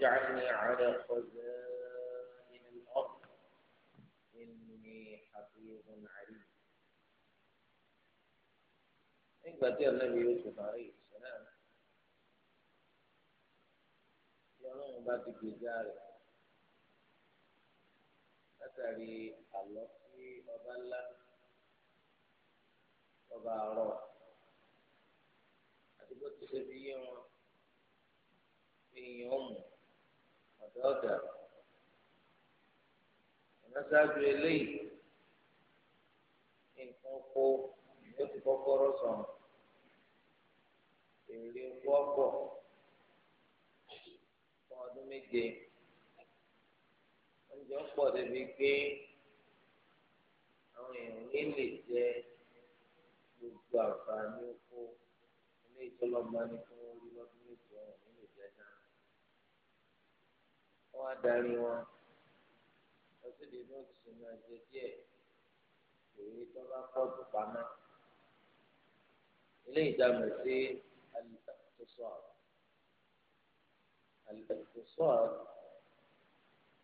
واجعلني على خزائن الأرض إني حفيظ عليم إقبل النبي يوسف عليه السلام يوم بعد الجزار أتري àlọ́ sí ọba ńlá ọba àrọ̀ àti bó yóò dàrú ìmọ̀sáájú eléyìí nǹkan kó yóò ti kọ́kọ́rọ́ sọ̀rọ̀ èrè wọ́pọ̀ fún ọdún méje oúnjẹ ń pọ̀ débi pé àwọn èèyàn ní lè jẹ gbogbo àǹfààní oko ilé ìtọ́lọ́gbani fún. wọn á darí wọn lọ sí ibi tí wọn ti sùn náà jẹ díẹ̀ èyí tó bá pọ̀ jù pamọ́ ilé ìdámọ̀ sí alìtàkùsọ̀rọ̀ alìtàkùsọ̀rọ̀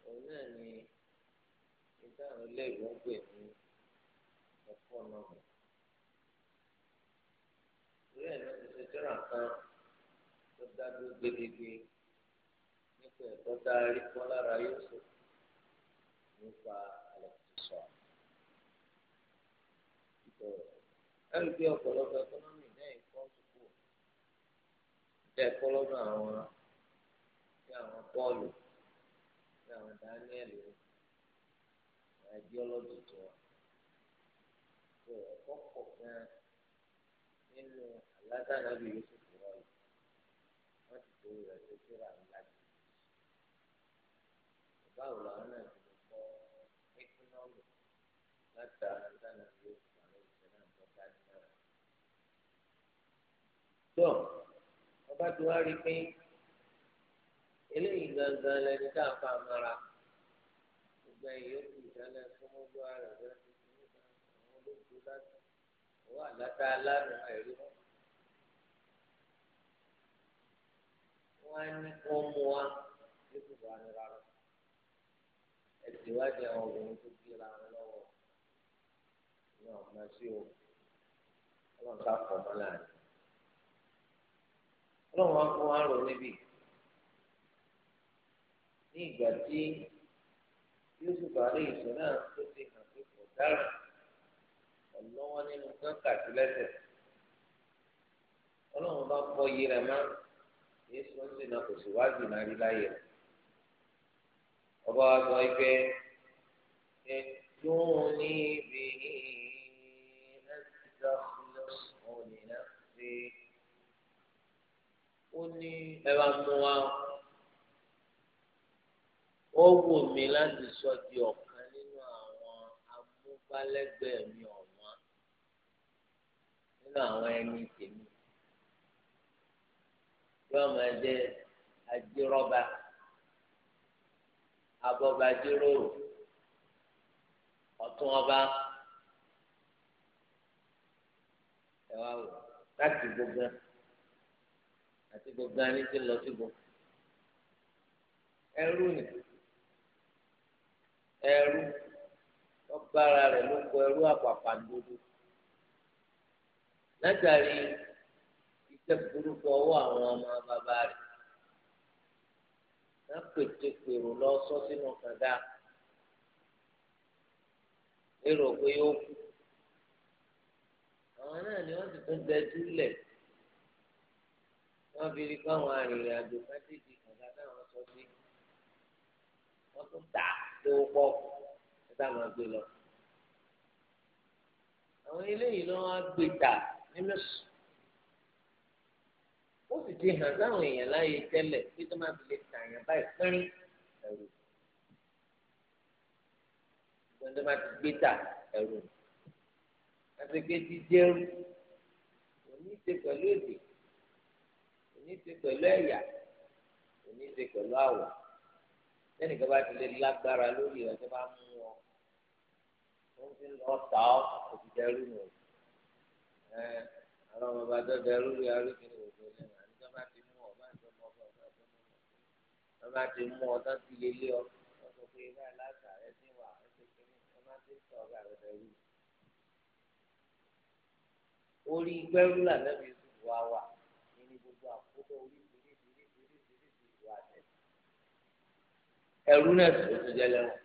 òun náà ni ìdáhùn ilé ìwọ̀n pè ní ẹ̀fọ́ náà ìwé ẹ̀ náà ti ṣe jọ́ra kan tó dá dúró gbẹgbẹgbẹ ẹ̀kọ́ tá a rí kọ́ lára yóò sọ nípa àlẹ́kùsọ̀. ẹ̀rù bí ọ̀pọ̀lọpọ̀ ẹ̀kọ́nọ́mì náà ń kọ́ sùkú ìjẹ́ ẹ̀kọ́ lọ́dọ̀ àwọn bí àwọn bọ́ọ̀lù bí àwọn dáníẹ̀lì àìdíọ́lọ́jì tó wà. ẹ̀kọ́ pọ̀ gan-an nínú àládàá bí yóò sùkú rọ̀ yìí wọ́n ti tó rẹ̀ tó mi báwo làwọn náà ti lè kọ́ ẹkúnọ́mì látara dáná ìwé ìpàdé ìṣẹ̀lẹ̀ náà tó dání náà. tó ọba tó wá rí pé eléyìí gangan lẹni tá a fa amara gbogbo ẹ̀yìn yòókù ìdálẹ́ fún ọgbọ́n ara rẹ̀ àwọn olóògbé láti wà látà lánàá ẹ̀rí wọn. wọ́n á ní kó mú wa ní kùbà ní rárá ṣèwádìí àwọn obìnrin tó gbéra wọn lọ́wọ́ ní ọ̀nà sí o ọlọ́run ká pọ̀ mọ́ láàrin ọlọ́run wá fún wa rò níbí ní ìgbà tí yusuf àárẹ̀ ìṣẹ̀ náà tó ti hàn pé kò dára ọlọ́wọ́ nínú gánkà sí lẹ́sẹ̀ ọlọ́run bá fọ iye rẹ̀ mọ́ èyí sọ́ńsì náà kò sì wá náà rí láyé rẹ̀ ọba wa sọ pé ètùnúní bìí ẹsẹ̀ ọ̀nì náà ṣe ó ní ẹ bá mú wa ó wù mí láti sọ di ọ̀kan nínú àwọn amúgbálẹ́gbẹ̀ẹ́ mi ọ̀wọ́n nínú àwọn ẹni tèmi yóò máa jẹ ajírọ́ba abọba jíròrò ọ̀tún ọba ẹwà wò láti gbogbo àti gbogbo ẹni tí lọ sí gbogbo ẹrú ni ẹrú ọgbára rẹ̀ ló kọ ẹrú àpàpà dúdú látàrí iṣẹ́ burúkú ọwọ́ àwọn ọmọ bàbá rẹ̀ wọn pètè pèrò lọ sọ sínú kàdá lérò pé yóò kú àwọn náà ni wọn ti tún dẹjú lẹ wọn fi rí káwọn arìnrìnàjò kájíjì kàdá táwọn sọ sí wọn tún tà lówó pọ ẹ̀dá máa gbé lọ àwọn eléyìí ló wá gbé tà ní mẹsùn ó sì ti hàn sáwọn èèyàn láyé tẹ́lẹ̀ pé tó máa fi lè tààyàn báyìí pínrín ẹ̀rù ìgbọ́n tó máa ti gbé tà ẹ̀rù àti pé jíjẹ́rú kò ní í ṣe pẹ̀lú èdè kò ní í ṣe pẹ̀lú ẹ̀yà kò ní í ṣe pẹ̀lú àwọ̀ lẹ́nìkan bá ti lè lágbára lórí rẹ̀ tó bá mú ọ wọ́n ti lọ tà ọ́ kò nù ẹ̀ àwọn ọmọ bàbá dẹrú rí arúgbó ní òjò lẹ́nu. bàbá ti mú ọ tán ti lé lé ọ wọn sọ pé báyìí láta rẹ ti wà ẹ ti kéré bàbá ti sọ ọgá rẹ dẹrù. orí gbẹrú làbẹ́bí sùn wá wà nínú gbogbo àkókò orí oríṣiríṣiríṣiríṣi wà tẹ̀. ẹrú náà sì tó jẹ lẹ́wọ̀n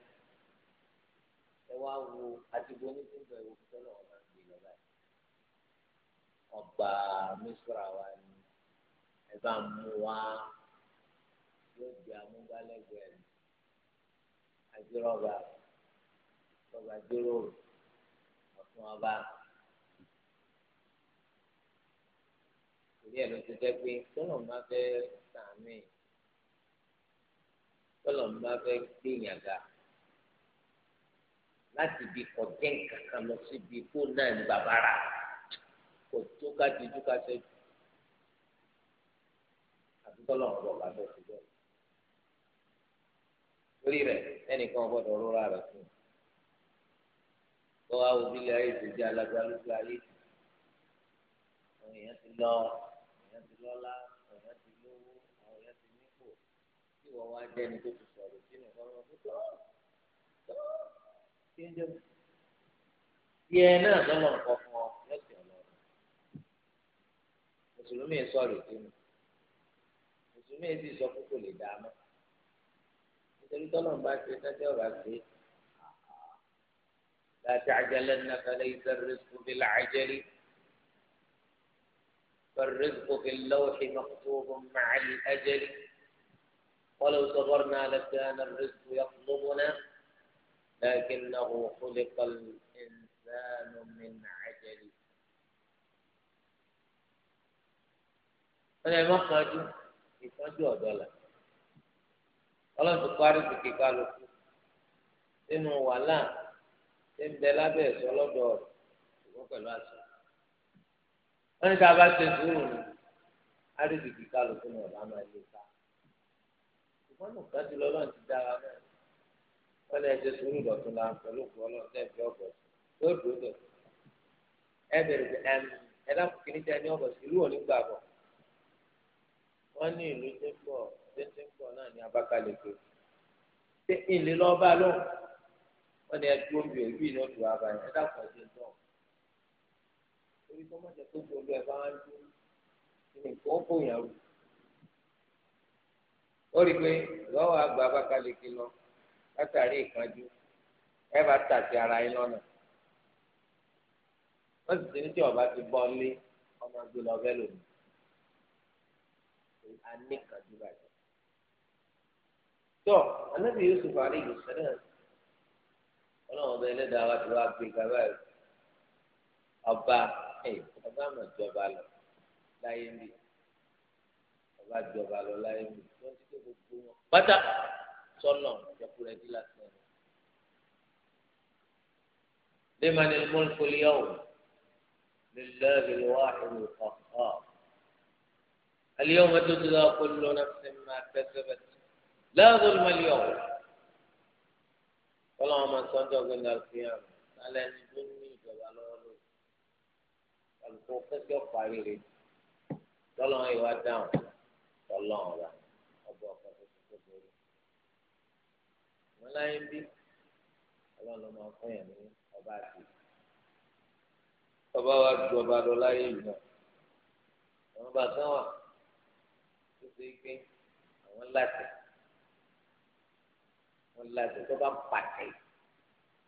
ẹ wá wo àti bóni tó ń bẹ̀ wò tó lọ́wọ́ máa ń gbé lọ báyìí. ọgbà mísírà wa ni ẹ bá mú wa yóò di amúgbálẹ́gbẹ̀ẹ́ rẹ̀ adírọ́ba ọba jíròrò ọ̀tún ọba. ìdí ẹ̀ ló ti jẹ́ pé tọ́lọ̀ ń bá fẹ́ sàmì tọ́lọ̀ ń bá fẹ́ gbìyànjú láti bí kọjá kankan lọ síbi kó náà ní bàbá rà kò tó ká ti dúkà sẹ́jú àti tọ́lọ̀ ń bọ̀ bá fẹ́ síbẹ̀ torí rẹ̀ ẹnìkan gbọ́dọ̀ rọra rẹ̀ fún un tó àwọn òbílẹ̀ ayé ti di alágbá lójú ayé àwọn èèyàn ti lọ èèyàn ti lọ́lá àwọn èèyàn ti lówó àwọn èèyàn ti nípò tí wọ́n wá jẹ́ni tó ti sọ̀rọ̀ sínú ọ̀rọ̀ tó tọ́ tọ́ kí ń jẹ́ tiẹ̀ náà lọ́nà nǹkan fún ọ lọ́sẹ̀ ọlọ́run mùsùlùmí sọ̀rọ̀ sínú mùsùlùmí sì sọ pé kò lè dá a mọ́. torí tọ́lọ̀ ń bá ṣe tẹ́tẹ́ ọ̀rọ̀ àti láti àjẹlẹ̀ ní afẹ́lẹ́ ìfẹ́rẹ́ sọ́fẹ́ làájẹ́lẹ́ fẹ́rẹ́ sọ́fẹ́ lọ́wọ́sẹ̀ mọ́kútùbù màálì ẹ̀jẹ̀lẹ́ ولو صبرنا لكان الرزق يطلبنا لكنه خلق الإنسان من عجل أنا ما قادر يفاجئ دولار ọlọ́run ti kọ́ àrísìkì kálukú nínú wàhálà tí ń bẹ lábẹ́ ẹ̀sọ́ lọ́dọ̀ rẹ̀ ṣùgbọ́n pẹ̀lú àṣẹ. wọ́n ní sábà ṣe sùúrù ni àrísìkì kálukú ni ọ̀la máa lè ká. ṣùgbọ́n nǹkan ti lọ́lọ́run ti dára náà wọ́n ní ẹ̀ṣẹ̀ sùúrù dọ̀tún la pẹ̀lú òkú ọlọ́run tẹ̀ fi ọ̀bọ̀ yóò dúró dọ̀. ẹ bẹ̀rẹ̀ ẹ dákun kìíní jẹ́ ní ọ̀bọ̀ sí ìlú òní gbàgbọ́. wọ́n ní ìlú tó pọ̀ tẹ́tí ń bọ̀ náà ní Abakaliki ṣé ìlú lọ́ọ́ bá lọ wọ́n ní ẹtú omi òbí ní oṣù àbáyé ẹ dàpọ̀ ẹ̀jẹ̀ náà orí tó mọ̀jẹ̀ tó gbogbo ẹ̀ bá ń dún nǹkan ó bòyàn rù ó rí i pé lọ́wọ́ àgbà Abakaliki lọ látàrí ìkanjú ẹ bá tàṣì ara yín lọ́nà wọ́n sì ti ní tí ọba ti bọ́ lé ọmọ gbé lọ bẹ́ẹ̀ lónìí tó anábì yusuf alayhi salam ọlọ́run ọba ẹlẹ́dàá wa ti wá gbé gàbá ẹ̀ ọba ẹ̀ ọba àmọ̀ jọba lọ láyé mi ọba jọba lọ láyé mi wọ́n ti dé gbogbo wọn pátá sọ́nà ìjọkùnrin ẹ̀dí láti ẹ̀ لمن الملك اليوم لله الواحد القهار اليوم تجزى كل نفس ما كسبت lẹ́yìn olùmọ̀lẹ́ ọ̀hún kọ́lá wọn máa sọ́jọ́ ọ̀gbẹ́ni àlùfíà lálẹ́ ní tó ní ìjọba lọ́wọ́ lórí àlùkò fẹ́kẹ́ parí rẹ̀ tọ́lọ́ ìwà dáhùn tọ́lọ́ ọ̀la ọgbà ọ̀kan tó ti tóbi rẹ̀ wọn láyé bí ọlọ́run máa fún yàn ní ọba àti ọba wa ju ọba lọ láyé yìí náà àwọn bàtà wà tó ṣe gbé àwọn látẹ̀ wọn lé àti tó bá pàtẹ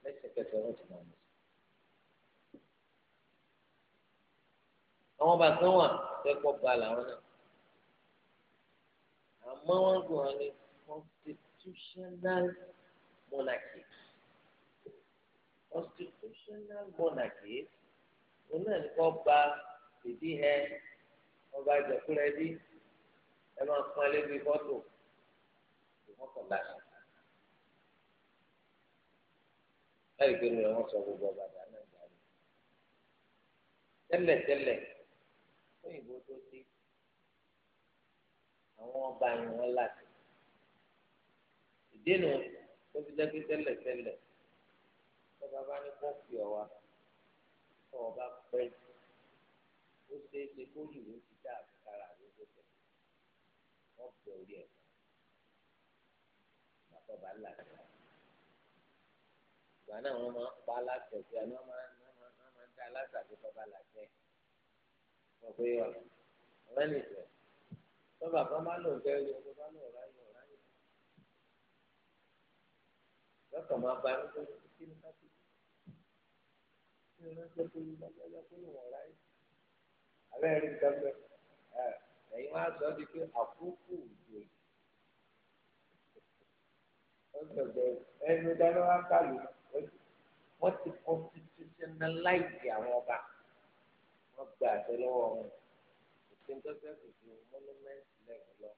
lẹ́sẹ̀kẹsẹ̀ wọn ti mọ ọmọ sí. àwọn bàtà wà tẹkọ ba làwọn náà àmọ́ wọn gbọ́ wọn ní constitutional monarchy constitutional monarchy wọn náà ní kọ́ ba ìdí ẹ ọba ìjọkúrẹ́dí ẹ máa pọn ẹ lébi fọ́tò ìfọ́kànlá yẹn. ẹ̀rí pé lóye wọn sọ gbogbo ọba dà náà gbà lé tẹ́lẹ̀ tẹ́lẹ̀ òyìnbó tó dé àwọn ọba yẹn wọn láti ìdènà tó fi jẹ́ pé tẹ́lẹ̀ tẹ́lẹ̀ tọ́ba bá ní kó fi ọ̀ wa tọ́ ọba pẹ́ ó ṣeé ṣe kó yìí ó ti dá àbíkára rẹ̀ tó tẹ̀ wọ́n bẹ̀ orí ẹ̀ bàtọ́ bá láti wá ìgbà náà wọ́n máa ń pa aláṣẹ pé àná máa ń dá aláṣẹ àti bàbá làjẹ́ wọ́n pé ọ̀rẹ́ nìjẹ́ tó bàbá má lò ń jẹ́ yọ tó bá lò ráyè ráyè lọ́kàn máa ba ẹni tó ń kí ní káfí kí ní lọ́jọ́ tó ń lọ́jọ́ tó ń wọ̀ ráyè abẹ́ rí nǹkan bẹ́ẹ̀ ẹ̀yin wá sọ di pé àkókò òjò ọ̀sẹ̀ ẹnu dáná wá kálù náà pẹ̀lú wọ́n ti constitutionalize àwọn ọba wọ́n gba àṣẹ lọ́wọ́ wọn òfin tó fẹ́ kò ju monument level lọ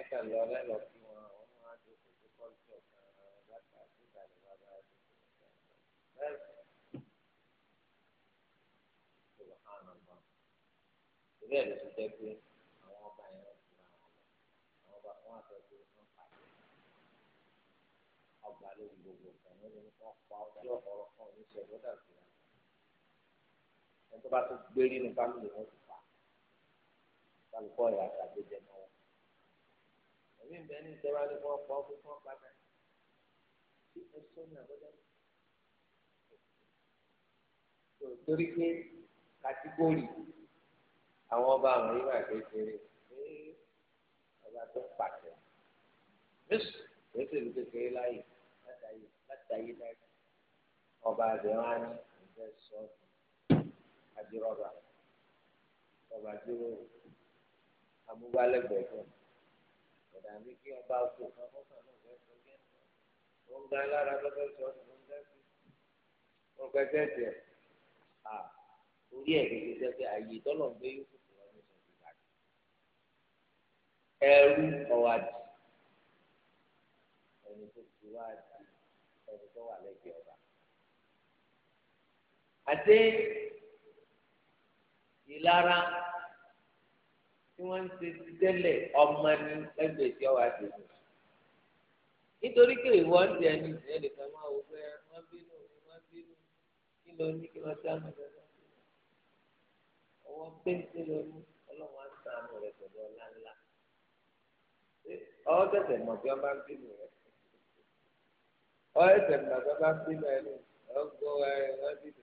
ẹ̀ka lọ lẹ́lọ kí wọn àwọn ọmọ àti òkòtò kọ́ńtò kan láti àtúntà ní bàbá àti òkòtò kan ti jẹ́ pé àwọn ọba yẹn wọ́n ti ra wọn àwọn ọba kan wà sọ pàdé ọgbà lórí gbogbo kan nínú àwọn tí ọ̀rọ̀ kan ò ní sọ lọ́dà sí wọn. ẹni tó bá tún gbé nínú fámìlì wọn ti fà kálukọ́ ìyá àtàgbé jẹ náà. ẹ̀mí ìbẹ́ ní ìjọba ní fún ọkọ̀ fún fún ọ̀pá náà. tí ẹ sọ ní àbọ̀dá. torí pé kàtígórì àwọn ọba àwọn yìí wà kékeré ọba tó pàṣẹ. mẹ́sàn-án kékeré láyè látàyè láyè ọba àbẹ̀ wọn ni ìfẹ́ sọ àdìrọ̀bà ọba dúró amúgbálẹ́gbẹ̀ẹ́ kan ọ̀dà mi kí ọba kó kan fọ́nà náà fẹ́ sọ jẹ́ ó ń ga lára lọ́fẹ́ sọ ọ́ ló ń dá sí ó à orí ẹ̀ kékeré tẹ́tẹ́ àyè tọ́lọ̀ gbé yókù fún ní sọ̀tún ìbàdàn ẹrú ọ̀wádìí ẹni tó ti wá di ẹni tó wà lẹ́gbẹ̀ẹ́ ọba àti ìlara tí wọ́n ń ṣe ti tẹ́lẹ̀ ọmọ ní lẹ́gbẹ̀ẹ́ tí ọwọ́ àti ìlú. nítorí pé ìwọ ń tẹ ẹni ìṣẹ́ nìkan máa wò pé wọ́n bínú wọ́n bínú kí ló ní kí wọ́n ti àmọ̀ lọ́wọ́. ọwọ́ péńté ló ní ọlọ́run á sàánú rẹ̀ pẹ̀lú ọlá ńlá. ọwọ́ tẹ̀sẹ̀ mọ̀ bí wọ́n bá ń bínú rẹ̀. ọwọ́ tẹ̀sẹ̀ mọ̀ bí wọ́n bá ń bínú rẹ̀ ọgbọ́n ẹ̀ wọ́n bínú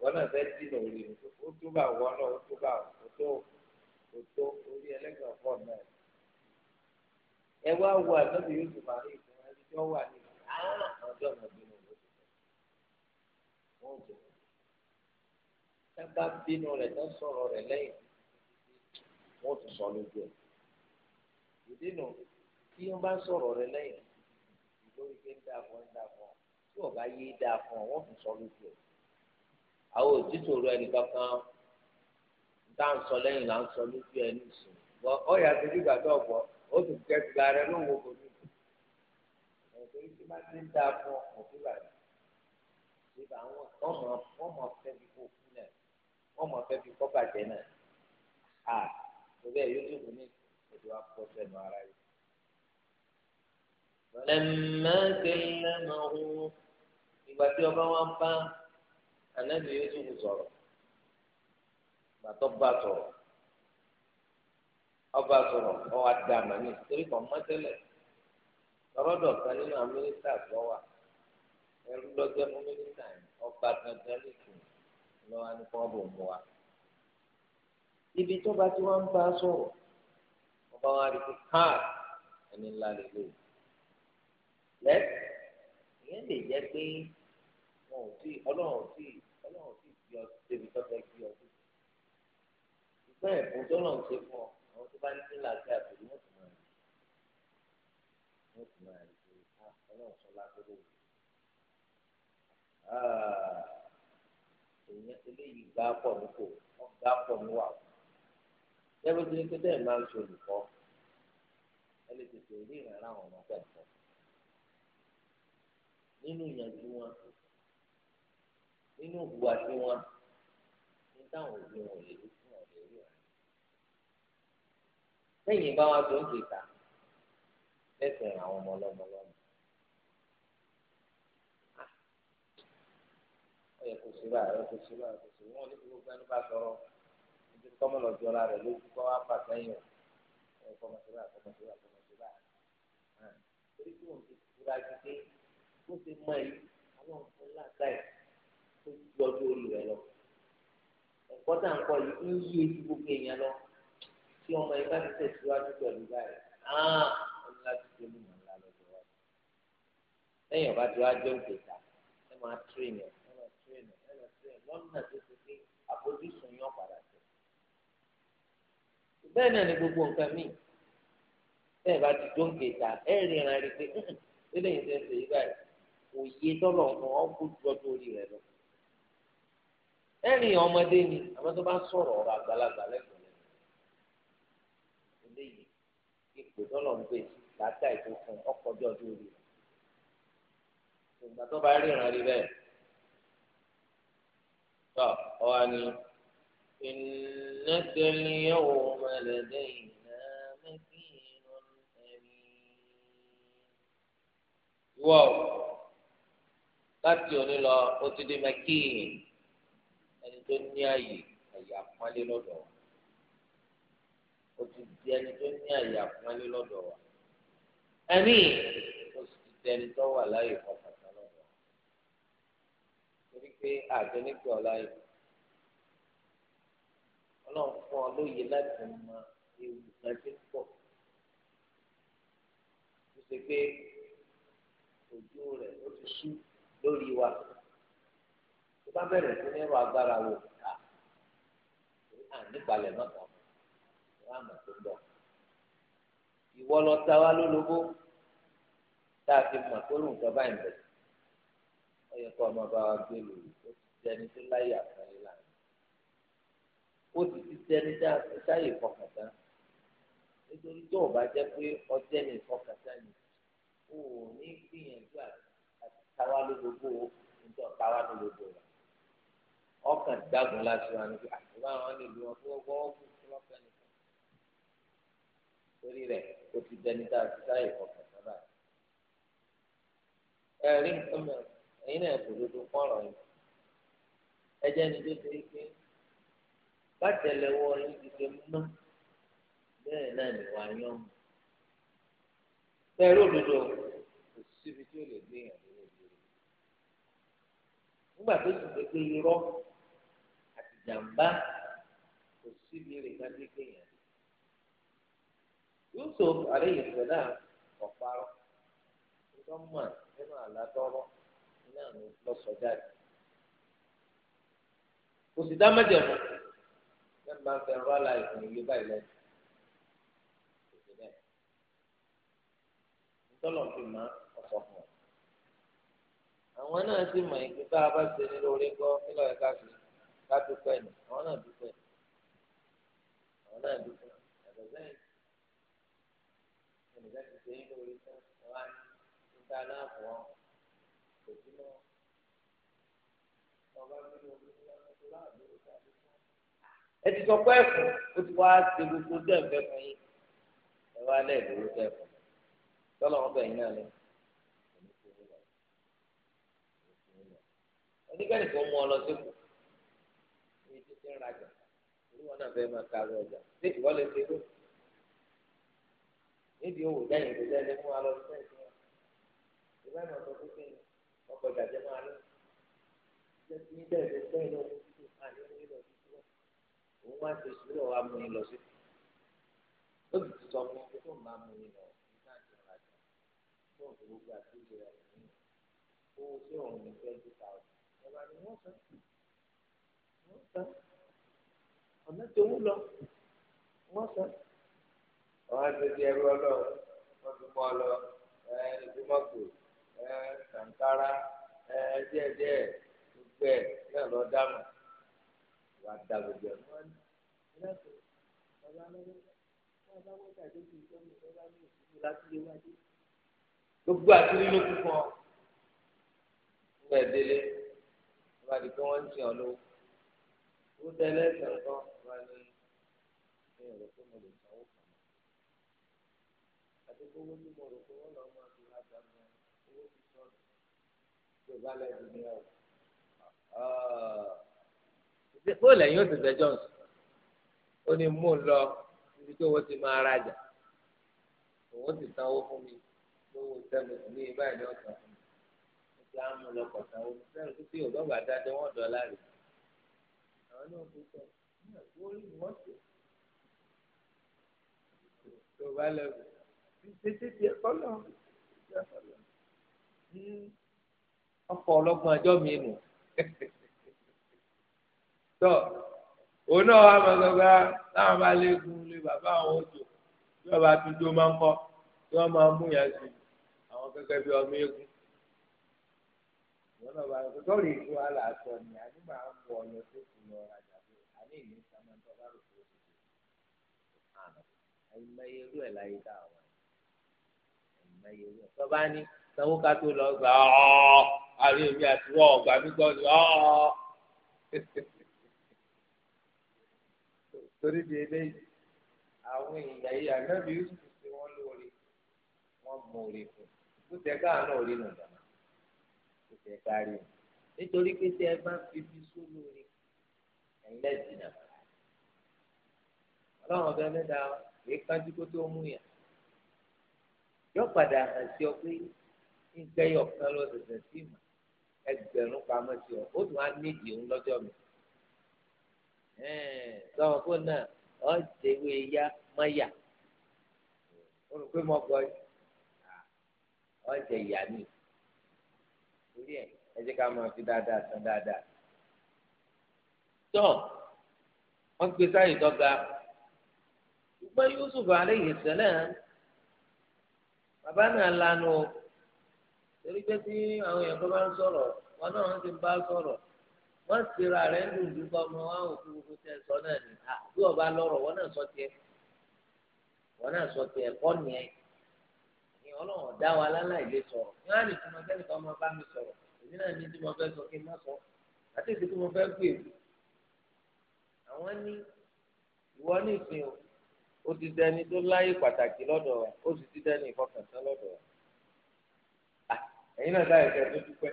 wọn náà fẹ́ dín náà orí ó tó bá wọn náà ó tó bá ó tó ó tó orí ẹlẹ́gbẹ̀ẹ́ pọ̀ náà ẹ wá wo àtọ́bí yóò tó parí ìfún ẹni tí wọ́n wà ní ọjọ́ ọmọbìnrin ló ti tẹ̀ wọ́n jẹ́ tábà bínú rẹ̀ tó sọ̀rọ̀ rẹ̀ lẹ́yìn wọ́n tún sọ lójú ẹ̀ ìdí nù tí wọ́n bá sọ̀rọ̀ rẹ̀ lẹ́yìn lórí pé fún ń fún tí wọ́n bá yé dà fún wọ́n tún sọ lójú ẹ̀ àwọn òtítọ́ rẹ nìkan kan tá à ń sọ lẹ́yìn là ń sọ lójú ẹ ní ìsìn bọ́ ọ̀yà ti dìgbà tó ọ̀pọ̀ ó sì jẹ́ ti ara ló ń wo kò ní ìsìn ọ̀sẹ̀ yìí ti máa ti ń dáa fún ọkọ̀ tó bá yìí nígbà àwọn ọmọ ọmọ fẹ́ fi kó fún náà ọmọ fẹ́ fi kọ́ bàjẹ́ náà à òbí ẹ̀ yóò tó kù ní ètò akọ sẹ́nu ara yìí. lọ́lẹ́ mẹ́tẹ́lẹ́mọ̀ ìgbà tí anabi yusufu sọ̀rọ̀ gbàtọ bá sọ̀rọ̀ ọba sọ̀rọ̀ ọwọ́ adama ní torí kan mọtẹlẹ lọrọdọ kan nínú àwọn mínísítà tó wà ẹrú lọjọ fún mínísítà yìí ọba gangan nìkan lọ wá ní kó ọbọ mú wa ibi tó bá ti wọn bá sọ̀rọ̀ ọba wa rí i kán ẹni ńlá lè lò lẹ ìyẹn lè jẹ pé wọn ò tí Ọlọ́run ò tí ọlọ́run sì fi ọ débi tó fẹ́ gbé ọ dé. ìgbọ́n ẹ̀bùn tó lọ́n ṣe fún ọ àwọn tó bá ní láti àtòlú wọn sì máa rí wọn sì máa rí pé ah, ọlọ́run sọ lágbóró wù. Ah, èèyàn eléyìí gbá pọ̀ nípò wọ́n gbá pọ̀ níwà o. lẹ́gbẹ́ tó ní pé bẹ́ẹ̀ máa ń ṣe olùkọ́ ẹ lè tètè rí ìrànlọ́wọ́ ọmọ pẹ̀lú nínú ìyànjú wọn nínú ìhùwà sí wọn ní táwọn òbí wọn ò lè rí fún ọ̀rẹ́ rí ọ̀rẹ́. lẹ́yìn bá wa tó ń kìkà lẹ́sìn àwọn ọmọ ọlọ́mọ lọ́mọ. ó yẹ kó síbà ó yẹ kó síbà ó yẹ kó síbà wọn ò ní kí gbogbo ẹni bá sọ̀rọ̀ nítorí kọ́mọ lọ jọra rẹ̀ ló kọ́ wá bà sẹ́yìn ó yẹ kọ́mọ síbà kọ́mọ síbà kọ́mọ síbà. torí kí wọn ti fura jí pé bó ti mọ ẹ àwọn ọmọ ńlá ó gbọ́jú orí rẹ̀ lọ ẹ̀kọ́ tá à ń kọ́ yìí ń yé ju gbogbo èèyàn lọ tí ọmọ ẹ bá ti tẹ̀síwájú pẹ̀lú báyìí áá ọmọ láti ṣe mú màá lọ́jọ́ wa lẹ́yìn ọba tí wàá jẹ́ òkèta ẹ máa tírìn ẹ ẹ máa tírìn ẹ ẹ máa tírìn lọ́nà tó ti pé àfojúsùn yàn padà tẹ̀ bẹ́ẹ̀ náà ni gbogbo nǹkan míì bẹ́ẹ̀ bá ti dóńkèta ẹ rìnrìn àrí pé eléyìí tẹ̀sí báyìí òye tọ́lọ̀ nǹkan ọ́ kú jọjú orí rẹ̀ ẹ̀rìn ọmọdé ni àmọ́ tó bá ń sọ̀rọ̀ ọ̀rọ̀ àgbàlagbà lẹ́kọ̀ọ́ lẹ́nu eléyìí ipò tọ́lọ̀ ń gbé látà ètò fún ọkọ̀jọ́ tó rí ìgbà tó bá ríran rí bẹ́ẹ̀ tọ́ ọ̀hà ni ìnẹ́tẹ̀lẹ́ yẹ̀wò mẹ́lẹ́dẹ́ ìná mẹ́kìnnú láti òní lọ ó ti di mẹ́kìnnú ẹni tó ní àyè àyè àpọ́nlé lọ́dọ̀ wa ó ti di ẹni tó ní àyè àpọ́nlé lọ́dọ̀ wa ẹni ó sì ti di ẹni tó wà láyè pàtàkì lọ́dọ̀ wa torí pé àjọ nígbà ọláyè ọlọ́run fún ọ lóye láti mọ ewu kan tí ń pọ̀ pé ojú rẹ̀ ó ti sú lórí wa. bá bẹ̀rẹ̀ sí ní wà agbára wò ká àníbalẹ̀ mọ́ta ráàmù tó ń bọ̀. ìwọ lọ ta wá lólobó tá a fi mọ̀ tó lù nǹkan báyìí bẹ̀. ó yẹ kó ọmọ bá wa gbé lò ó ti tó ó ti dá sáyè nítorí tó o bá pé ọjẹ́ ní ni o ò ní gbìyànjú àti ọkàn dágun láti wá níbi àtúbà ah, wọn nílùú wọn fún ọgbọ́n wọn kù fún ọkàn nìkan torí rẹ̀ o ti dẹni tá a ti sáyè ọkàn sábà ẹ rí nǹkan mọ ẹ̀yin náà kò dodo pọ̀rọ̀ yìí ẹ jẹ́ ni tó pé bàtẹ̀lẹ̀wọ́ yín ti ṣe mọ́ bẹ́ẹ̀ náà ni wàá yán mu bẹ́ẹ̀ lódodo kò síbi tí ó lè gbé yàn lórí ìlú nígbà tó sì ṣe pé irọ́ jàmbá kò síbi rè kájú kéèyàn Yusuf aleyhi sọlá ọ̀parọ́ ìdánmọ̀ nínú àládọ́rọ́ nínú àwọn lọ́sọ̀jáde kò sì dá mẹ́jẹ̀mú lẹ́nu bá ń fẹ́ ọ̀rọ̀ àlàyé fún ilé báyìí lẹ́nu kò sí bẹ́ẹ̀ ntọ́lọ̀ fi mọ ọ̀sọ̀ fún ọ àwọn náà sì mọ̀ ìpín tá a bá ṣe ní lórí gbọ́ kí lọ́ọ̀ẹ́ ká sí ká dúpẹ́ ni àwọn náà dúpẹ́ àwọn náà dúpẹ́ ẹ̀dọ̀ sẹ́yìn ẹnìkan ti ṣe yín lórí fún wa ní ká náà fún ọ kò sí mọ́ ọba nínú omi ní wọn tó láàbí ó ká ló ẹ ti sọ pé ó ti wá ṣe gbogbo dẹ́ẹ̀fẹ́ fún yín ẹ wá lẹ́ẹ̀dọ́ ló fẹ́ fún tọ́lọ́ wọn bẹ̀yìn náà lẹ́yìn. oníkẹ́ni kò mú ọ lọ sípò ti ń rajà olúwa náà fẹ́ máa ta ọjà ṣé ìwọ lè ṣe é lóṣù níbi owó lẹ́yìn ìlú lẹ́yìn fún wa lọ sí ẹ̀sìn wa ìwé náà sọ pé kéèyàn ọkọ̀ ìdàjẹ́ máa lọ lẹ́sìn ní bẹ́ẹ̀ lè sẹ́yìn lọ sí àní ní lọ sí tiwa òun wá ṣe sùúrù wa mú yín lọ sí ó sì ti sọ fún mi tó ń bá mú yín lọ nígbà tí ó rajà tó ń fi gbogbo àtúnṣe rẹ̀ nínú owó tí òun ní fẹ́ dúkà ọ̀dọ̀ ìjọba ni wọ́n sọ wọ́n sọ ọ̀nà tó wú lọ wọ́n sọ. wọ́n á ti di ẹrú ọlọ́ wọ́n ti mọ́ ọ lọ ìgbìmọ̀pọ̀ kàǹkárá díẹ̀díẹ̀ gbogbo ẹ̀ náà lọ dáná wà á dá gbogbo ẹ̀. gbogbo àtúrí ló kú fún ọ. nígbà délé wọ́n á di pé wọ́n ń tiẹ̀ ọ lówó ó tẹ́lẹ̀ sọ̀rọ̀ wá ní ní ọ̀rọ̀ tó mo lè sanwó kan náà àti owó ní mo rò pé wọ́n lọ máa fi lájà mọ owó ti sọ̀rọ̀ tó bá lẹ́yìn ní ọ̀ bó lẹ́yìn ó ti fẹ́ Johnson ó ní mú un lọ ibi tó wọ́n ti máa rajà òun ti sanwó fún mi lówó sẹ́gun ní ibà ìdí ọ̀sán fún mi ó ti á mú un lọ kọ̀ sanwó sẹ́gun tó ti ò dájọ́ wọ́n dọ́là rèé àwọn náà kó sọ nígbà tí wọ́n rí wọ́n ṣe. tó bá lẹ́wọ̀ títí tí ẹ kọ́ lọ ọkọ̀ ọlọ́gbọ́n ọjọ́ mi nù. tó òun náà wà mọ̀gbẹ́gbẹ́ láwọn bá léegun lé bàbá àwọn òjò bí ọba tuntun máa ń kọ́ tí wọ́n máa ń mú yàn sí àwọn gẹ́gẹ́ bí ọmọ eégún wọn náà bá sọrí ìlú aláàtọ ni àdúgbò àwọn ọmọ ọyọ tó kù lọ rajà pé a ní ìní samantha bárò tó ti ṣe àná àìmọye irú ẹ̀ láyé dá àwọn àìmọye irú ẹ̀ tó bá ní sanwó ká tó lọ gbà ọ́ àrí èmi àti wọ́n ọ̀gbà mi gbọ́ ni ọ́ torí di eléyìí àwọn èèyàn yìí ànábì yóò sì fi wọn lóore wọn mọ òre fún un kó tẹ káà náà rí nù kó tẹ káà rí nù nítorí pé tí ẹ bá fi fi sólóore. ẹ̀yin lẹ́sìn na ọlọ́run ọ̀dọ́ ẹlẹ́dàá èyí kájú kó tó mú yàn yọ padà hàn sí ọ pé nǹkan ẹyọ kan lọ ṣẹ̀ṣẹ̀ sí mà ẹgbẹ̀rún pamọ́ sí ọ ó tún á òun lọ́jọ́ mi sọ̀rọ̀ fún náà ya mọ́yà O rò pé gbọ́ jẹ́ tó ọ gbé sáyé dọ́gba ṣùgbọ́n Yusuf alayhi salam bàbá náà lanu o torí pé tí àwọn èèyàn tó bá ń sọ̀rọ̀ wọn náà ti ń bá sọ̀rọ̀ wọ́n ti ra rẹ ń dùn gbogbo tẹ sọ náà ọba wọn náà sọ wọn náà sọ nìyẹn ni wa láláì lè ní bá mi àwọn ní ìwọ ní ìsìn o ó ti dẹni tó láyé pàtàkì lọ́dọ̀ wa ó sì ti dẹni ìfọkàntán lọ́dọ̀ wa ẹ̀yin náà dáhùn ìfẹ́ tó dúpẹ́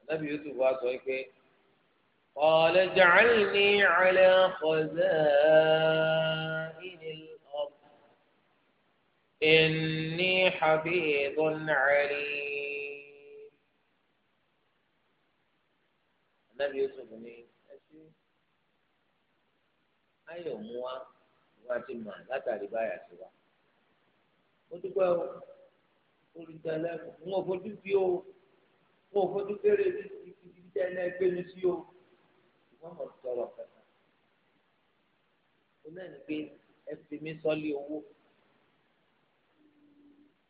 ànábì yusuf wa sọ pé qala ja'alni ala khaza'inil ard inni hafizun alim ànábì yusuf ní ayọ̀ mú wa wá ti mà látàrí báyà sí wa mo dúpẹ́ o olùdarí wọn fojú bí o wọn fojú kéré ibi tí ẹni ẹgbẹ́ mi sí o wọn mọ̀ tọrọ kẹta o náà ní pé ẹ fi sọ́lé owó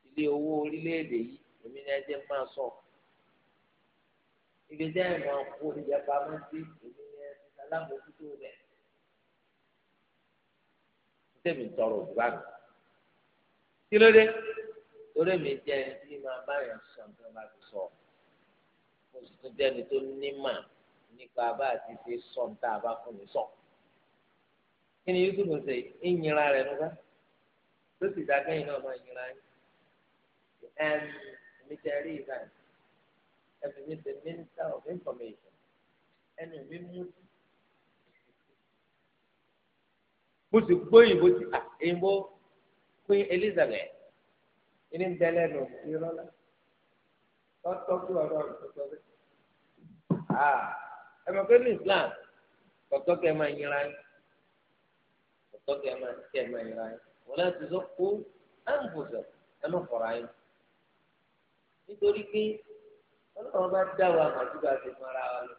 ilé owó orílẹ̀-èdè yìí èmi ni ẹ máa sọ ìgbésẹ̀ ìmọ̀ òkú ìjẹba mọ́ sí èmi ni ẹ ti alábòójútó rẹ̀ tẹ̀mí tọrọ òbúra mi kí ló dé torí mi jẹ́ ẹni tí máa bá yẹn sọ nǹkan bá ti sọ mo sì tún jẹ́ ẹni tó nímà nípa bá a ti ṣe sọ nǹkan àbá fún mi sọ kí ni yusuf ń ṣe ìyìnra rẹ̀ nígbà tó sì dá kẹ́yìn náà máa yìnra yín ẹm mi tẹ rí ìgbà ẹ fi mi ṣe minister of information ẹnu mi mú sí. mo sì gbọ́ òyìnbó tí à ah, èyìnbó pé Elizabeth ẹni ń bẹ lẹ́nu irọ́ la tọ́tọ́ kí ọ̀rọ̀ ìtọ́jọ́ rẹ̀ ah, ẹ mọ̀ pé ní Islam tọ́tọ́ kẹ́ máa yíra yín tọ́tọ́ kẹ́ máa kẹ́ máa yíra yín wọ́n láti sọ kó àǹfọ̀sọ̀ ẹ má fọ̀rọ̀ ayé nítorí pé ọlọ́run bá dá wa màdúgbà tó mọ́ra wa lọ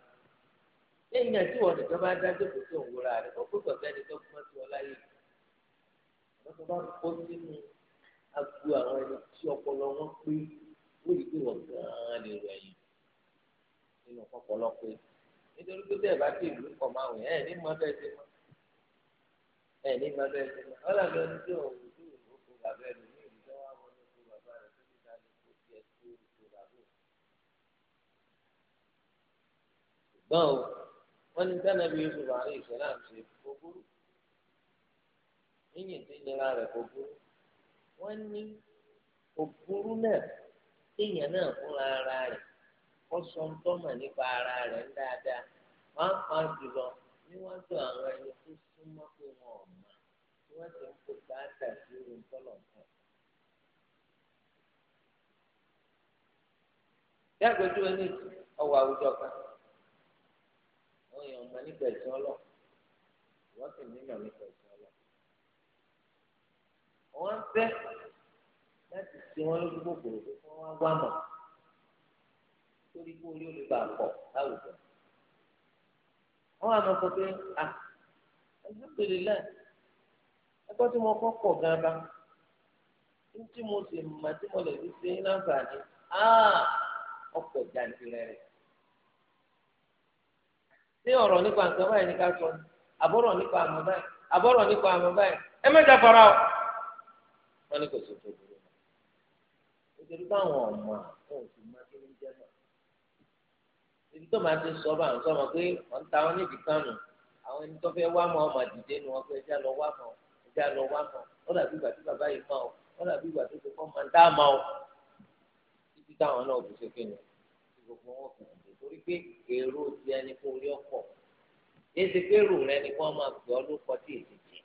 lẹ́yìn àti wọn nìkan bá dájọ́ kò tó òwúra rẹ̀ kó kó tọ̀sẹ́ ni tó gbọ́n sí ọ láyé ìgbà tó bá kó sínú agbo àwọn ẹni tí ọpọlọ wọn pé ó yìí pé wọn gan-an lè rọ ẹ̀yìn nínú ọpọlọ pé nítorí pé bẹ́ẹ̀ bá ti ìlú kọ̀ máa wọ̀ ẹ̀ ní mọ bẹ́ẹ̀ ti mọ ẹ̀ ní mọ bẹ́ẹ̀ ti mọ ọ̀là lọ sí òun tí òun kò bàbá ẹ̀ lómi ìlú tó wà wọn ní kó bàbá rẹ̀ tó ti dáná kó tiẹ̀ tó kó bàbá òun. ṣùgbọ́n o wọn ní sànàbí yusuf àárín ìṣẹ̀lẹ̀ àti kò burú yíyìn tí nira rẹ̀ kò burú wọn ní kò burú náà téèyàn náà fúnra ara rẹ̀ kó sọ ń tọ́mọ̀ nípa ara rẹ̀ ń dáadáa wọn á pa jùlọ níwájú àwọn ẹni tó súnmọ́ pé wọn ò mọ̀ tí wọ́n ti ń kó dáadáa sí orin tọ́lọ̀ kan. bí àgbẹ̀jọ́ ẹni ọ̀wọ̀ àwùjọ kan. àwọn èèyàn mọ̀ nípa ẹ̀sìn ọlọ́ wọ́n sì nímọ̀ nípa ẹ̀sìn ọlọ́ wọ́n ń láti ṣe wọ́n lójú kòkòrò pé wọ́n wá wá mọ̀ torí pé orí olè bá pọ̀ láwùjọ wọ́n wá sọ pé à tí mo kọ́ pọ̀ gan tí mo sì mà tí mo lè fi ṣe ní ọ̀rọ̀ nípa nǹkan báyìí ní ká sọ àbọ̀rọ̀ nípa àmọ̀ báyìí àbọ̀rọ̀ nípa àmọ̀ báyìí ẹ mẹ́ta fara o wọ́n ní kò sí tó náà nítorí báwọn ọmọ àwọn òsì máa jẹ́ náà ibi tó máa ti sọ bá pé wọ́n ń ta wọn níbi kánù àwọn ẹni tó fẹ́ wá ọmọ àdìdé ni wọ́n fẹ́ já lọ wá já lọ wá dàbí ìgbà bàbá yìí ọ dàbí ìgbà tó ọ táwọn náà fi ṣe gbogbo wọn torí pé èrò ti ẹni kó rí ọkọ̀ yéé pé èrò rẹ ni kó máa pè ọ́ tí èsì jì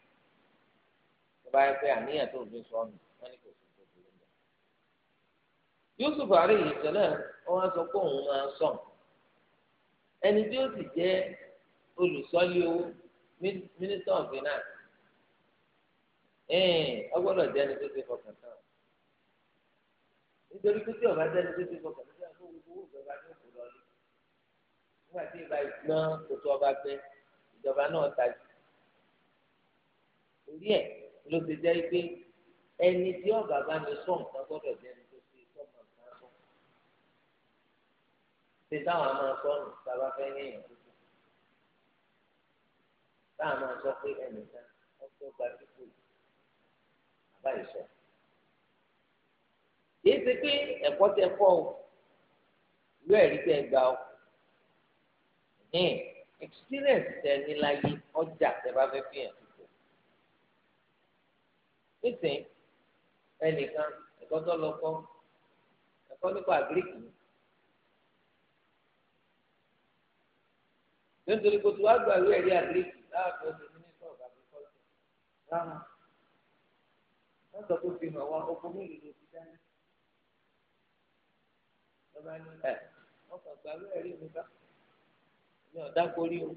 tó bá pé àníyàn tó ń sọ ọ́nù kò sí tó Yusuf sọ pé òun máa sọ ẹni tí ó sì owó mínísítà of finance ọgbọ́dọ̀ ẹni tó ti fọkàn tán nítorí pé ọba ẹni tó ti nígbà tí ìgbà ìgbọ́n kòtò ọba gbẹ ìjọba náà tajú orí ẹ̀ ló ti jẹ́ pé ẹni tí ọba bá ní sọ nǹkan gbọ́dọ̀ jẹ́ ẹni tó ṣe sọ́mọ nǹkan sọ. ṣé táwọn máa sọ nù sábà fẹ́ ní èèyàn tuntun táwọn máa sọ pé ẹnìkan ọkọ̀ gba dípò àbá ìsọ. kì í ṣe pé ẹ̀kọ́ tẹ fọ́ o ìwé ẹ̀rí tẹ gbà o ẹn experience tẹ ní láyé ọjà tẹ bá fẹ́ fi hàn tuntun nísìnyí ẹnìkan ẹ̀kọ́ tó lọ kọ́ ẹ̀kọ́ nípa àgíríkì nítorí kó tó wá gba ìwé ẹ̀rí àgíríkì láàbò ọ̀sẹ̀ mínísítọ̀ ọ̀gá tó kọ́ sí rárá wọ́n sọ pé fi hàn wá oko mélòó ló ti dání lọ́ba ní ẹ̀ wọ́n gba ìwé ẹ̀rí mi bá ní ọ̀dà kórí o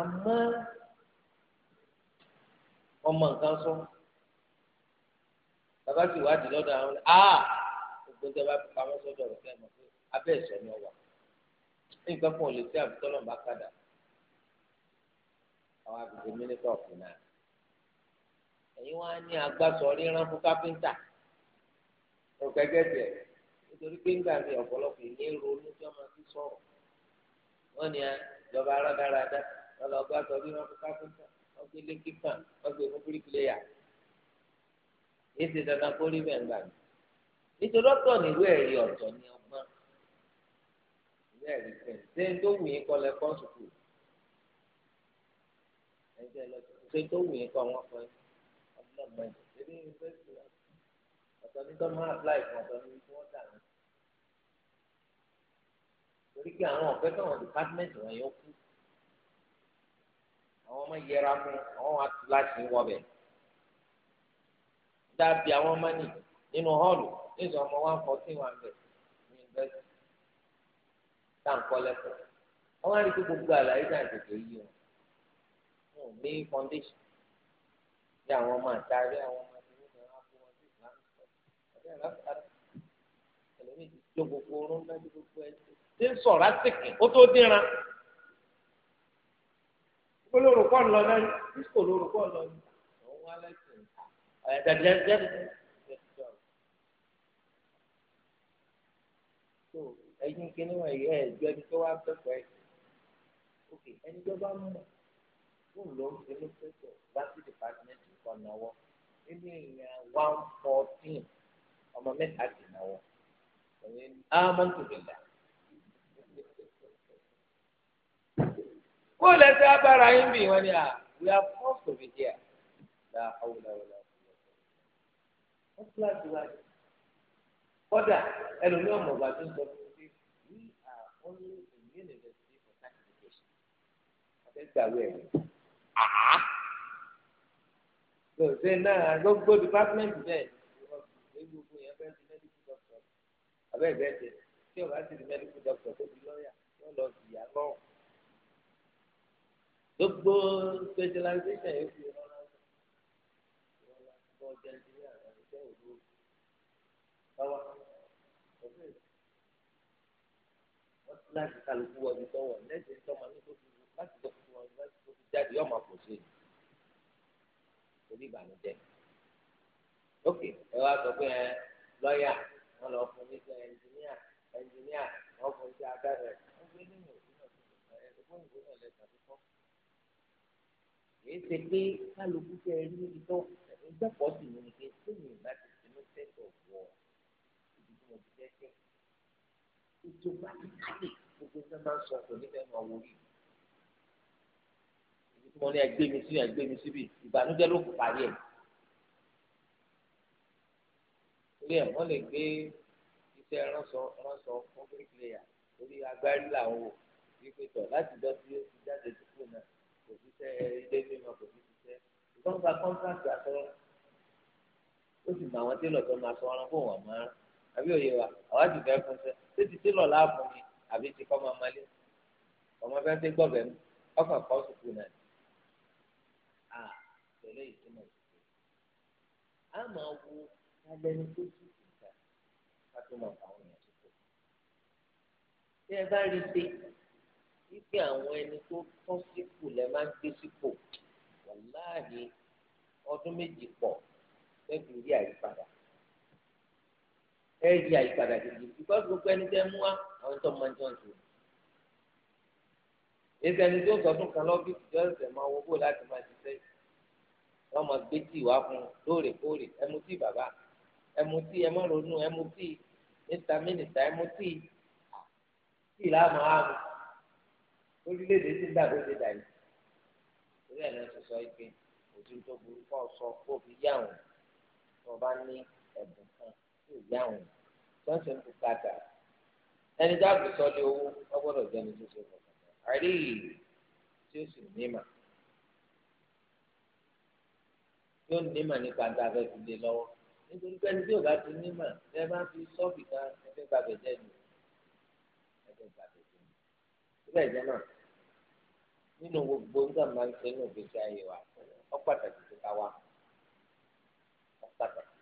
àmọ́ ọmọ nǹkan sọ bàbá sì wádìí lọ́dọ̀ àwọn a gbogbo tẹ bá pamọ́ sọ́dọ̀ rẹ̀ kẹ́hìn pé abẹ́ ẹ̀sọ́ ni ọ wà nǹkan kan ò lè tẹ àbítọ́lọ̀ bá kàdà àwọn àbùkù mínísítà ọ̀fìn náà ẹ̀yin wá ní agbásọ ríran fún kápẹ́ńtà ọ̀gẹ́gẹ́ tiẹ̀ nítorí pé ńgbà mi ọ̀pọ̀lọpọ̀ ìní ronú tí wọ́n máa fi sọ̀rọ̀ wọ́n ní ìjọba arádáradá wọ́n lọ gbá sọ bí wọ́n fi káfíńtà wọ́n gbé lé kíkà wọ́n gbé fún bíríkìlẹ́yà èyí ti dandan kó rí bẹ́ẹ̀ ńgbà mi nítorí ọ̀tọ̀ ní ìwé ẹ̀rí ọ̀tọ̀ ní ọgbọ́n ìwé ẹ̀rí pẹ̀lú ṣé ń tó wù yín kọ́ lẹ kọ́ sùkúl ṣé tó wù yín kọ́ wọn kọ́ ọdún náà mọ̀ ẹ̀jẹ̀ ṣé ní yunifásitì ọ̀tọ̀ ní tọ́ máa apply fún ọ̀tọ̀ ní wọ́n dà ní torí pé àwọn ọ̀fẹ́ káwọn dìpátímẹ́ǹtì wọn yọ kú àwọn ọmọ yẹra fún àwọn àti láti wọbẹ̀ dàbí àwọn ọmọ nì nínú họ́ọ̀lù nínú ọmọ one fourteen one bẹ̀ ní ìbẹ́sì tá à ń kọ́ lẹ́kọ̀ọ́ àwọn àti gbogbo àlàyé náà tètè yí wọn wọn ò ní foundation bí àwọn ọmọ àtàrí àwọn ọmọ àti nínú ẹ̀rọ àpò wọn sí ìlànà ìsọ̀rọ̀ àti ẹ̀rọ àti ẹlòmíì ti jó gbogbo orun dájú gbogbo ẹ̀sìn tí ń sọ̀rọ̀ àtìkì ó tó dínran olórúkọ ńlọ náà disco olórúkọ ńlọ ní ọwọ́ alẹsìn ẹdẹdẹdẹ tó ẹyin kìíní wọn yẹ ẹjọ ẹni tó wá pẹpẹ ok ẹni tó bá mú fún ló ń fi lóṣèlú báṣí dìpátímẹ́ǹtì kan náwó nínú èèyàn one fourteen ọmọ mẹ́ta ti náwó ọmọ mẹ́ta ti náwó. bó lẹsẹ agbára yín bì wọn ni à ah, we are forced to be here la awùlà wọlé wọn fúlà jùlọ àjẹ kódà ẹlòmíràn tó ń sọ fún mi we are only in university for certification àtẹ̀gbàwé ẹ̀rí àá lòdì náà gbogbo department bẹ́ẹ̀ ewu ogun yẹn fẹ́ẹ́ di medical doctor abẹ́ẹ̀ bẹ́ẹ̀ tẹ̀ tí o bá ti di medical doctor tó di lọ́ọ̀yà yóò lọ bìyà lọ́rùn gbogbo specialization yìí fi wọn lọ bọ jẹnjẹrẹ àwọn ìṣe òdo báwa ọ̀gbìn wọn ti láti kálukú wọbi tọwọ lẹsẹ tọmọ ní tóbi láti tó fi wọn láti tó fi jáde yọọ máa sí i torí ok ẹ wá sọ pé ẹ lọ́ọ̀yà wọn lọ fún mi sọ ẹnjìníà ẹnjìníà wọn fún mi sí wọn gbé nínú òfin náà ẹ ẹgbẹ́ òfin náà lẹ́sàn èyí ṣe pé kálukú fẹ́ rí níbi tó ìjọpọ̀ sì ní nìkan tó ní ìgbà tó ti ní sẹ́tọ̀ wọ̀ ibi tí mo ti tẹ́tẹ́ ètò pàtàkì gbogbo ìgbà máa ń sọ pé níbẹ̀ máa wò rí ibi tí mo ní ẹgbẹ́ mi sí ẹgbẹ́ mi síbi ìbànújẹ́ ló parí ẹ̀ ilé ẹ̀ wọ́n lè gbé iṣẹ́ ránṣọ ránṣọ fún bíríkìlẹ̀yà lórí agbárí làwọn wò wípé tọ̀ láti dọ́ sí ó ti jáde tó kù náà kò ṣiṣẹ́ ilé bímọ kò ní ṣiṣẹ́ ìgbọ́n gba kọ́ńtàkì àtọ́rọ́ ó sì mọ àwọn télọ̀ tó máa sọ ọ́n fún wọn máa àbí òye wa àwa ti fẹ́ fún sẹ́ ṣé ti télọ̀ láàbù ni àbí ti kọ́ máa malé ọmọ fẹ́ fẹ́ gbọ́ bẹ́ẹ̀ ọkàn kọ́ sùkúù náà à tẹ̀lé ìtumọ̀ sùkúù á máa wo alẹ́ni tó sùn kìkà ká tó máa fà wọ́n yẹn sùkúù. bí ẹ bá rí i pé wípé àwọn ẹni tó tọ́ sípò lẹ máa ń gbé sípò wàláàhí ọdún méjì pọ̀ lẹ́bi rí àyípadà ẹ rí àyípadà gidi bíkọ́ gbogbo ẹni tẹ́ mú wa àwọn tó máa ń jọ sí i èsì ẹni tó sọdún kan lọ́ọ́ bí ìjọ ẹsẹ̀ máa wọ́pọ̀ láti máa ṣiṣẹ́ wọ́n máa gbé tí ìwà fún un lóòrèkóòrè ẹmu tí bàbá ẹmu tí ẹmọ ronú ẹmu tí níta mínísítà ẹmu tí ah, tí làá máa orílẹ̀-èdè ti dà bó ti dà yìí torí ẹ̀ náà ti sọ ike òtún tó burú kọ́ sọ kó fi yá àwọn tó bá ní ẹ̀bùn kan tó yá àwọn tó ń ṣe ń bùkátà ẹni tó àbùsọ lé owó wọ́n gbọ́dọ̀ jẹ́ ẹni tó ṣe bọ̀dọ̀ àríyí tí ó sì nímà yóò nímà nípa tá a fẹ́ fi lé lọ́wọ́ nítorí pé ẹni tí ò bá ti nímà ẹ bá fi sọ́ọ̀bì kan ẹ gbàgbẹ́ jẹ́ ni ẹ gbàgbẹ́ jẹ́ ni síbẹ̀ jẹ́ náà nínú gbogbo nígbà máa ń ṣe nínú ìgbésí ayé wa ó pàtàkì tó ká wá ó pàtàkì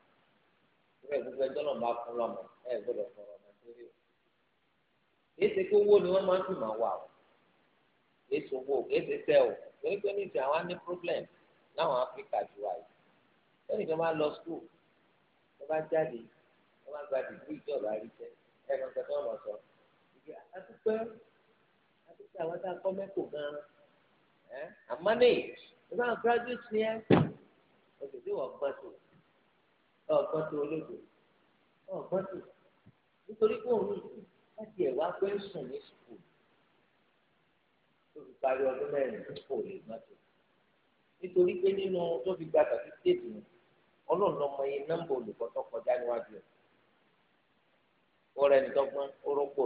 ìgbà gbogbo ẹjọ́ náà máa fún lọ́mọ ẹ gbọ́dọ̀ fọ̀rọ̀ ọmọ tó rí o kìí ṣe pé owó ni wọ́n máa ń fi máa wà o kìí ṣe owó kìí ṣe tẹ o torí pé ní àwọn á ní problem láwọn áfíríkà ju wa yìí lẹ́yìn tó máa lọ school tó bá jáde tó bá gba dìgbì ìjọba rí jẹ ẹ̀ máa gbẹdọ̀ mọ̀ sọ ìgbà àdúpẹ́ àdúpẹ́ àwọn tá a kọ́ mẹ́kò gan-an. I eh? manage. Ìgbà graduate ni ẹ. Oṣù tí wọ́n gbọ́ tó olóògbé. tó. Nítorí pé òun láti ẹ̀ wá pé ń sùn ní sùkúl. Tó fi parí ọdún mẹ́rin kò lè tó. Nítorí pé nínú tó fi téèpù ọlọ́run ọmọ yẹn nọ́mbà olùkọ́ tó kọjá níwájú ẹ̀. Ó ó rọ́pò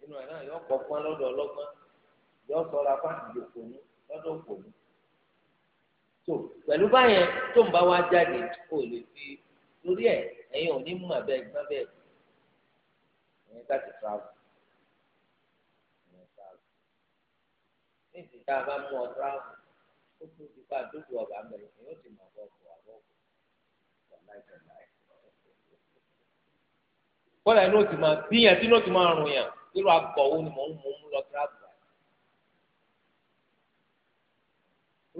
Nínú ẹ̀ náà yọ ọ̀pọ̀ gbọ́n lọ́dọ̀ ọlọ́gbọ́n. yọ sọra fáàdì òfòní lọ́dọ̀ òfòní. tó pẹ̀lú báyẹn tó ń bá wá jáde kò lè fi lórí ẹ̀ ẹ̀yin ò ní mú abẹ́ gbọ́n bẹ́ẹ̀ ẹ̀yin ká ti fa àwọn ẹ̀yin ká lọ. ní ìdíjà bá mú ọ tíráàmù ó tún ti fa àdúgbò ọ̀gá mẹ́rin ẹ̀yin ó ti mọ̀ ọ́ bọ̀ àbọ̀ ọ̀gá ìjọba ẹ̀. kọ́lá inú ti máa bíyàn tí inú ti máa rùn yàn irú agbọ̀wó ni mò ń mú lọ tíráàmù.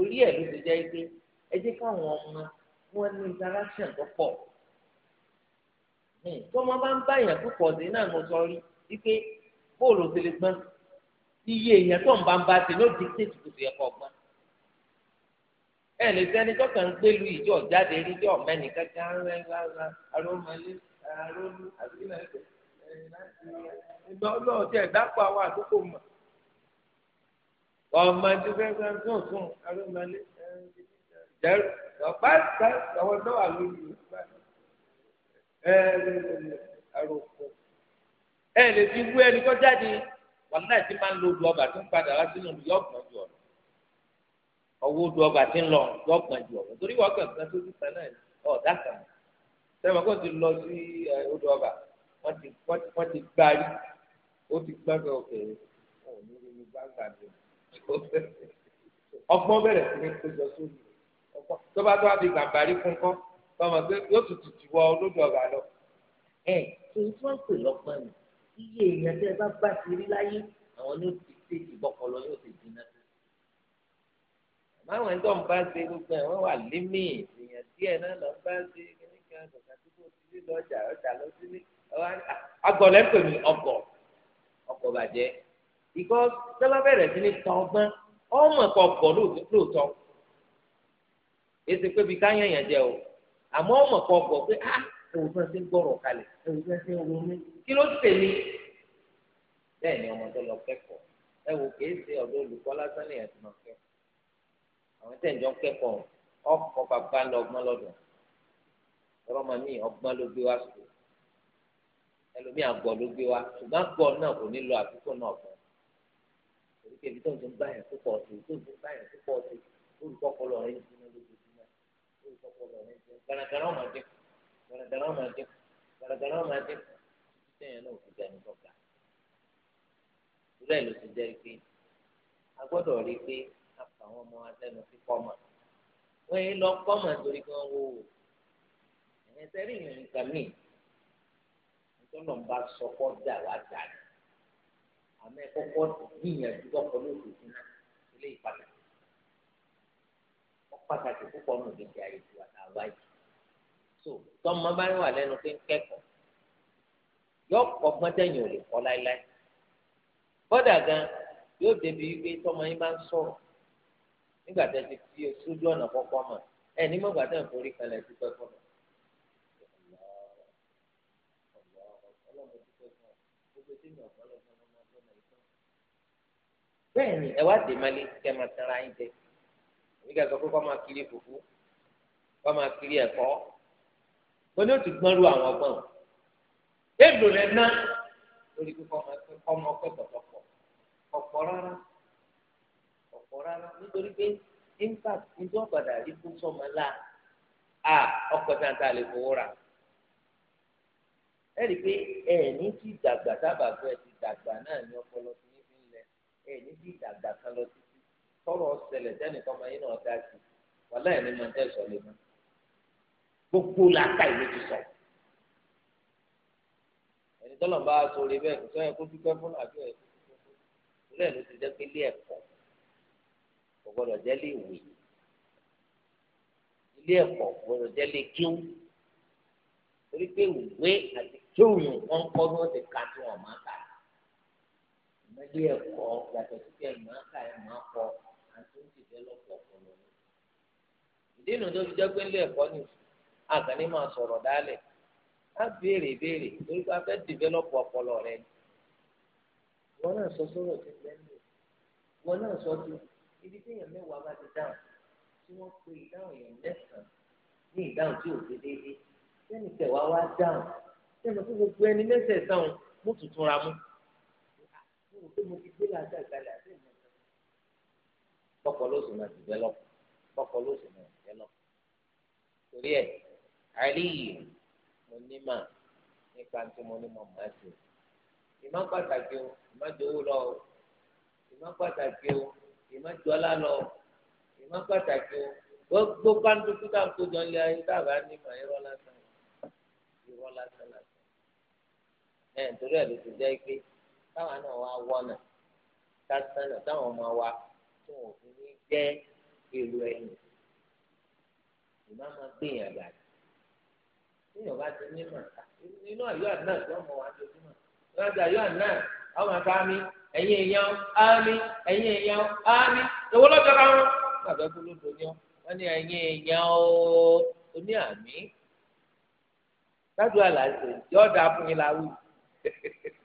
orí ẹ̀ ló ti jẹ́ pé ẹ jẹ́ káwọn ọmọ wọn ní interaction tó pọ̀ tọ́mọ bá ń báyàn púpọ̀ sí náà mo sọ rí wípé bóòlù ti lè gbọ́n iye èèyàn tó ń bá ń bá ti ló dictate kò sí ẹ̀kọ́ gbọ́n ẹ lè sẹ́ni tó kàn ń gbélu ìjọ jáde rí ìjọ mẹ́ni kankan rẹ́ńgbára arómalé arólú àbí náà ẹ̀ láti ẹ̀ lọ́ọ́ àwọn àdúgbò mọ̀ ọmọ tí fẹ́ fẹ́ fún fún arúgbálẹ̀ jẹ́rù ọ̀pá ìta àwọn tó wà lórí ìgbà àròkọ. ẹ lè fi wú ẹni kọ́ jáde wọn náà ti máa ń lo ọba tó ń padà wá sínú ìlú ọ̀gbọ̀n jù ọ̀rọ̀ ọwọ́ odò ọba ti ń lọ ìlú ọ̀gbọ̀n jù ọ̀rọ̀ torí wọ́n kàn kan tó ti sàn náà ọ̀dà kan sẹ́wọ̀n kò ti lọ sí odò ọba wọ́n ti gbárí ó ti gbàgbọ́ òkèèrè wọn ní rí gbàgbà mi ọgbọ́n bẹ̀rẹ̀ sí ní kó jọ sórí ọgbọ́n tó bá tó wá di gbàgbárí fún kọ́ tọmọ pé yóò tutù ti wọ olódò ọba lọ. ẹ èyí tí wọn pè lọ́gbọ́n ni iye èèyàn tẹ bá bá ti rí láyé àwọn ní ti tètè bọkọlọ yóò ti dínà. àmọ́ àwọn ẹni tó ń bá ṣe gbogbo ẹ̀ wọ́n wà límì èèyàn díẹ̀ náà lọ bá ṣe kíní kan kàkà tí kò sí lílọ ọjà ọjà lọ sílé. agọ̀lẹ́ pè mí ọgọ̀ bàjẹ́ because tọ́lá bẹ̀rẹ̀ sí ní tọ́ ọgbọ́n ọmọ ẹ̀kọ́ ọ̀pọ̀ lóòótọ́ èsì pé bí ká yẹ̀yàn jẹ o àmọ́ ọmọ ẹ̀kọ́ ọ̀pọ̀ pé ah ẹ̀wù fún ẹsẹ̀ ń gbọ́rọ̀ kalẹ̀ ẹ̀wù fún ẹsẹ̀ ń ronú kí ló tẹ̀ mí bẹ́ẹ̀ ni ọmọ tó lọ kẹ́kọ̀ọ́ ẹ̀wù kìí ṣe ọ̀dọ́ olùkọ́ lásán ni ẹ̀sìn máa kẹ́ àwọn tẹ̀ ń jọ kẹ́kọ̀ọ́ ọkọ̀ bàbá lọ ọgbọ́n lọ́dọ̀ ọlọ́mọ mi ọgbọ́n ló gbé wá sùn ẹlòmíì àgbọ̀ ló gbé wá ṣùgbọ́n àgbọ̀ náà kò ní lọ àfikún náà fún kébi tó ń tún báyìí púpọ̀ sí tó ń tún báyìí púpọ̀ sí olùkọ́ kọlọ rẹ̀ ń sinmi lójoojúmọ́ olùkọ́ kọlọ rẹ̀ ń sinmi gbàràgàrà ọmọ adé gbàràgàrà ọmọ adé gbàràgàrà ọmọ adé títí sẹ́yìn náà fi dání tọ́ka ìrẹ́ ló ti jẹ́ pé a gbọ́dọ̀ rí i pé a fà àwọn ọmọ adẹ́nu sí kọ́mà wọ́n yìí lọ kọ́mà torí kí wọ́n wò ó ìrìn kàmí àmọ́ ẹ kọ́kọ́ gbìyànjú lọ́kọ́ lóṣù fún náà ilé ìpàtàkì pàtàkì púpọ̀ nù níbi ayé tiwa tá a wáyé so tọ́mọ bá ń wà lẹ́nu pé ń kẹ́kọ̀ọ́ yọ ọgbọ́n tẹ̀yìn ò lè kọ́ láéláé bọ́dà gan yóò débi wípé tọ́mọ yín bá ń sọ̀rọ̀ nígbà tẹ́ ti fi sójú ọ̀nà kọ́kọ́ mọ̀ ẹ ní mọ̀gbà tẹ̀ ń forí kalẹ̀ ti pẹ́ fọ́nà. ọlọ́run ti pẹ́ fún ọ gbogbo tí mi ò fọ́ lọ́wọ́ bẹ́ẹ̀ ni ẹ wá dé malé kẹ́ máa tẹ̀ra yín jẹ èmi kẹ́ sọ pé kọ́ máa kiri fùfú kọ́ máa kiri ẹ̀kọ́ mo ní òtún gbọ́n ru àwọn ọgbọ́n èèlò rẹ̀ ná lórí pé kọ́ máa kọ́ tọ̀tọ̀pọ̀ ọ̀pọ̀ rárá ọ̀pọ̀ rárá nítorí pé impact njẹ́ ọ̀gbàdà rí fún sọ́mọ láà à ọkọ̀ tàǹtà lè fowó rà ẹ̀rí pé ẹ̀ẹ́ni ti dàgbà tábàgbọ́ ẹ̀ ti dàgbà náà ní ọpọlọ tó ẹ níbi ìdàgbà kan lọ títí tọrọ ọsẹlẹ jẹnìkan máa yín náà dá sí wàhálà ẹni máa dẹ sọ lè mọ gbogbo làákà ìlú ti sọ ẹni tọ́lọ̀ bá aṣọ orí bẹ́ẹ̀ kò sọ yẹ kó dúpẹ́ fún àjọ ẹ̀ ìlú ẹ̀ ló ti jẹ́ pé ilé ẹ̀kọ́ kò gbọ́dọ̀ jẹ́ lé ìwé ilé ẹ̀kọ́ kò gbọ́dọ̀ jẹ́ lé kíú torí pé ìwé àti kíú yìí wọ́n kọ́ bí wọ́n ti ka tí wọ́n máa kà ilé ẹ̀kọ́ yàtọ̀ sí pé ẹ̀yìn máa ka ẹ̀ máa kọ àti ń dìbẹ́lọ́pù ọ̀pọ̀lọ́ ní. ìdí inú tó fi jẹ́ pé ilé ẹ̀kọ́ ni àgàní máa sọ̀rọ̀ dálẹ̀ á béèrè béèrè torí pé a fẹ́ dìbẹ́lọ́pù ọ̀pọ̀lọ́ rẹ ni. wọn náà sọ sọ̀rọ̀ ti lẹ́nu wọn náà sọ ti ibi tí èèyàn mẹ́wàá bá ti dáhùn tí wọ́n pe ìdáhùn èèyàn mẹ́sàn-án ní ìdáhùn tí ò déédéé sẹ́ni tẹ̀wá wá dáhùn sẹ́ni fún gbogbo ẹni mẹ́sẹ̀ẹ̀sán mú tuntun ra mú wò pé mo ti gbé làájá ìgbàlẹ̀ àti ìmọ̀ ìgbà. bọ́kọ ló sì máa develop bọ́kọ ló sì máa develop. torí ẹ̀ àìlè yìí mo ní mà nípa tí mo ní mọ̀ máa ṣe. ìmọ̀ pàtàkì o ìmọ̀ jowó lọ o ìmọ̀ pàtàkì o ìmọ̀ jọlá lọ o ìmọ̀ pàtàkì o gbogbo pàǹdùkú tá a kó jọ lé ayé tá a bá ní mà irọ́ lásán irọ́ lásán lásán. ẹ̀ ẹ̀ ló ti jẹ́ pé táwọn náà wá wọnà tásánà táwọn ọmọ wa tó wọn fi ní jẹ èrò ẹ̀yìn ìmáàmá gbìyàn dàdí níyàn bá ti ní màkà inú àyọ àná tí wọn mọ wá lójúmọ́ wọn ti àyọ àná àwọn àká mi ẹ̀yin èèyàn á mi ẹ̀yin èèyàn á mi ìwọ lọ́jọ́ bá wọn gbàgbé gbólódò ni wọn ní ẹ̀yin èèyàn ó oní àmì dájú àlàyé yọ̀ọ́ dáa fún yín láwùjọ.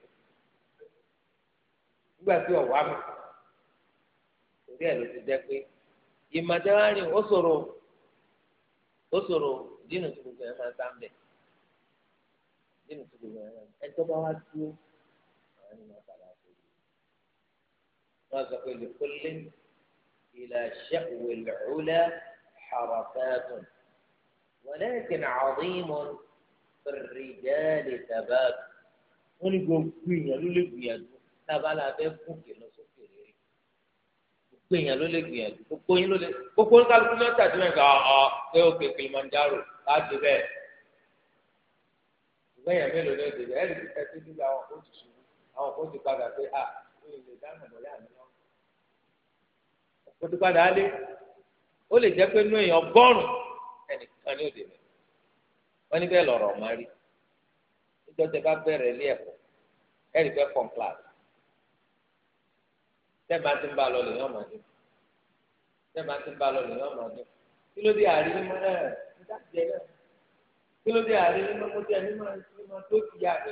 nígbà tí ọ̀wá mọ̀ torí ẹ̀ ló ti jẹ́ pé ìmọ̀jáwárì ti de ṣòro ó ṣòro dínú tó gbogbo ẹ̀ máa ń sáńbẹ̀ dínú tó gbogbo ẹ̀ máa ń sáńbẹ̀ ẹjọ́ bá wá dúró àwọn ènìyàn padà sórí wọn sọ pé lèkólé ìlà ṣẹ́wé lẹ́rúlẹ́ xarafẹ́tùn wọlékin àdìmọ̀ rìjẹ́lì tàbá wọn ni gbogbo ìyàn ló lè gbìyànjú. tábàlà abẹ́ gòkè lọ sókè rere gbogbo èèyàn ló lè gbìyànjú gbogbo yín ló lè gbogbo ń kálukú náà tàbí mẹ́ta ọ̀ pé òkè Kilimanjaro láti bẹ́ẹ̀ lẹ́yìn mélòó ló dé ẹ̀rí ti tẹ́tí bí àwọn kò ti ṣubú àwọn kò ti padà pé à ó lè dáná bọ̀lẹ́ àná lọ. kò ti padà lé ó lè jẹ́ pé inú èèyàn ọgọ́rùn-ún ẹnìkan ní òde rẹ̀ wọ́n ní bẹ́ẹ̀ lọ̀rọ̀ ọ̀ma rí níjọ́ tẹ bá bẹ̀rẹ̀ ilé ẹ̀kọ́ ẹ̀rí fẹ́ fọ́n class tẹ́ẹ̀bá ti ń bá lọ lèyàn mọ̀ ní tẹ́ẹ̀bá ti ń bá lọ lèyàn mọ̀ ní kí ló dé àrí mímọ́ náà nígbà tí ẹ náà kí ló dé àrí mímọ́ mo jẹ́ mímọ́ mímọ́ tó ti yá mi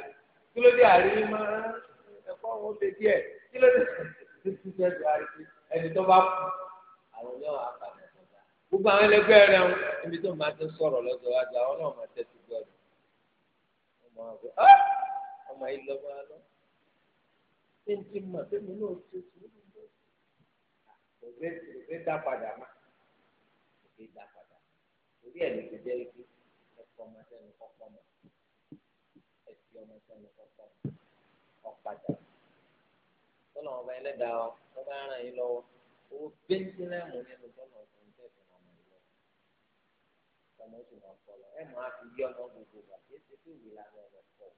kí ló dé àrí mímọ́ ẹ̀kọ́ àwọn oṣù díẹ̀ kí ló dé títí tẹ́ẹ̀bá àrí sí ẹni tó bá kù àwọn yóò wá kà mọ́ ọ̀gá gbogbo àwọn ẹlẹgbẹ́ rẹ ń ibi tó máa ti sọ̀rọ̀ lọ́jọ́ wájú àwọn náà máa tẹ́tí kò sí dá padà má kò sí dá padà torí ẹ̀ ló ti jẹ́ ike ẹ̀kọ́ ọmọ sẹ́nu kọ́kọ́ mọ́ ẹ̀sìn ọmọ sẹ́nu kọ́kọ́ mọ́ ọ̀padà tọ́lọ̀ ọba ẹlẹ́dàá ọ wọ́n bá ràn yín lọ́wọ́ owó bẹ́ńtílẹ́mù nínú tọ́lọ̀ ọ̀sán tẹ̀sán ọmọ yìí lọ ọmọ oṣù náà kọ́ lọ ẹ̀ máa yí ọmọ gbogbo gbà kí ẹsẹ̀ tó wù lánà ọ̀rọ̀ pọ̀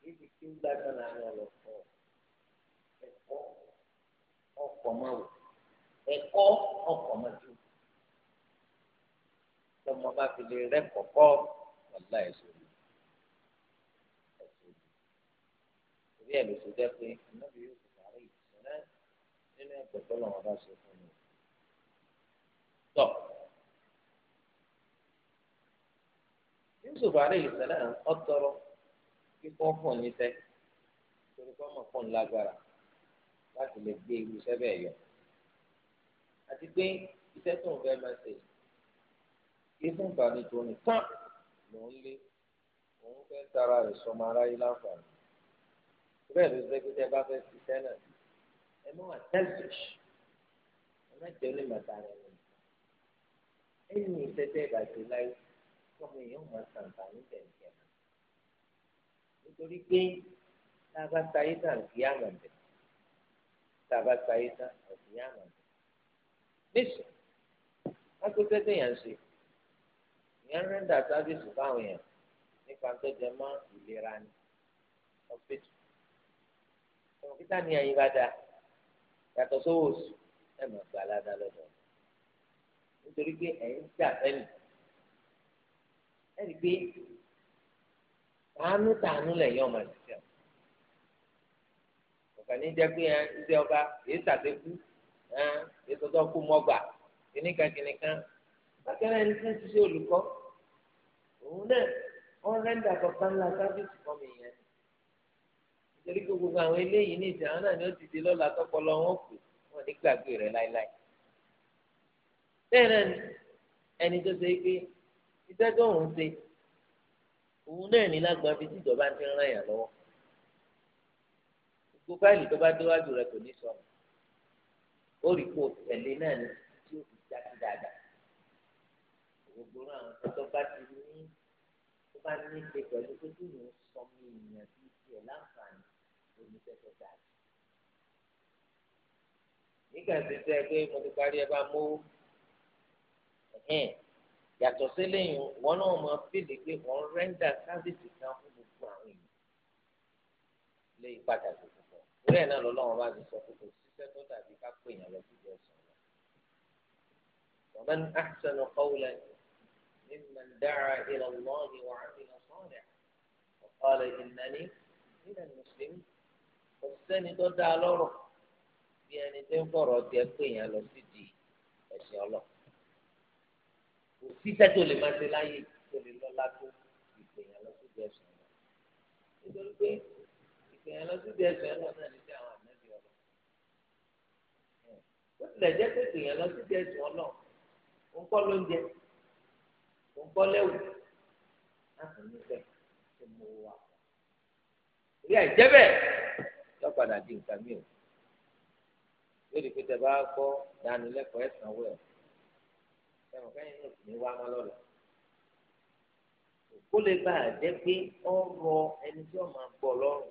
kí ẹsẹ̀ tó gbàgbọ́ lánà ọ̀rọ̀ pọ̀ ẹ̀kọ́ ọkọ̀ máa wò ẹ̀kọ́ ọkọ̀ máa jù tọmọ bá fi lè rẹ kọ̀kọ́ ọ̀la ẹ̀sọ́ yìí ẹ̀sọ́ yìí torí ẹ̀ ló ti jẹ́ pé ànábì yóò fi sàárè ìṣẹ̀lẹ̀ nínú ẹ̀kọ́ tó lọ́wọ́ bá ṣe fún mi. tọ́ Yusuf alayhi salam ọtọrọ kíkọ́ fún ní tẹ́ torí kọ́ mọ̀ fún lágbára láti lè gbé irú iṣẹ́ bẹ́ẹ̀ yọ àti pé iṣẹ́ tó ń fẹ́ máa ṣe kí fún ìbànújò nìkan ló ń lé òun fẹ́ tara rẹ̀ sọmọ aráyé láǹfààní bẹ́ẹ̀ ló ṣe pé tẹ́ bá fẹ́ ṣiṣẹ́ náà ẹ mú àtẹ́sìṣ ẹ má jẹ́ onímọ̀ta rẹ̀ nù ẹ̀yìn ìṣẹ́jẹ́ ìbàjẹ́ láyé kọ́mọ èèyàn máa ṣàǹfà ní tẹ̀síẹ̀ nítorí pé tá a bá ta ayé tàǹkì àmọ̀tẹ̀ tá a bá ta ayé tán ẹ̀sìn yá àmà jù níṣẹ́ wọ́n tó tẹ́tẹ́ yẹn ṣe ìyẹn rẹ́ńdà sáfíìsì fáwọn èèyàn nípa tó jẹ mọ́ ìlera ni ọ̀fíìsì kọ̀ǹpútà ni àyè bá dáa yàtọ̀ sówó oṣù ẹ̀ mọ̀ gbà ládàá lọ́dọ̀ nítorí pé ẹ̀ ń jà fẹ́mi ẹ̀ rí pé tàánú tàánú lẹ̀ yọ̀ ọmọ ìṣẹ́ kàní jẹ́ pé ẹ ṣe ọba èyí ṣàtẹ́kù ẹ ètò tó kú mọ́gbà kìnnìkan kìnnìkan bákan náà ẹni tí ń ṣiṣẹ́ olùkọ́ òun náà wọ́n rẹ́ńdà kọ̀ọ̀kan ńlá sáfíìsì kan mi yẹn torí pé gbogbo àwọn eléyìí ní ìsìn àwọn náà ni ó ti di lọ́la tọpọlọ wọn kù wọn ní gbàgbé rẹ láéláé bẹ́ẹ̀ náà ni ẹni tó ṣe pé iṣẹ́ tó ń ṣe òun náà ní lágbọ́n fi tíjọba ti ń ràn yàn lọ́wọ́ kó fáìlì tó bá déwájú rẹ kò ní sọnù ó rí kó tẹ̀lé náà ní tí ó fi já sí dáadáa gbogbo àwọn tó bá ti ní tó bá ní ṣe pẹ̀lú pé kí ni ó sọ mí ìyẹn bí tiẹ̀ láǹfààní oníṣẹ́fẹ́ dáadáa nígbà tí tẹ́ pé mo ti parí ẹ bá mú ẹ̀hìn yàtọ̀ sí lẹ́yìn wọn náà máa fìlè pé wọ́n rẹ́ńdà sáfìsì kan fún gbogbo àwọn èèyàn lè pàtàkì torí ẹ̀ náà lọ́lọ́wọ́ bá ti sọ pé kò síṣẹ́ tó dàbí ká pè yàn lọ sí ìjọ sùn lọ. ومن أحسن قولا ممن دعا إلى الله وعمل صالحا وقال إنني من المسلمين ọ̀sẹ́ni tó dáa lọ́rọ̀ bí ẹni tó ń fọ̀rọ̀ tiẹ̀ pé èèyàn lọ sí ẹ̀sìn ọlọ kò síṣẹ́ tó lè máa ṣe láyé tó lè lọ́lá tó ìpè èèyàn lọ sí ẹ̀sìn ọlọ nítorí pé ìyẹn lọ sí ìdí ẹsẹ̀ náà náà ní ti àwọn ànábì ọlọ ó tilẹ̀ jẹ́ pé ìyẹn lọ sí ìdí ẹsẹ̀ ọlọ ń kọ́ lóúnjẹ ń kọ́ lẹ́wù láti níbẹ̀ tó mú wa orí àìjẹ́ bẹ́ẹ̀ yọ di nǹkan mi o yóò di pé tẹ bá gbọ́ dánilẹ́kọ̀ọ́ ẹ̀sán wẹ̀ ẹ̀wọ̀n kẹ́yìn náà sì ní wá má lọ́la kó lè bá a jẹ́ pé ọ̀rọ̀ ẹni tí wọ́n máa gbọ́ lọ́rùn.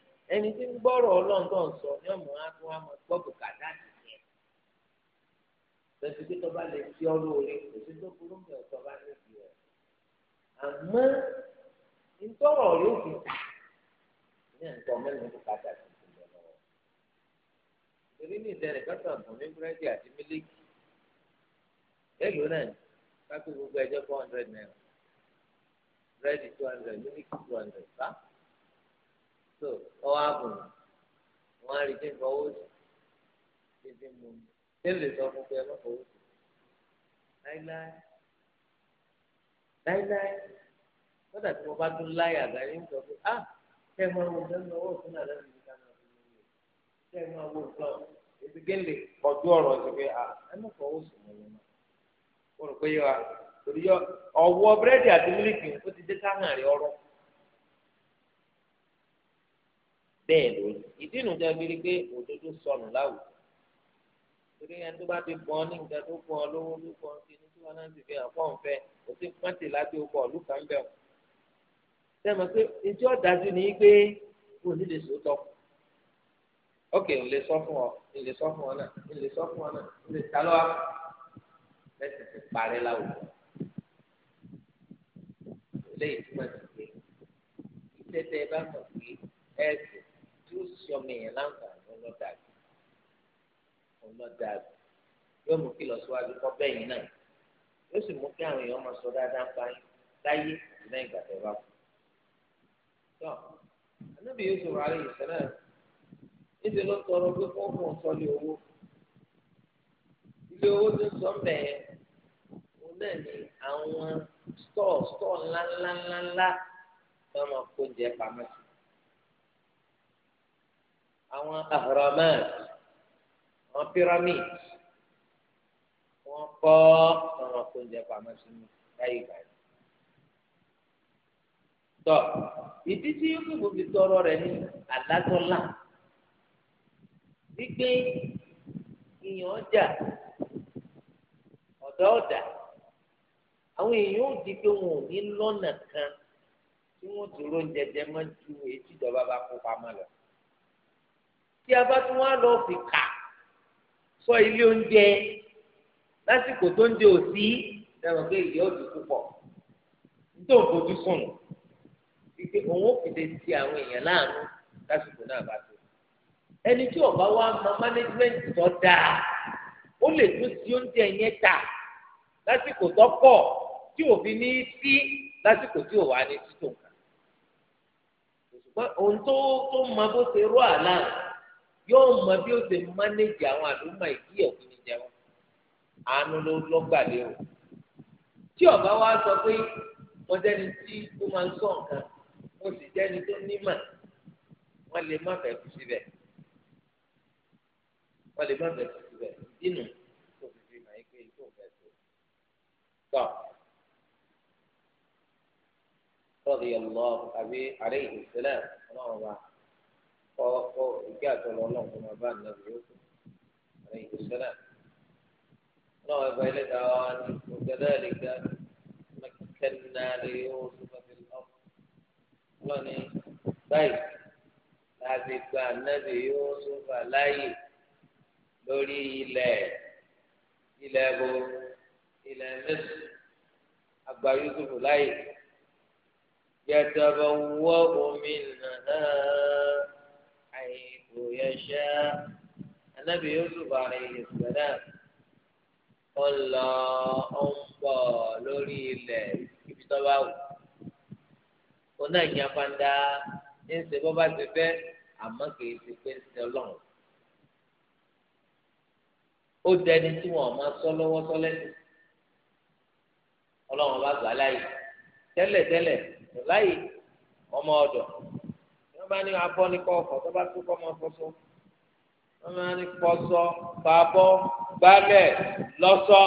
ẹni tí ń gbọ́rọ̀ ọlọ́run tó ń sọ ní ọmọ akó wa gbọ́ bùkà dáàbì yẹn lọ́sí pé ọrụ lè fi ọ́ lóore kò sí tó burú mi ọ̀ tọ́ba lè fi àmọ́ yóò fi ní ẹ̀ńtọ́ mẹ́rin bùkà lọ́wọ́ torí ní ìdẹ́rẹ̀ bùn ní búrẹ́dì àti mílíkì náà kápẹ́ gbogbo ẹjọ́ four hundred naira búrẹ́dì two hundred mílíkì So, ọ àbùn wọn á rí kí n fọwọ́ sí mú mi sọ fún pé ẹ má fọwọ́ sí láíláí láíláí lọ́dà tí mo bá dún láyà àgbáyé ń sọ pé ah, kẹ́ ẹ máa wo ọwọ́ mi kẹ́ ẹ máa wo ọ̀rọ̀ sí pé ah, ẹ má fọwọ́ sí mi lọ́nà mo rò pé yọ ọwọ́ búrẹ́dì àti mílíkì ó ti dé bẹ́ẹ̀ lórí ìdí nu jẹ́ bí pé òdodo sọnù láwùjọ torí ẹni tó bá ti bọ́ ní nǹkan tó bọ́ lówó ló bọ́ sí ní tí wọ́n náà ti fi hàn fọ́ọ̀n fẹ́ kò sí pọ́ǹtì láti ó bọ̀ ń bẹ̀ ọ́. sẹ́mi pé etí ọ̀dájú ni pé kò ní lè sòótọ́ ok n lè sọ fún ọ n lè sọ fún ọ náà n lè sọ fún ọ náà n lè ta lọ́wọ́ lẹ́sìn ti parí láwùjọ. ilé ìtumọ̀ ti pé ìtẹ́tẹ́ bá mọ̀ pé ẹ̀sìn tí ó sì ọmọ èèyàn láǹfààní ọlọ́dàbí ọlọ́dàbí yóò mú kí lọ́síwájú kọ́ bẹ́yìn náà yóò sì mú kí àwọn èèyàn máa sọ dáadáa pa láyé àti lẹ́yìn ìgbà tó bá kú. tó anábì yóò sọ̀rọ̀ àrẹ ìṣẹ̀lẹ̀ níbi ló tọrọ pé kó fún un sọ́lé owó ilé owó tó sọ mẹ́ẹ̀ òun náà ni àwọn stọọ stọọ ńláńláńláńlá tó máa kó oúnjẹ pamọ́ sí àwọn ahramat, àwọn pyramid wọ́n kọ́ àwọn oúnjẹ pamọ́ sínú láyé ìgbà yìí. tọ́ ìdí tí yókùbù fi tọrọ rẹ̀ ní àdájọ́lá gbígbé ìyàn ọjà ọ̀dọ́ ọ̀dà àwọn èèyàn ò di pé wọn ò ní lọ́nà kan tí wọ́n dúró ń jẹjẹ mọ́ ju èyí tí ìjọba bá kó pamọ́ lọ. tí a bá tún wá lọ fi kà sọ ilé oúnjẹ lásìkò tó ń jẹ òsì dáhùn pé ìyá òdì púpọ̀ nítorí òun fojú sùn wípé òun ò fìdè ti àwọn èèyàn láàánú lásìkò náà bá tó ẹni tí ọba wa ma mánéjìmẹ́ǹtì tó dáa ó lè tún sí oúnjẹ yẹn tà lásìkò tó pọ̀ tí òfin ní sí lásìkò tí ò ní títò nǹkan òṣùpá ohun tó tó máa bó ṣe yóò mọ bí ó ṣe mánéjì àwọn àdúmọ̀ ìdí òfin wọn àánú ló lọ́gbàdé o tí ọba wa sọ pé wọ́n jẹ́ni tí ó máa ń sọ nǹkan ó sì jẹ́ni tó nímọ̀ wọ́n lè má bẹ̀rù síbẹ̀ wọ́n lè má bẹ̀rù síbẹ̀ ìdínú tó fi fi kọ́kọ́ ìgbé àtọ́lọ́ ọlọ́run kó máa bá ànábì yòókù àlẹ́ ìgbésẹ́lá náà ẹ̀bà ẹlẹ́dàá wa ni ògẹ́dá ẹ̀lẹ́gà mẹ́kẹ́nà lè yóò sọ́kọ́ fi lọ́ lọ́ni báyìí láti gba ànábì yóò sọ́kọ́ láàyè lórí ilẹ̀ ilẹ̀ bo ilẹ̀ mẹ́sì àgbà yusuf láàyè yẹtọ̀ bọ̀ wọ́ omi nàá. حيث يشاء النبي يوسف عليه السلام ọlọ́ọ̀ ń bọ̀ lórí ilẹ̀ ibi tó bá wù ó náà yan panda ń ṣe bó bá ti fẹ́ àmọ́ kìí ti pé ń ṣe ọlọ́run ó dẹni tí wọn máa sọ lọ́wọ́ sọ lẹ́sìn ọlọ́run bá gbà láàyè tẹ́lẹ̀tẹ́lẹ̀ láàyè ọmọ ọ̀dọ̀ bá ní abọ́ ní kọ́ ọ̀fọ̀ tó bá tó kọ́ ọmọ fọ́sọ́ wọ́n máa ní pọ́sọ́ bàbọ́ gbálẹ̀ lọ́sọ́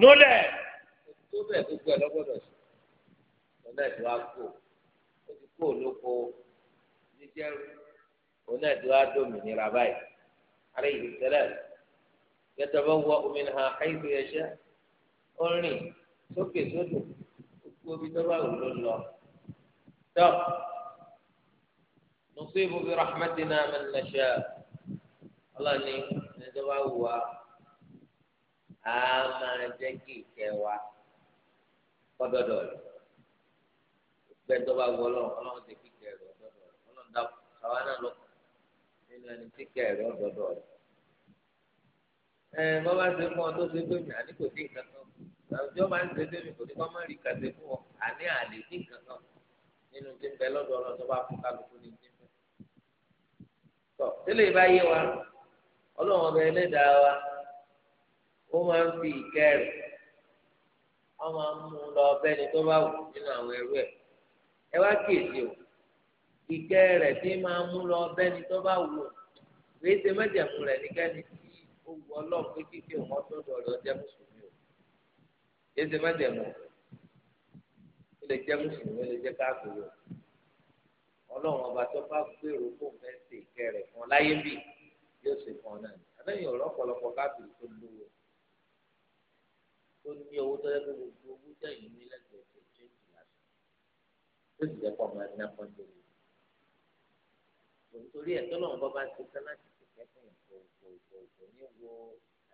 núlẹ̀ tó bẹ̀ gbogbo ẹ̀ lọ́gbọ́dọ̀ sí ọ̀nà ìdúrà kù òtí kù lóko níjẹ́rú ọ̀nà ìdúrà dòmìnira báyìí àrẹ ìlú tẹ́lẹ̀ yẹtọ̀bọ̀ wọ omi nà áyíkú yẹsẹ̀ ó rìn sókè sódò gbogbo omi tó bá wù ló lọ. نصيب bi من man الله ọlọ́ni ẹ̀dọ́wà wùwà á máa jẹ́ kí ìkẹ́ wa kọ́dọ̀dọ̀ rẹ̀ gbẹ́dọ́wà wù ọlọ́run ọlọ́run ti kí ìkẹ́ rẹ̀ ọ̀dọ́dọ̀ rẹ̀ ọlọ́run dá àwa náà lọ nínú ẹni tí ìkẹ́ rẹ̀ ọ̀dọ́dọ̀ rẹ̀. ẹ bọ́bá ṣe fún ọ tó ṣe pé mi àní kò sí nǹkan kan àwùjọ máa ń ṣe pé mi kò ní kọ́ má rí kàṣe fún ọ àní àlè ní nǹkan kan nínú tí ń bẹ lọ́dọ̀ ọlọ́run bá fún kálukú ní t tọ tẹ́lẹ̀ bá yé wa Ọlọ́run ọbẹ Ẹlẹ́dàá wa ó máa ń fi ìkẹ́ rẹ̀ wọn máa ń mú un lọ tó bá wù nínú àwọn ẹrú ẹ ẹ wá o ìkẹ́ rẹ̀ tí máa ń mú lọ tó bá wù rèé ṣe mẹjẹmú tí ó wù pé kíkẹ o rèé ṣe mẹjẹmú o lè jẹ o lè jẹ káàkiri o. ọlọ́run ọba tó bá gbèrò fún mẹ́sì kẹrẹ̀ fún láyé bì yóò ṣe fún ọ náà àbẹ́yìn ọ̀rọ̀ ọ̀pọ̀lọpọ̀ káàkiri tó lówó tó ní owó tó yẹ kó gbogbo owó jẹ́yìn ní lẹ́gbẹ̀ẹ́ tó ṣe ń tì láti tó sì jẹ́ pọ̀ máa ná pọ́n lórí nítorí ẹ̀ tọ́lọ́run bá bá ti tán láti ṣèkẹ́ fún ìgbòho ìgbòho ní wo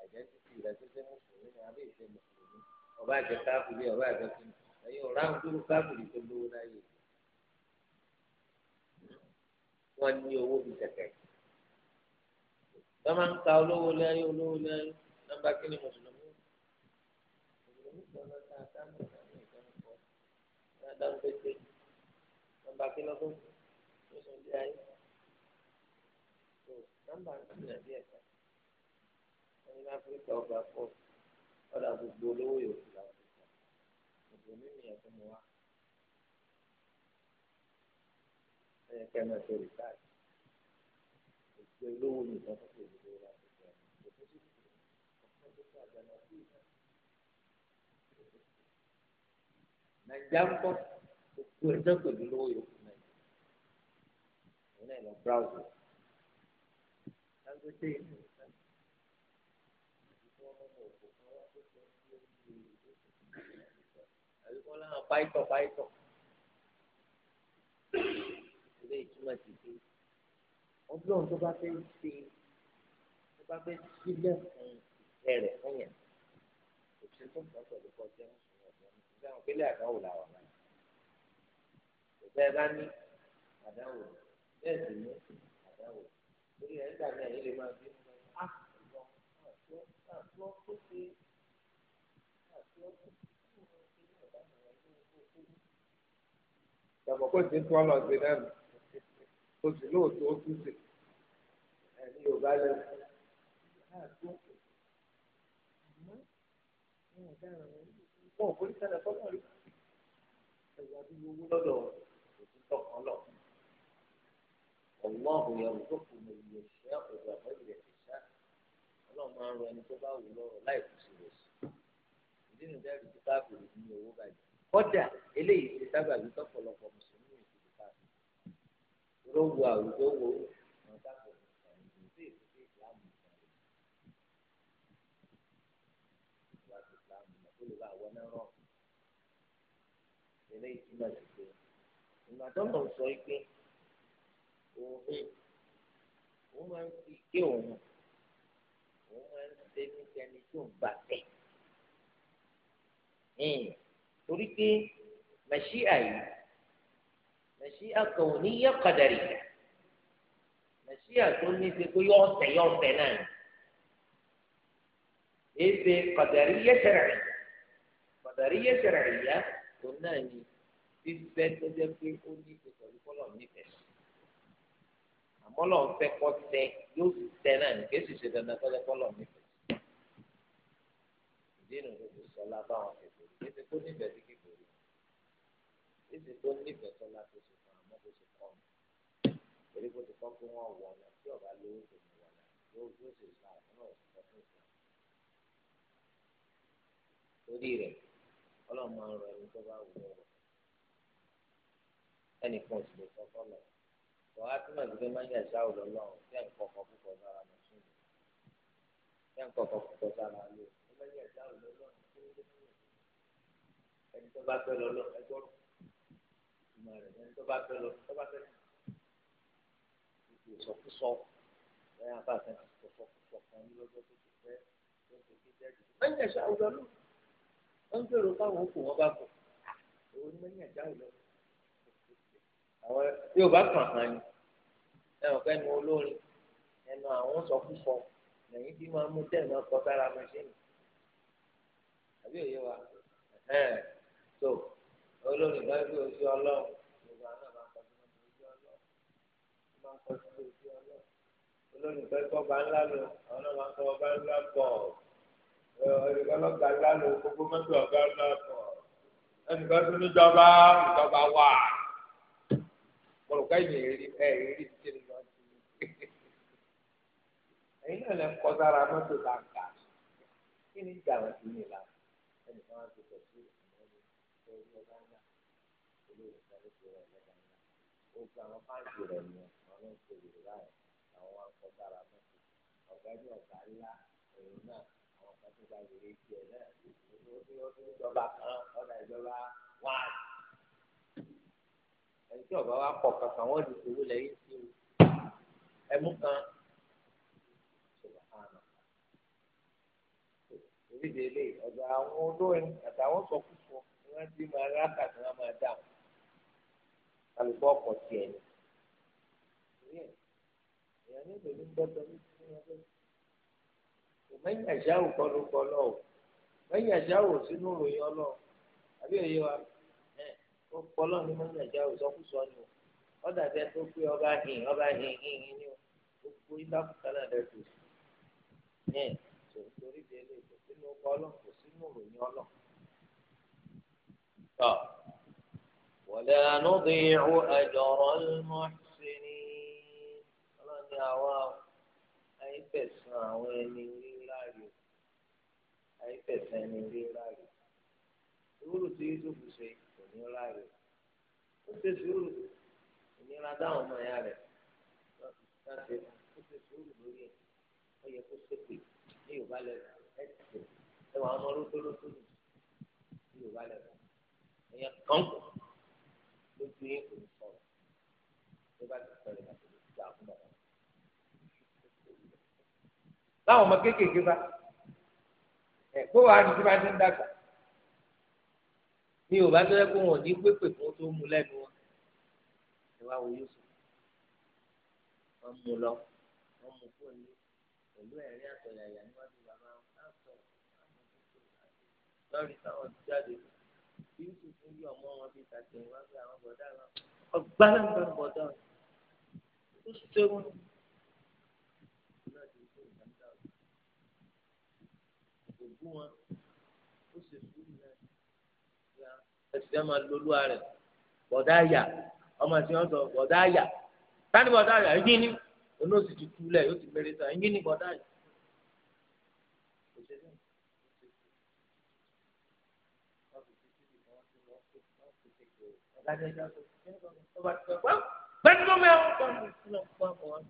àìdẹ́ntìtì rẹ̀ tó ṣe mùsùlùmí ni àbẹ́ ìṣe mùsùlùmí ọba àjẹ káàkiri ọba àjẹ kí wọ́n ní owó bíi kẹ̀kẹ́ wọ́n máa ń ka olówó lẹ́yìn olówó lẹ́yìn nọ́mbà kíni mùsùlùmí mùsùlùmí kan lọ sí àtàmì àtàmì ìjọba pọ̀ ní àtàmì pété nọ́mbà kíni ọdún tó sọ bí ayé tó nọ́mbà kíni àbí ẹ̀ka wọ́n ní áfíríkà ọgbà pọ̀ ọ̀dà gbogbo olówó yòókù láfíríkà mùsùlùmí nìyẹn tó mọ wá. ẹ̀yẹ kẹ́mẹ́ tó rí káàdì ìgbé olówó ní ìtàn tó tóbi lórí àgbègbè ọ̀hún ètò sì kú ọ̀pọ̀ tó tó àgbàlá sí ìgbà. nàìjíríà ń bọ̀ gbogbo ẹjọ́ pẹ̀lú lówó yòókù nàìjíríà òun náà lọ bráùsì lágbègbè inú ìta àbíkọ́ láwọn pàìtọ̀ pàìtọ̀ eléyìí túmọ̀ sí pé ọlọ́run tó bá fẹ́ ṣe tó bá fẹ́ sílẹ̀ fún ìfẹ́ rẹ̀ fún yẹn kò sí tó kàn pẹ̀lú kọjá mùsùlùmí ọ̀dọ́ mùsùlùmí àwọn ìpínlẹ̀ àdáwò làwọn náà kò bẹ́ẹ̀ bá ní àdáwò bẹ́ẹ̀ sì ní àdáwò torí ẹ̀ nígbà náà yìí lè máa bí wọn á lọ àti ọ́ tó ṣe àti ọ́ tó ṣe kí wọ́n ṣe ní ọ̀dà ìrìn àjò ìgbòho. ìgbàgbọ́ kò sí tí wọ́n lọ sí náà oṣù náà tó o tún ṣe ẹni yorùbá lẹ́nu wọn ò forí sálẹ̀ fọlọ rí ẹwà bí owó lọ́dọ̀ òtún tọkàn lọ ọwọ́ àwọn ìyàwó tó kù mọ ìyẹ ṣẹ ọgbà mẹbi rẹ ti ṣá Ọlọ́run máa ń rọ ẹni tó bá wù lọ́rọ̀ láì kù sí lọsí ìdí tó bá bèrè ní owó báyìí kódà eléyìí ti sábà bí tọpọlọpọ mùsùlùmí ló wo àwùjọ wo wọn dákọ̀ ọ̀hún sí ìdílé ìsìlámù ìsìlámù ìwà ìsìlámù ìlú ìlú àwọn náà rọ̀ eléyìí túmọ̀ sí pé ìgbà tó lọ sọ pé òun òun máa ń fi ké òun òun máa ń ṣe ní ẹni tó ń gbà tẹ̀ hmm. torí pé màṣíà yìí mẹ̀síà kan ò ní yẹ kọ̀dàrí rẹ̀ mẹ̀síà tó ní ṣe pé yọ ọ̀sẹ̀ yọ ọ̀sẹ̀ náà ni èyí ṣe kọ̀dàrí yẹ sẹ̀rẹ̀ rẹ̀ kọ̀dàrí yẹ sẹ̀rẹ̀ rẹ̀ yá òun náà ni fífẹ́ tó jẹ́ pé ó ní ṣe pẹ̀lú kọ́lọ̀ nífẹ̀ẹ́ àmọ́ lọ́n fẹ́ kọ́ tẹ yóò sì tẹ náà ní kéésì ṣe dandan kọ́ tẹ kọ́lọ̀ nífẹ̀ẹ́ ìdí ìnù ló sọ lábáwọn kẹfẹ́ kéésì tó nífẹ̀ẹ́ níbi tó nífẹ̀ẹ́ tọ́lá tó ṣe fún àmọ́ tó ṣe fún ọmọ torí kó ti kọ́ pé wọ́n wọ̀ ọ̀la tí ọ̀gá lówó tó ní wọ̀ ọ̀la yóò yóò ṣe ìgbà àwọn náà ṣe fún ìgbà. torí rẹ̀ ọlọ́run máa ń rọ ẹni tó bá wù ọ́ ẹnìkan ò sì lè sọ fọ́lọ̀ wọ́n á túmọ̀ sí pé máa ń yà ṣá òlò lọ́run tí ẹ̀ ń kọ́ púpọ̀ sára mọ̀ sí mi ẹ̀ ń kọ́ púpọ̀ sára lò ó máa ẹni tó bá fẹ́ lọ́lọ́ ẹgbọ́rún ọmọ rẹ lẹni tó bá fẹ́ lọ tó bá fẹ́ lọ gbogbo ìsọkúsọ lẹ́yìn abáàfẹ náà tó sọkúsọ kan lọ́jọ́ tó ti fẹ́ tó ti fi jẹjì lẹ́yìn ẹṣẹ àwùjọ lọ wọn ń gbèrò káwọn òkú wọn bá kọ òun ní lẹ́yìn ẹṣẹ àwùjọ àwọn yóò bá kàn án ni ẹ ò fẹ́ nu olórin ẹnu àwọn sọkúsọ lẹ́yìn bí máa mú tẹ̀ náà kọ sára mẹsìnì àbí òye wa ẹ̀ ẹ́ so olórí gbàgbé ojú ọlọ́run gbogbo àwọn àbá kọjú mọ́ ojú ọlọ́run máa ń kọjú mọ́ ojú ọlọ́run olórí gbàgbé ọba ńlá lò àwọn náà máa ń kọ ọba ńlá bọ̀ ẹnìkan lọ́gbà ńlá lò gbogbo mọ́tò ọba ńlá bọ̀ ẹnìkan tó níjọba ìjọba wà kọlùkọ́ ẹ̀yìn èrí ẹ̀rí ti tẹ̀lé lọ sí i ẹ̀yin náà lẹ́ kọ́ sára mọ́tò tá kí ni ìjà wọn ti ní ìlànà ẹnìkan á ti tẹ̀lé. ó gba àwọn fáǹsì rẹ̀ ni àwọn ń ṣe ìrora ẹ̀ àwọn wa ń kọ dára mọ́ ọ̀gá ní ọ̀gá ńlá ẹ̀yìn náà àwọn kan tó gba ìrè jẹ náà ìjọba kan ọ̀dà ìjọba wà. ẹni tí ọba wa pọ̀ kankan wọ́n ti ṣòwò lẹ́yìn sí i ẹmú kan orílẹ̀-èdè ọ̀dọ̀ àwọn olórin àtàwọn sọkúsọ ni wọ́n ti máa rákà tí wọ́n máa dáhùn. kálukú ọ̀pọ̀ tiẹ̀ ni. èèyàn ní ìlú gbọ́dọ̀ ní ti wọn lé. mẹ́yìn àṣàwò kọlu kọlọ o mẹ́yìn àṣàwò sínú ìròyìn ọlọ́ọ̀ àbí òye wa ó kọlọ́ ní gbogbo tó torí sínú ولا نضيع أجر المحسنين أي بسنا وين ayé fẹsẹ̀ ẹni tí yusufu ṣe kò ní láàyè ó ṣe sùúrù ìnira dáhùn ọmọ ẹ̀yà rẹ̀ láti ó ṣe sùúrù lórí ẹ̀ ó yẹ kó ṣépè ní yorùbá lẹ́nu ẹ̀ ti ṣe ẹwà ọmọ olóṣèlú ní yorùbá lẹ́nu ẹ̀yẹ kàn kù tó gbé olùsọ̀rọ̀ tó bá ti sọ̀rọ̀ ìgbà tó ti gbà fún bàbá. láwọn ọmọ kéékèèké bá ẹ̀ pé wàá ní tí bá ti ń dàgbà mi ò bá tẹ́lẹ̀ pé wọn ò ní pépè fún tó mú lẹ́nu wọn ẹ wá wo Yusuf wọn mú lọ wọn mú fún mi pẹ̀lú ẹ̀rí àtọ̀yàyà níwájú bàbá wọn lọ́rí táwọn jáde Yusuf ń yọ ọmọ wọn bíi tàbí ìwà bí àwọn bọ̀dá lọ. Ọgbà náà ń bá bọ̀dá rẹ̀. Ó ṣerú ni. Ògùn wọn ó ṣe sùúrù náà. Ẹ̀sìn ẹ̀ máa lolúwa rẹ̀. Bọ̀dá àyà ọmọ ẹ̀sìn ọ̀sọ̀ bọ̀dá àyà. Táni bọ̀dá àyà ń yín ní. Olóòsì ti túlẹ̀ yóò ti mẹ́rẹ̀ẹ́ta ń yín ní bọ̀dá àyà. lágbájá tó ti ṣe tó bá ti sọ pé bẹ́ẹ̀ni mo mẹ́wọ́ bá mi sínú fún àmọ́ wọn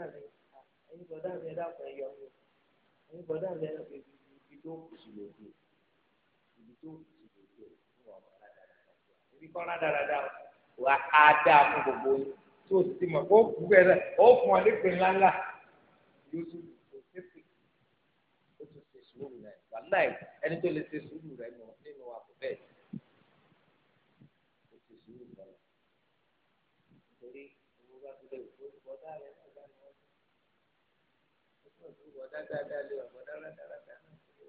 láti ẹni bọ̀dá mi ẹ̀dá kan ẹ̀yọ mi ẹni bọ̀dá mi ẹ̀dá kan ibi tó kù sí lòdì ibi tó kù sí lòdì fún ọmọ dáradára ibi kọ́ dáradára wà á dáa fún gbogbo yín tí o ti mọ̀ kó kú bẹ́ẹ̀ ó fún ọ nípe ńláńlá yóò tún kò tẹ́sí o tún ṣe sùúrù rẹ̀ wàláì ẹni tó lè ṣe sùúrù rẹ̀ nínú àkùbẹ́ẹ̀ dáadáa lé ọ̀gbọ́n dáradára dáná sí i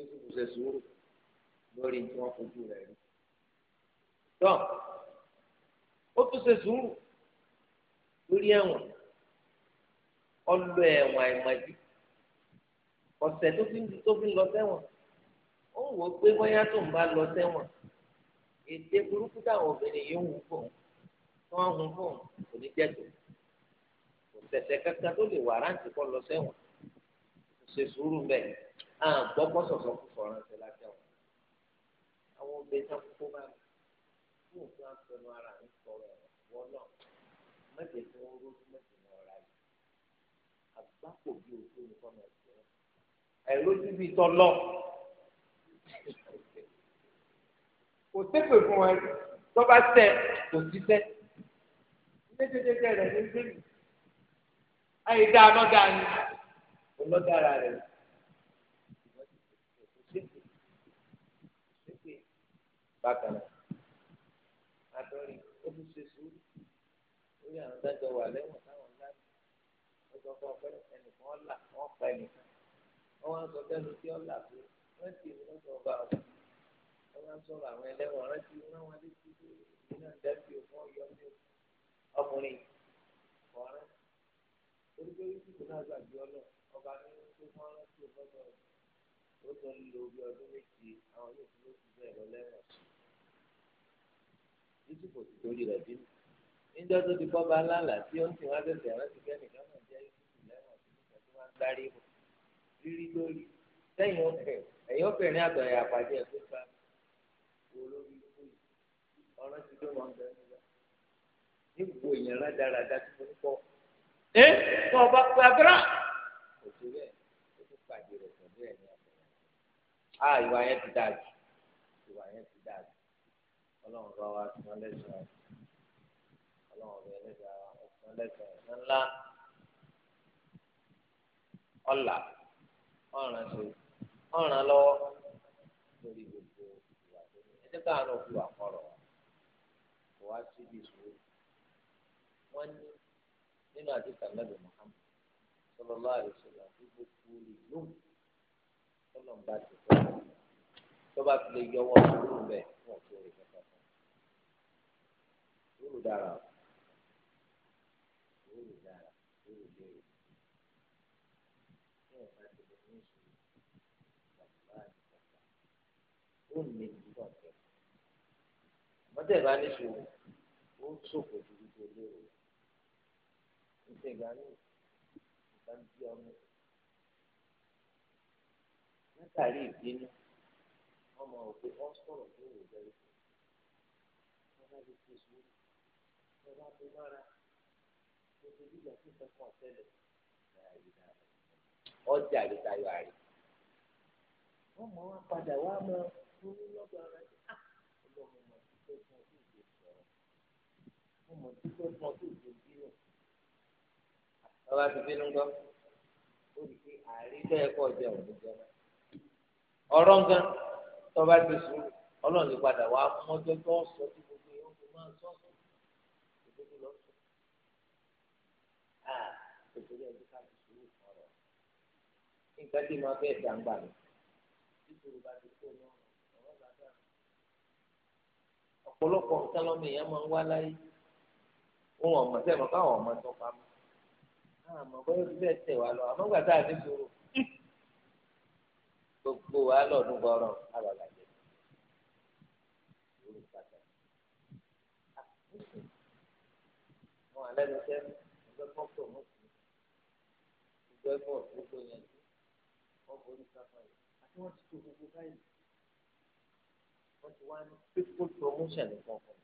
ó kò ṣe sùúrù lórí tí wọ́n fojú rẹ̀ rí. tọ́ ó tún ṣe sùúrù lórí ẹ̀wọ̀n ọlọ ẹ̀wọ̀n àìmọ̀dí ọ̀sẹ̀ tó fi ń tó fi ń lọ sẹ́wọ̀n ó ń wò ó pé bóyá tó ń bá lọ sẹ́wọ̀n ète burúkú táwọn obìnrin yìí ń hù fóun tí wọ́n ń hù fóun kò ní jẹ́ tó tẹ̀sẹ̀ kankan tó lè wà rántí kọ́ lọ sẹ́wọ̀n ṣe sùúrù bẹ́ẹ̀ à ń gbọ́ pọ́ sọ̀sọ̀ kú sọ̀rọ̀ rántí láti ẹ̀wọ̀n àwọn obìnrin tán kókó bá mi fún òkú àtọnu ara mi sọ̀rọ̀ ẹ̀wọ̀n náà mẹ́tẹ̀ẹ́ tí wọ́n rú mẹ́tẹ̀ẹ́ ní ọ̀rá yìí àgbákò bí ojú ni kọ́ máa jẹ́ ẹ̀lójú bíi tọ́lọ́ kò sépè fún ẹ tó bá tẹ kò sí tẹ ayé dá lọ́dà ni ọlọ́dà ara rẹ̀ bákan náà adọ́rin ó tún ṣe sùúrù lórí àwọn dájọ́ wà lẹ́wọ̀n táwọn ńlá ó sọ fún ọpẹ́ ẹnìkan ọ̀là wọn pa ẹnìkan wọn wá sọ fẹ́ẹ́ lu tí ọ̀là pé wọ́n ti mú lọ́sọ̀ ọba ọ̀hún wọ́n wá sọ̀rọ̀ àwọn ẹlẹ́wọ̀n rántí wọn wá létí pé ìdílé náà dẹ́bi òfin ọ̀yọ́ ní ọkùnrin ọ̀rẹ́ oníkéré tí kò náà gbàgbé ọlọ ọba ní tó fọ́n rántí ọgọ́ta ọdún ó sọ lílo bí ọdún méje àwọn yóò fi lóṣù bẹ́ẹ̀ lọ lẹ́wọ̀n yusuf kò sì torí rẹ̀ bínú níjọ́ tó ti kọ́ba ńláńlá tí ó ń sìn wá tẹ̀sẹ̀ rántí kẹ́mi kan náà jẹ́ yusuf lẹ́wọ̀n tó nígbà tó máa ń darí bọ̀ rírí lórí sẹ́yìn ọ̀fẹ́ ẹ̀yìn ọ̀fẹ́ ní àtọ̀yà àpàdé ẹ̀ tó bá olórí fún ọ̀rọ̀ ti dé wọn bẹ́ẹ̀ nígbà gbogbo èèyàn rádaràda tó ń kọ́ ẹ tó o bá pe abẹ́rẹ́ òtún bẹ́ẹ̀ ó tún pàdé rẹ̀ pẹ̀lú ẹ̀ ní ọ̀pọ̀ yẹn. a ah, ìwà yẹn ti dáa jù ìwà yẹn ti dáa jù ọlọ́run bá wa sọ lẹ́sàn-án ọlọ́run bá ẹlẹ́sàn ọ̀sán lẹ́sàn ọ̀sán ńlá ọ̀là ọ̀ràn ṣe ọ̀ràn lọ́wọ́ lórí gbogbo ìwà tó ní ẹjẹ́ káàánú òkú àkọ́rọ̀ wa kò wá síbi ìṣòro wọ́n ní nínú àdìsá mẹ́rin Muhammad sọlọ́lá àdìsọ́lá gbogbo kúrò ló tọ́lọ̀ ń bá ti fẹ́ tọ́ba fi lè yọwọ́ kúrò bẹ́ẹ̀ fún ọ̀tún rẹ̀ kẹta fún un. dára o. Kúrò dára kúrò léèrè. Ní ọ̀gá ti lè ní ìṣòro ìgbàgbọ́ àdìsọ́lá. Ó ní ìdílé ọ̀kẹ́. Mọ́tẹ̀ bá ní ìṣòro, ó ń ṣòfò ṣe ìgbà ní ìgbà ń bí ọmọ látàrí ìbínú ọmọ òkú ọ sọ̀rọ̀ tó wò bẹ̀rẹ̀ wọn bá ti fi sùúrù wọn bá tó mára wọn ti dìgbà tó fẹ́ kàn tẹ́lẹ̀ ọjà àgbẹ̀tayọ̀ àrè wọn mọ wọn padà wá mọ wọn ní lọ́gbà ara ẹ̀ ah! ọlọ́run mọ̀ tó fẹ́ fún ọdún ìgbésọ̀rọ̀ wọn mọ̀ tó lọ́wọ́ ti bínú gbọ́ ó di pé àrídọ́ ẹ̀kọ́ jẹ́ òun jẹ́ ọ̀rọ̀ ti sùn ọlọ́run padà wá tó sọ tí gbogbo máa sọ ìdókòwò lọ sọ. ká sùn nǹkan tí fẹ́ lọ bá ti kó lọ ọ̀rọ̀ ọ̀pọ̀lọpọ̀ nǹkan lọ́mọ èèyàn máa ń wá láyé wọn ò mọ̀ káwọn Ah, àmọ́ bóyá o ti fẹ́ tẹ̀ wá lọ àmọ́ gbà tá a ti sọ̀rọ̀ gbogbo wa lọ́dún gbọ́rọ̀ àbàbà jẹ́ lórí pàtàkì. wọn alẹ́ ló fẹ́ ẹgbẹ́ pọ́pọ́ mọ́ sí i gbogbo ẹ̀fọ́ gbogbo yẹn tí wọ́n borí sáfà yìí àti wọ́n ti tó gbogbo báyìí wọ́n ti wá ní pípọ́ promotion nìkan kan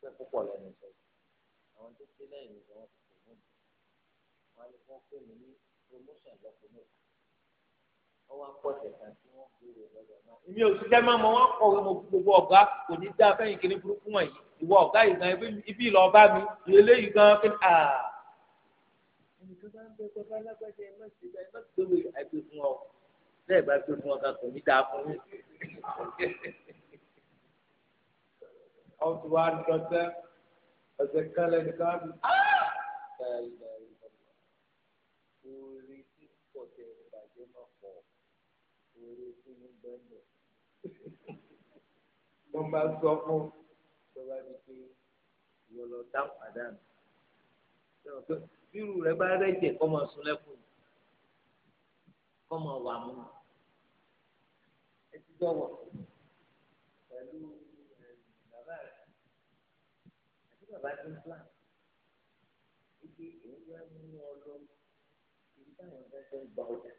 pẹ́ púpọ̀ lẹ́nu sọ́yìn àwọn tó ṣe lẹ́yìn nìkan wọ́n ti wọn á ní kí wọn pè mí ní promotion lọ́pọ̀ mẹ́ta wọn wá pọ̀ tẹ̀ka tí wọ́n gbèrò lọ́dọ̀ náà. èmi ò ṣiṣẹ́ máa mọ wọn kọ̀wé mo gbogbo ọ̀gá kò ní dá fẹ́yìn kiri burúkú wọ̀nyí ìwọ ọ̀gá yìí gan ibi ìlọ ọba mi eléyìí gan kí ni àà. ẹnìkan bá ń bẹ ẹgbẹ́ bá lágbájá ẹ má ṣe báyìí má ṣe wé àgbè fún ọ bẹ́ẹ̀ bá gbé fún ọ kan kò ní dáa fún mi. ọ̀tún wa ń dọ́tẹ́ ọ̀sẹ̀ kan lẹ́nu kan á orí tí mo bẹ́ẹ̀ bẹ̀. mo máa sọ fún tó bá di pé ìwọ lọ dá padà nù. bírù rẹ bá rẹ̀jẹ̀ kọ́ máa sun lẹ́kùn kọ́ máa wà mú ẹ ti dọ̀wọ̀ bàbá rẹ̀ àti bàbá tó ń plan wípé èyí wá nínú ọlọ́run ìdí táwọn ẹgbẹ́ tó ń gba ọjà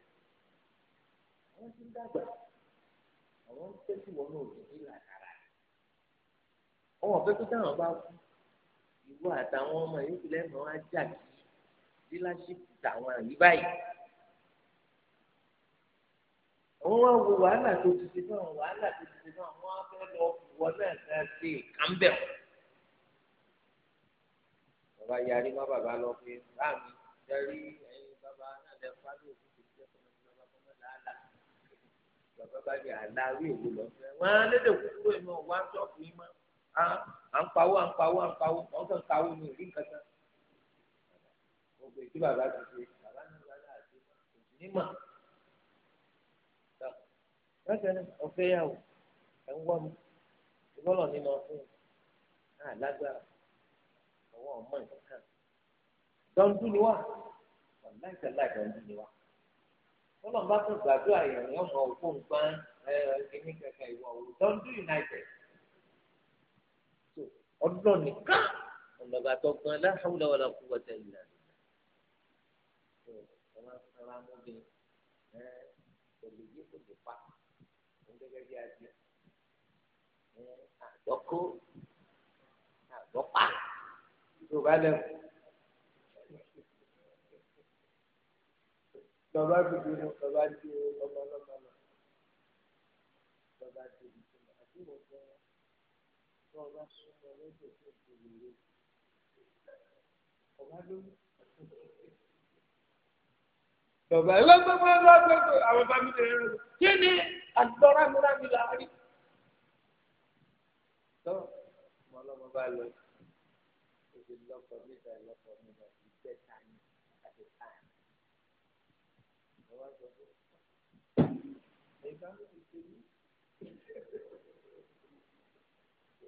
àwọn ti ń dàgbà àwọn ń fẹ́ sí wọn náà òbí ní làkàrà ọmọ ọ̀fẹ́ tó dáhùn bá kú ìwọ àtàwọn ọmọ yìí kò lẹ́nu wọn á jà kí dílàṣípù tàwọn àyè báyìí àwọn wá wo wàhálà tó ti ṣe náà wàhálà tó ti ṣe náà wọn á lọ wọ náà ká ṣe kàńbẹ̀ wọn bàbá yarí má bàbá lọ pé báàmì yarí ẹ̀yin bàbá náà lẹ fà lóògùn bàbá bá ní àlárí òwò lọ fẹ́ wọn á lédè kúkúrú èmi ò wá ṣọ́ọ̀bù yín mọ́ à ń pawó à ń pawó à ń pawó wọn kàn káwó ní òrí nǹkan kan gbogbo ètí bàbá ti ṣe bàbá náà bá náà ṣe kò sí ní mọ̀ lọ́sẹ̀ náà ọ̀fẹ́ yà wò ẹ̀ ń wọ́ mi ìbọ́lọ̀ nínú ọ̀fun náà lágbára ọwọ́ ọmọ nǹkan kan ni wà ọ̀láìsẹ̀ láì dọ́ndún ni wà tọ́lọ̀ bá tún gbàdúrà yẹn ni ọmọ òkú nǹkan kìíní kankan ìwà òwò tó ń united ọdún nìkan ọ̀nàgbà tó gan la hawla wala quwwata illa àgbọ̀kọ́ àgbọ̀pá yorùbá lẹ́wọ̀n. tọba dùdú inú tọba di ọmọ ọlọmọ lọ tọba di ìtumọ̀ àti wọn fẹ wọn ọba súnmọ́ lọ́jọ́ tó ti wèrè ọba ló tọba ẹ lọgbẹgbẹ lọgbẹgbẹ àwọn bá mi tẹ́lẹ̀ rẹ kí ni àtúntò rámírámí là á rí tọ ọmọ ọlọmọ bá lọ òbí lọkọ níta ìlọkọ.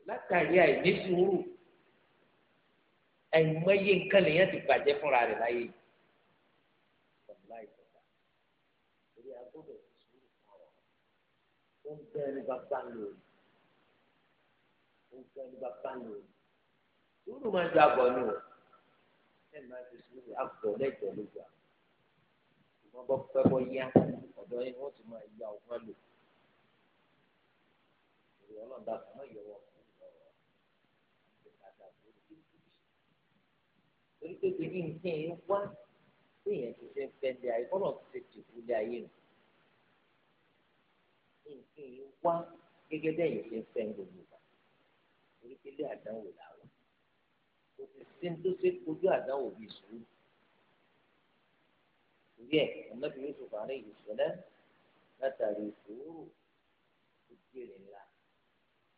látàrí àìní sùúrù àìmọye nǹkan lèèyàn ti bàjẹ́ fúnra rẹ̀ láyé yìí torí agbọ́dọ̀ sùúrù káwọn ó ń bẹ ẹni bàbá lórí ó ń bẹ ẹni máa ń jọ àgbọ̀ nù ẹ̀ máa ń fi sùúrù àgbọ̀ lẹ́jọ́ lójú àgbọ̀. wọn bọ pẹ bọ yá wọn ya ọgbọ́n lò ìwọ náà dàgbà má yọ wọn fún ìwọ wọn lórí kékeré torí pé bíbí nǹkan yẹn wá bí èèyàn ti fẹ́ fẹ́ ayé ti lé ayé nù nǹkan wá gẹ́gẹ́ bẹ́ẹ̀ yẹn ṣe ń fẹ́ torí ẹ̀ ọ̀nàbí yusuf àárẹ̀ ìṣẹ̀lẹ̀ látàrí sùúrù tó jèrè ńlá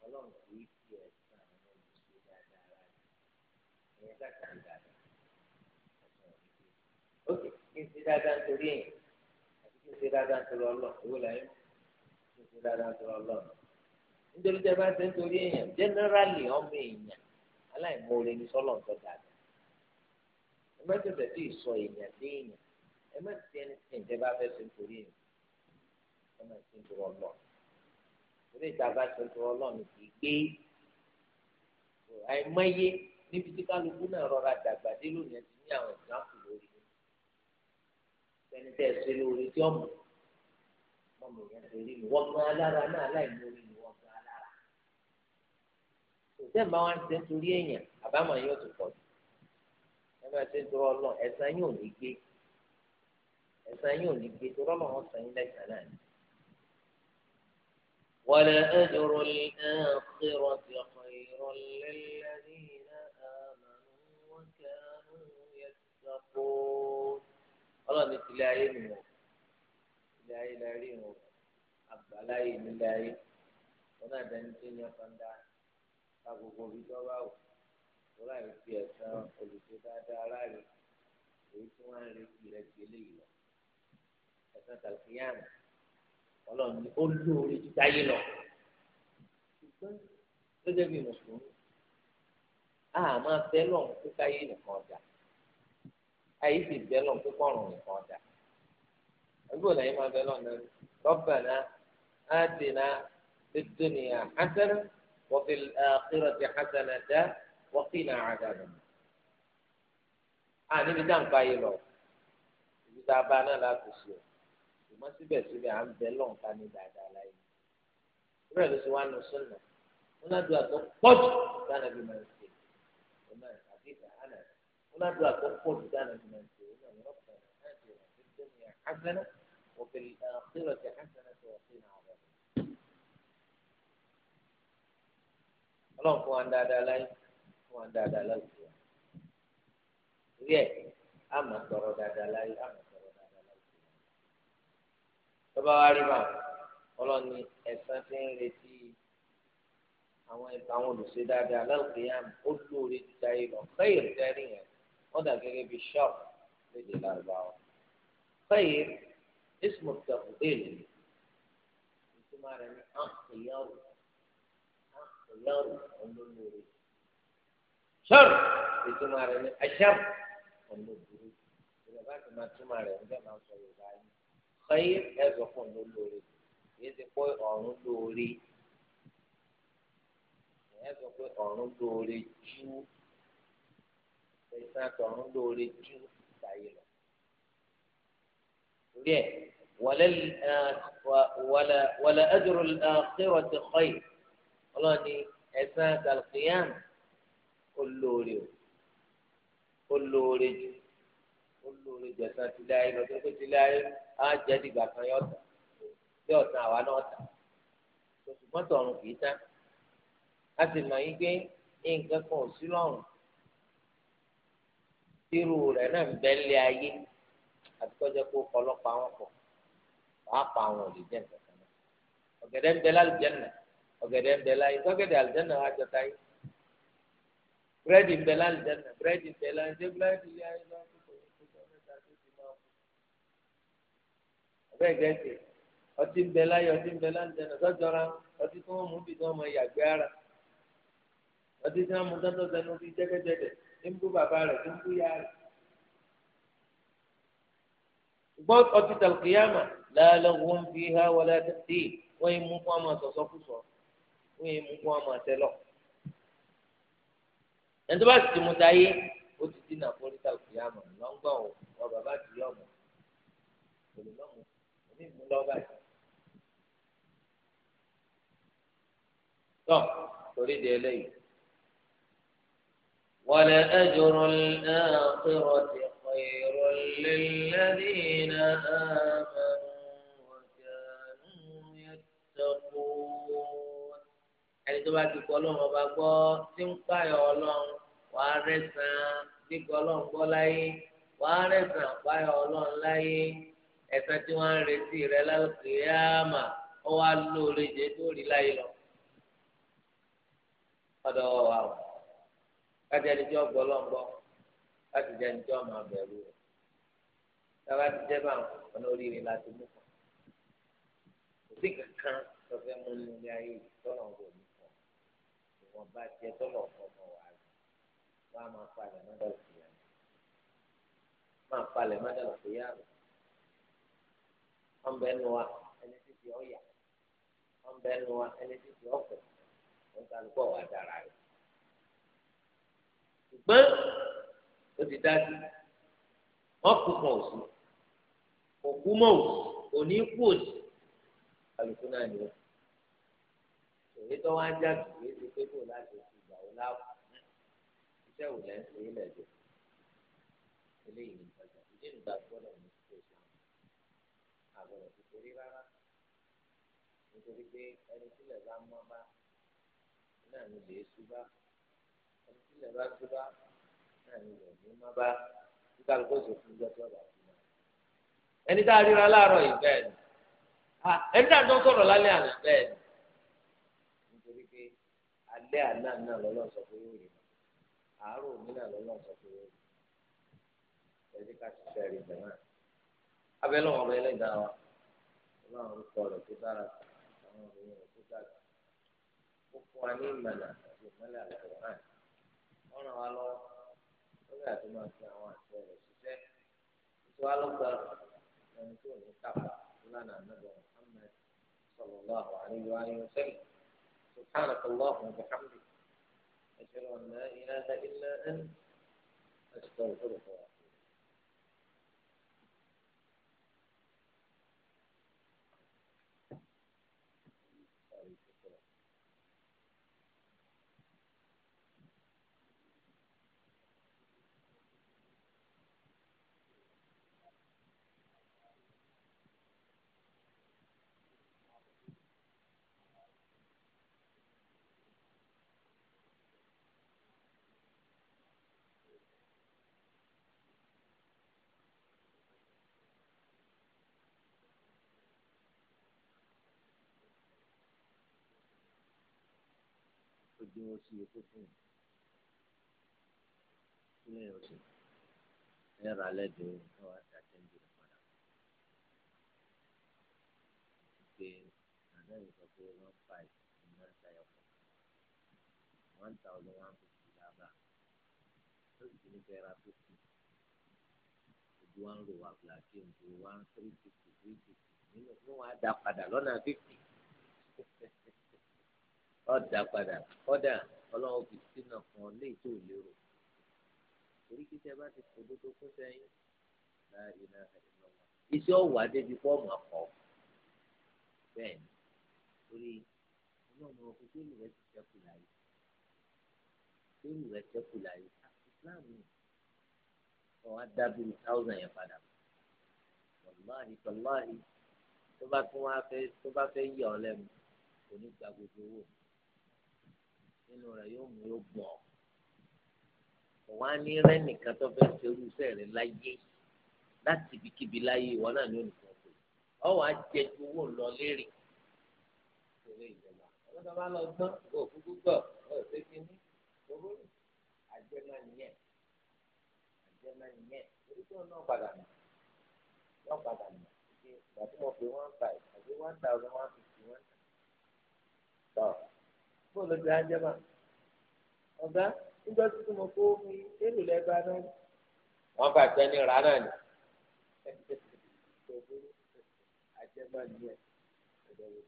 ọlọ́run kì í fi ẹ̀sán àwọn olùṣe dáadáa rẹ̀ ẹ̀yẹ látàrí dáadáa ó sì kí n ṣe dáadáa nítorí ẹ̀yìn àti kí n ṣe dáadáa nítorí ọlọ́run owó làyẹn kí n ṣe dáadáa nítorí ọlọ́run nítorí tẹ bá ṣe nítorí èèyàn jẹnẹrálì ọmọ èèyàn aláìmoore ní sọlọ ń tọ́ dáadáa ẹ má tẹ̀sẹ̀ sí ìsọ èèyàn sí èèyàn ẹ má ti ẹni tí ìjẹba fẹ́ ṣe nítorí yìí ẹ má ti ń tọrọ lọ torí ìjàmbá ti ń tọrọ lọ ní kì í gbé àìmọye níbi tí kálukú náà rọra dàgbà dé lónìí ẹ ti ní àwọn ìdáhùn lórí ẹni tẹ́ ẹ ṣe lórí tí ọmọ ọmọ yẹn torí ni wọ́n gan alára náà láìmórí ni wọ́n gan alára òṣèlú bá wọn ṣe ń torí èèyàn àbámọ̀ yóò tún pọ̀ jù ẹ máa ṣe ń tọrọ lọ ẹ̀san yóò ní gbé ẹ̀san yín ò ní gbé tó rọ́lọ́ wọn sàn yín lẹ́sàn náà ni. wàlẹ̀ ẹ̀dùrú ní ẹ̀ẹ́dẹ́rọ̀ ti ọkọ̀ ìrọ̀ lẹ́lẹ́rìí náà àmàlù wọn kẹ́rù yẹn sọ́kó. ọlọ́ọ̀ni tilẹ̀ ayé mi wọ̀ tilẹ̀ ayé la rí wọn àgbàlá yìí nílẹ̀ ayé wọn náà dání tó yẹn fanda ká gbogbo ibi tó wò wọ́n láì fi ẹ̀san olùṣe dáadáa láàrin èyí tí wọ́n ń retí rẹ̀ gbélé yìí lọ ẹ̀sán tàlùkìyàmù ọlọ́run ni ó lóore ju táyé lọ ṣùgbọ́n gẹ́gẹ́ bí mùsùlùmí a máa bẹ́ lọ́n pé káyé nìkan ọjà ayé sì bẹ́ lọ́n pé kọ́rùn nìkan ọjà àbúrò làyè máa bẹ́ lọ́n náà Rabbana atina fid dunya hasana wa fil akhirati hasanatan wa qina adhaban a níbi dáǹkà yìí lọ ibi tá a bá náà láti ṣe o ṣùgbọ́n síbẹ̀síbẹ̀ à ń bẹ lọ́nka ní dáadáa láyé rẹ̀ ló ti wá nu sọ́nà múnádùú àtọ́ pọ̀jù dáná bí máa ń ṣe ọ̀nà àti ìdáhánà múnádùú àtọ́ pọ̀jù dáná bí máa ń ṣe ọ̀nà ọ̀nà حسنة وفي الآخرة حسنة وقنا عذاب Ọlọ́run fún wa ń dáadáa láyé fún wa ń dáadáa láwùjọ. Ìrí ẹ̀ á máa sọ̀rọ̀ dáadáa láyé á máa tọ́ba wa rí bá ọlọ́ni ẹ̀sán ti ń retí àwọn ẹ̀ka àwọn olùṣe dáadáa lẹ́wọ̀n yá mi ó lóore títa yìí lọ fẹ́yìí tẹ́rì yẹn wọ́n dà gẹ́gẹ́ bí ṣọ́ọ̀bù lédè lárúbáwá fẹ́yìí ismu tẹ̀kù èlò ìtumọ̀ rẹ̀ ní àǹkìyàrò àǹkìyàrò ọlọ́lọ́rẹ́ ṣọ́ọ̀bù ìtumọ̀ rẹ̀ ní aṣáàbù ọlọ́lọ́rẹ́ ìrẹ̀bá ti máa túmọ̀ rẹ̀ ń bẹ́ẹ̀ máa sọ Yorùbá yìí ọ̀yẹ́ ẹ̀sọ̀ fún un lórí yìí ti pé ọ̀run lórí ìyẹn sọ pé ọ̀run lórí jù ìsàn àtọ̀run lórí jù láyé lọ. torí ẹ̀ wàlẹ̀ ẹ̀dùrú àkérò ti kọ́yì ọlọ́ni ẹ̀sán àtàlùkìyàn olóore o jù olóore jù ẹ̀sán tìlẹ̀ ayé lọ tó pé tìlẹ̀ ayé lọ á jẹ́ dìgbà kan yọ ọ̀tàn bí ọ̀tàn àwa náà tà ṣùgbọ́n tọ̀run kì í tán a sì mọ̀ yín pé nǹkan kan ò sí lọ́rùn irú rẹ̀ náà ń bẹ́ lé ayé àti kọjá kó ọlọ́pàá wọn pọ̀ wàá pa àwọn òlè jẹ́ nǹkan kan náà ọ̀gẹ̀dẹ̀ ń bẹ lálùjẹ́nà ọ̀gẹ̀dẹ̀ ń bẹ láyé tọ́gẹ̀dẹ̀ àlùjẹ́nà wa jọ búrẹ́dì ń bẹ lálùjẹ́nà búrẹ́dì ń bẹ láyé bẹ́ẹ̀ gẹ̀ẹ́sì ọtí ń bẹ láyé ọtí ń bẹ láńjẹ náà sọ́jọ́ra ọtí tí wọ́n mú bí tí wọ́n mọ ìyàgbé ara ọtí tí wọ́n mú tọ́tọ́ sẹ́nu bí jẹ́gẹ́jẹ́dẹ̀ tí ń bú bàbá rẹ̀ tí ń bú yá rẹ̀. gbọ́ ọtí tàlùkìyàmà fi há wọlé àtẹ̀tì wọ́n mú wọ́n mú àtẹ́lọ̀. bá ti mú táyé ó ti dín náà fún ọtí sí ìmú lọ́ba yìí. tọ́ torí di eléyìí. ولأجر الآخرة خير للذين آمنوا وكانوا يتقون ẹni tó bá ti kọ ọlọ́run ọba gbọ́ tí ń pààyà ọlọ́run wàá rẹ̀ sàn gbígbọ́ ọlọ́run gbọ́ láyé wàá rẹ̀ sàn pààyà ọlọ́run láyé. ẹ̀san tí wọ́n ń retí rẹ lálùkì ó wá wa o kájí ẹni tí ọgbọ́ lọ́n láti jẹ́ ẹni tí ọmọ abẹ́rù abụọ táwa ti jẹ́ bá ọ̀nà oríire láti mú kàn. òsì kankan tó fẹ́ mú nílé ayé tọ́lọ̀ ń wò ní kàn ìwọ̀n bá rẹ̀ wọ́n á máa palẹ̀ wọn bẹ nu wa ẹni tí ti ọyà wọn bẹ nu wa ẹni tí ti ọkọ wọn kà lùkọ wà dára rẹ ṣùgbọ́n ó ti dájú wọn kú kan òsì òkú mọ òsì òní kú òsì kálukú náà ni wọn òye tó wá já kìí ṣe pé kò láti ṣe ìgbà wo láàbù iṣẹ́ wò lẹ́sìn ilẹ̀ jù eléyìí nígbà tó ìdí nígbà kò rí rárá nítorí pé ẹni tílẹ̀ bá mọ́ bá náà ní lè ẹni tílẹ̀ bá ṣúbá náà ní lè ní mọ́ bá fún bá fún ẹni tá a ríra láàárọ̀ yìí bẹ́ẹ̀ ni ẹni tá a tó sọ̀rọ̀ lálẹ́ àná bẹ́ẹ̀ ni nítorí pé alẹ́ àná náà lọ́lọ́ sọ pé yóò rí àárọ̀ òní náà lọ́lọ́ sọ pé yóò rí ẹni ká ti fẹ́ rí bẹ̀rẹ̀ abẹ́lẹ́ wọn wa. ọlọ́run orúkọ rẹ̀ tó dára àwọn òròyìn rẹ̀ tó dára ó fún wa ní ìmọ̀nà àti ìmọ̀lẹ̀ àlùkòrán wọ́n ràn wá lọ́wọ́ lórí àti máa fi àwọn àṣẹ rẹ̀ ṣiṣẹ́ tó wá lọ́gbà ẹni tó ní kápá lánàá nàbọ̀ Muhammad sallallahu alayhi wa alihi wa sallam subhanaka Allahumma wa bihamdika ashhadu an la ilaha illa anta ó dín wọn sí ikú fún un sílẹ̀ ọ̀sẹ̀ ẹ rà lẹ́dùn ẹ wá sí àtẹ́ǹdì rẹ̀ padà pé nàdá yìí sọ pé one five ní one tayọ kan one thousand one fifty lába ó sì ní kẹ́ ra fifty ojú wa ń lò wá fìlàkì ojú wa three fifty three fifty nínú wọn á dá padà lọ́nà fifty. ọ̀dà padà kọ́dà ọlọ́run fi sínú kan léyìí tó lérò torí kí tẹ bá ti fòdó tó kún sẹ́yìn láàrin náà ẹ̀dínlọ́wọ́ iṣẹ́ ọ̀wà débi fọ́ọ̀mù ọkọ̀ bẹ́ẹ̀ ni torí ọlọ́run ọkọ̀ tó lù rẹ̀ ti ṣẹ́kù láyé tó lù rẹ̀ ṣẹ́kù láyé Islam ọ̀ wá dábìrì táwùsàn yẹn padà wàláhì tàláhì tó bá tún wá fẹ́ tó bá fẹ́ yà ọ́ lẹ́nu kò ní gba gbogbo owó mi nínú rẹ̀ yóò mú yóò gbọ́ òun á ní rẹ́ nìkan tó fẹ́ ṣe irúṣẹ́ rẹ̀ láyé láti ibikíbi láyé ìwọ náà ní olùkọ́ pé ọ wà á jẹ ju owó lọ lérè ìṣòro ìjọba ọlọ́dọ̀ bá lọ gbọ́n kó kúkú gbọ́ ọ ò ṣe kíní owó àjẹmọ́ nìyẹn àjẹmọ́ nìyẹn orí tó náà padà nù náà padà nù ìgbà tí mo pè one five àti one thousand one fifty one bó ló ti á jẹ́ bá ọ̀gá nígbà tí mo kó mi èlò lẹ́gbàá náà wọ́n bá jẹ́ ní ra náà ni àjẹmọ́ ni ẹ̀ ẹ̀dẹ́wọ̀n.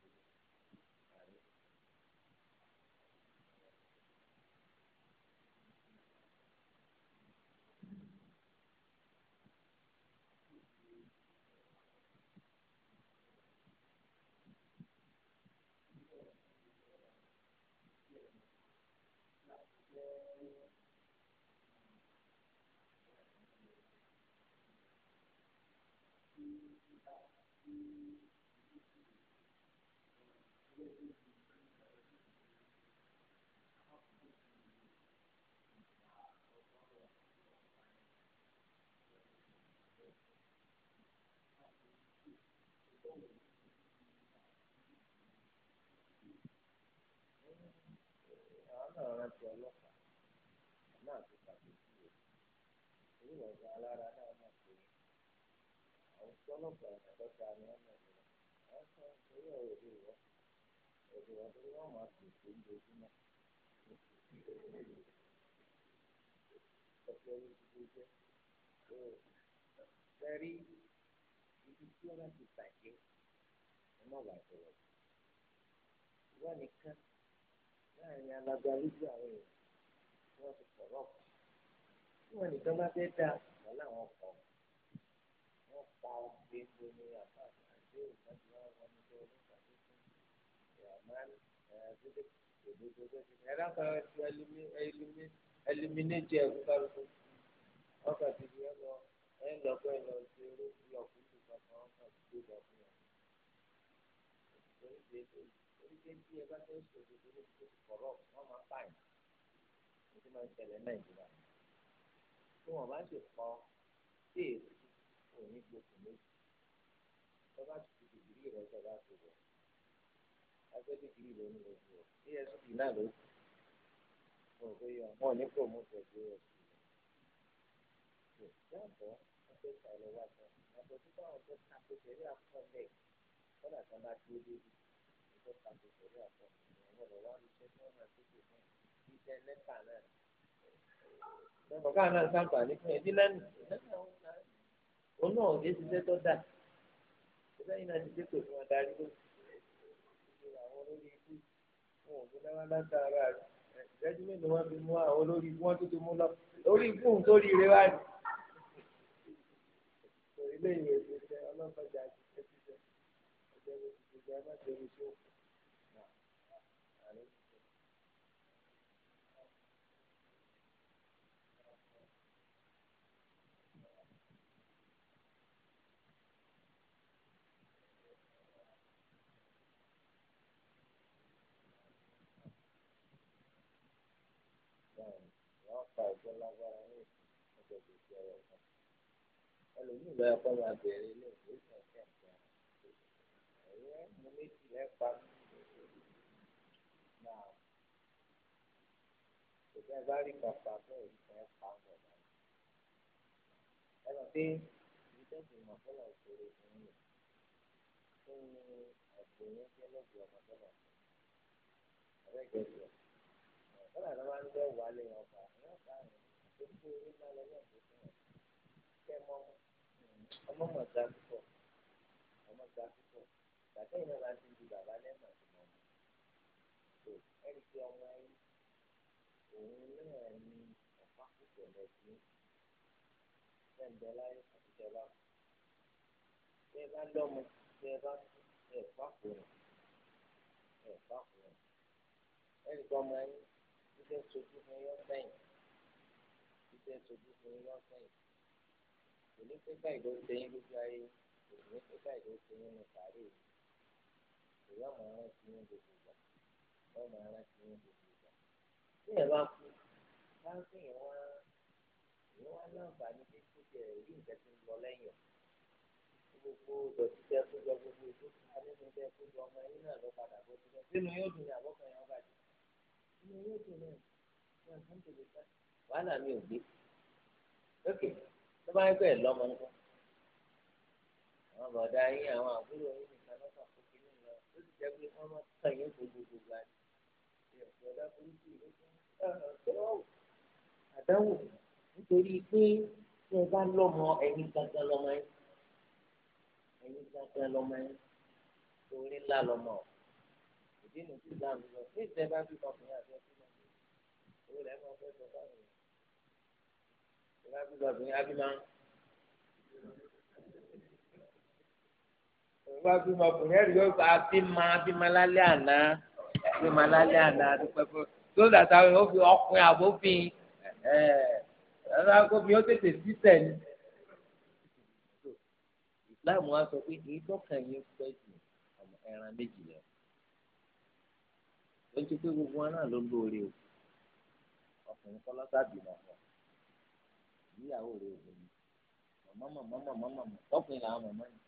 náà rántí Dari ibi tí wọ́n ti bàjẹ́ ọmọ wà sọ̀rọ̀. Wọ́n nìkan láàrin alága lójú àwọn èèyàn tí wọ́n ti sọ̀rọ̀. Tí wọ́n nìkan bá fẹ́ dá wọ́n láwọn kọ̀. ẹ̀rọ kan ẹliminéjì ẹ̀rú kálukú wọ́n kà ti di ẹ̀ lọ ẹ̀ lọ́gbọ́ ẹ̀ lọ sí eré ìlọ́kù ìlú kankan wọ́n kà ti fi dìgírí rẹ̀ tó bá afẹ́ ló ń lò fún esp náà ló kù mo pé ọmọ ní promote ẹgbẹ́ ẹ̀sìn rẹ̀ yàtọ̀ ẹgbẹ́ ìsàlẹ̀ wà yàtọ̀ tí báwọn tó ta kó tẹ̀lé àkọọ́lẹ̀ kọ́lá kan bá dúró débi tó ta kó tẹ̀lé àkọọ́lẹ̀ ìwọ̀n lọ́wọ́ iṣẹ́ tí wọ́n máa tó kù fún iṣẹ́ lẹ́tà náà. ọ̀gá náà sábàánì fún ẹbí lẹ́nu òun náà kì í ṣiṣẹ́ tó dà ṣẹ́yìn náà ti dé pè fún adarí lóṣù lórí ikú wọn ò gbọdọ̀ wá látara rẹ ìdájú mélòó wọn fi mú àwọn olórí ikú wọn tó ti mú lọ lórí ikú tó rí rẹ wáyé ilé ìwé ìgbésẹ̀ ọlọ́pàá jà ẹtì jẹ ẹjẹ ló ti jẹ ẹ má jẹ oṣù. kò lè fi ọ̀rọ̀ kan ẹlòmíì lọ ẹ̀kọ́ máa bẹ̀rẹ̀ ilé ìwé kan kí ẹ̀ka ẹ̀yẹ mo méjì lẹ́pa náà kò tẹ́ bá rí kàkà bẹ́ẹ̀ ìfẹ́ pa mọ̀ náà ẹ pé ìdẹ́gbẹ̀ mọ̀ fọlọ́ ìṣòro fún mi fún mi ẹ̀sìn ní jẹ́ lọ́gbẹ̀ẹ́ ọmọ fọlọ́ ọ̀rẹ́ gẹ̀ẹ́sì ọ̀rẹ́ gẹ̀ẹ́sì ọ̀rẹ́ gẹ̀ẹ́sì ọ̀rẹ́ ọmọ mọ̀ ga púpọ̀ ọmọ ga púpọ̀ bàtà yìí náà bá ti di bàbá lẹ́mọ̀ tó mọ̀ mọ́ tó ẹni tí ọmọ yìí òun náà ní ọ̀pá púpọ̀ lẹ́sìn ẹ̀ǹdẹ̀ láyé àti ìjọba bẹ́ẹ̀ bá lọ́mọ bẹ́ẹ̀ bá ẹ̀ pápò rẹ̀ ẹ̀ pápò rẹ̀ ẹni tí ọmọ yìí ti fẹ́ sojú fún yọ́ sẹ́yìn ti fẹ́ sojú fún yọ́ sẹ́yìn ní pé báyìí ló ń ṣe yín lójú ayé kò ní pé báyìí ló ń ṣe yín ní sàárè kò yọ ọmọ ara ti yín gbogbo ìgbà yọ ọmọ ara ti yín gbogbo ìgbà tí ẹ bá kú bá ń pè yín wá èyí wá láǹfààní pé kó tiẹ̀ rí nǹkan tí ń lọ lẹ́yìn gbogbo ìdọ̀tí tẹ kó jọ gbogbo ètò anínú tẹ kó jọ ọmọ yín náà ló padà bó ti lọ sínú yóò dùn ní àbọ̀kan yẹn bàjẹ́ inú yóò dùn náà wàhálà mi ò gbé lókè. Okay tó bá ń gbẹ lọmọ nǹkan àwọn bọ̀dá yín àwọn àbúrò yín nìkan lọ́kàn fún kí nínú lọ ó sì jẹ́ pé wọ́n máa tàn yín gbogbo gbogbo àti ìyọ̀dá burúkú yìí ló àdánwò nítorí pé tí ẹ bá lọ́mọ ẹ̀yin gangan lọ́mọ yín ẹ̀yin gangan lọ́mọ yín orí ńlá lọ́mọ ìdí nìyí Islam lọ ní ìjẹba bí ọkùnrin àti ọkùnrin orí rẹ̀ máa fẹ́ sọ fáwọn èèyàn lábíbá obìnrin ábímá ìgbà bímọ ọkùnrin ẹ̀rí yóò gba abímá abímá lálẹ́ àná abímá lálẹ́ àná àdúpẹ́pẹ́ tó dàtà ó fi ọkùnrin àbófin ẹ̀ ẹ̀ ọkùnrin ó tètè sísẹ̀ ni láàmú wa sọ pé èyí tọ́ka yẹn pẹ́ jù ọmọ ẹran méjì lọ. ó ti pé gbogbo wọn náà ló lóore o ọkùnrin kọ́ lọ́sàbí náà ìyàwó rẹ ò lóyún màmá màmá màmá màmá tọkùnrin làwọn màmá ni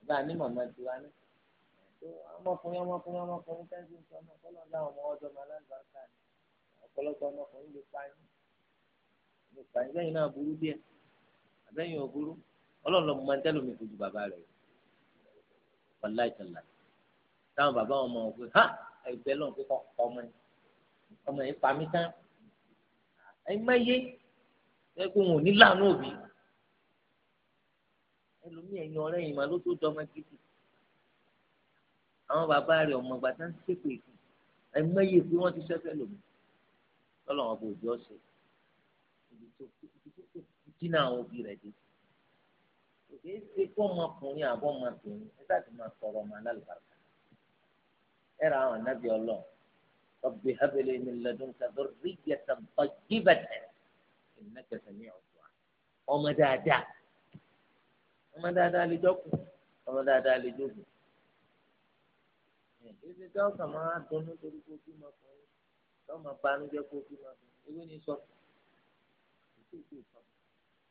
ìgbà ní màmá ti wá ní. ọmọkùnrin ọmọkùnrin ọmọkùnrin tẹ́sí ń sọ ọmọ ọpọlọ náà ọmọ ọdọ ọmọ alágbàáta ni ọ̀pọ̀lọpọ̀ ọmọkùnrin lè pa yín lè pa yín lẹ́yìn náà burú díẹ̀ àbẹ́yìn ò burú ọlọ́run mọ tẹ́lómi kojú bàbá rẹ̀ wàlá ìtàlá táwọn bàbá wọn mọ ọ pé ha ẹgbẹ́ lọ́n pé kọ́ ọmọ yìí ọmọ yìí pa mí tán ẹ má yé ẹ pé wọn ò ní láàánú òbí ẹlòmíì ẹ̀yin ọ̀rẹ́ yìí mà ló tó dọmọ gidi àwọn bàbá rẹ̀ ọmọ ìgbà tá ń ṣépè fún ẹmẹyẹ pé wọn ti ṣẹfẹ lòmí lọlọ wọn bò jọ ọsẹ ibi tó dínà àwọn òbí rẹ̀ dé òkè ṣe kó ọmọkùnrin àbọ̀ ọmọkùnrin ẹ sáà máa sọ̀rọ̀ ọmọ alálùbáràkà ẹ ra àwọn ànábì Ọlọ́run rabbi habli min ladunka dhurriyatan tayyibatan innaka sami'ud du'a ọmọ dáadáa ọmọ dáadáa lè jọkù ọmọ dáadáa lè jọkù ìdílé tí wọn kàn máa dùnnú torí kó bí ma fún yín tí wọn máa banújẹ́ kó bí ma fún yín ewé ni sọ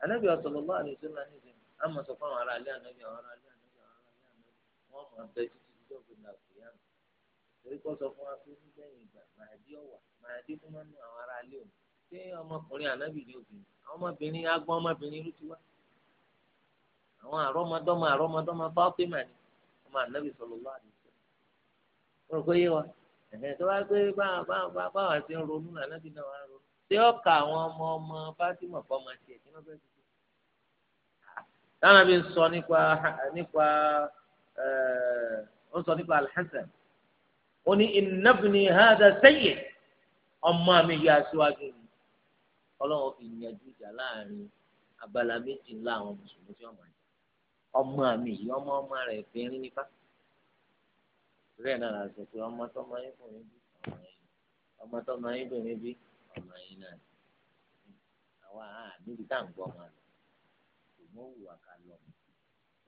anabi sallallahu alaihi wasallam nìyẹn àmọ sọ fún àwọn ará ilé anabi àwọn ará ilé anabi àwọn ará ilé anabi wọn máa bẹ títí tí wọn fi nà fún yàn torí kó sọ fún wa pé nígbẹ̀yìn ìgbà màá di ọwà màá di fún mọnú àwọn ará ilé òun. ṣé ọmọkùnrin ànábì ni obìnrin àwọn ọmọbìnrin agbọn ọmọbìnrin ló ti wá àwọn ọmọ ànábì wa tó bá gbé báwa ti ń ronú ànábì náà wà ronú ṣé ọkà àwọn ọmọ ọmọ ọlọ́run fi yanjú ìjà láàrin abala méjì ńlá àwọn mùsùlùmí tí wọ́n máa jà ọmọ mi yìí ọmọ ọmọ rẹ̀ fẹ́rin nípa rẹ̀ náà la sọ pé ọmọ tó máa ń bò ní bí ọmọ yìí ọmọ tó máa ń bò ní bí ọmọ yìí náà àwa níbi tá ń gbọ́ máa lọ ṣùgbọ́n òwúwa ká lọ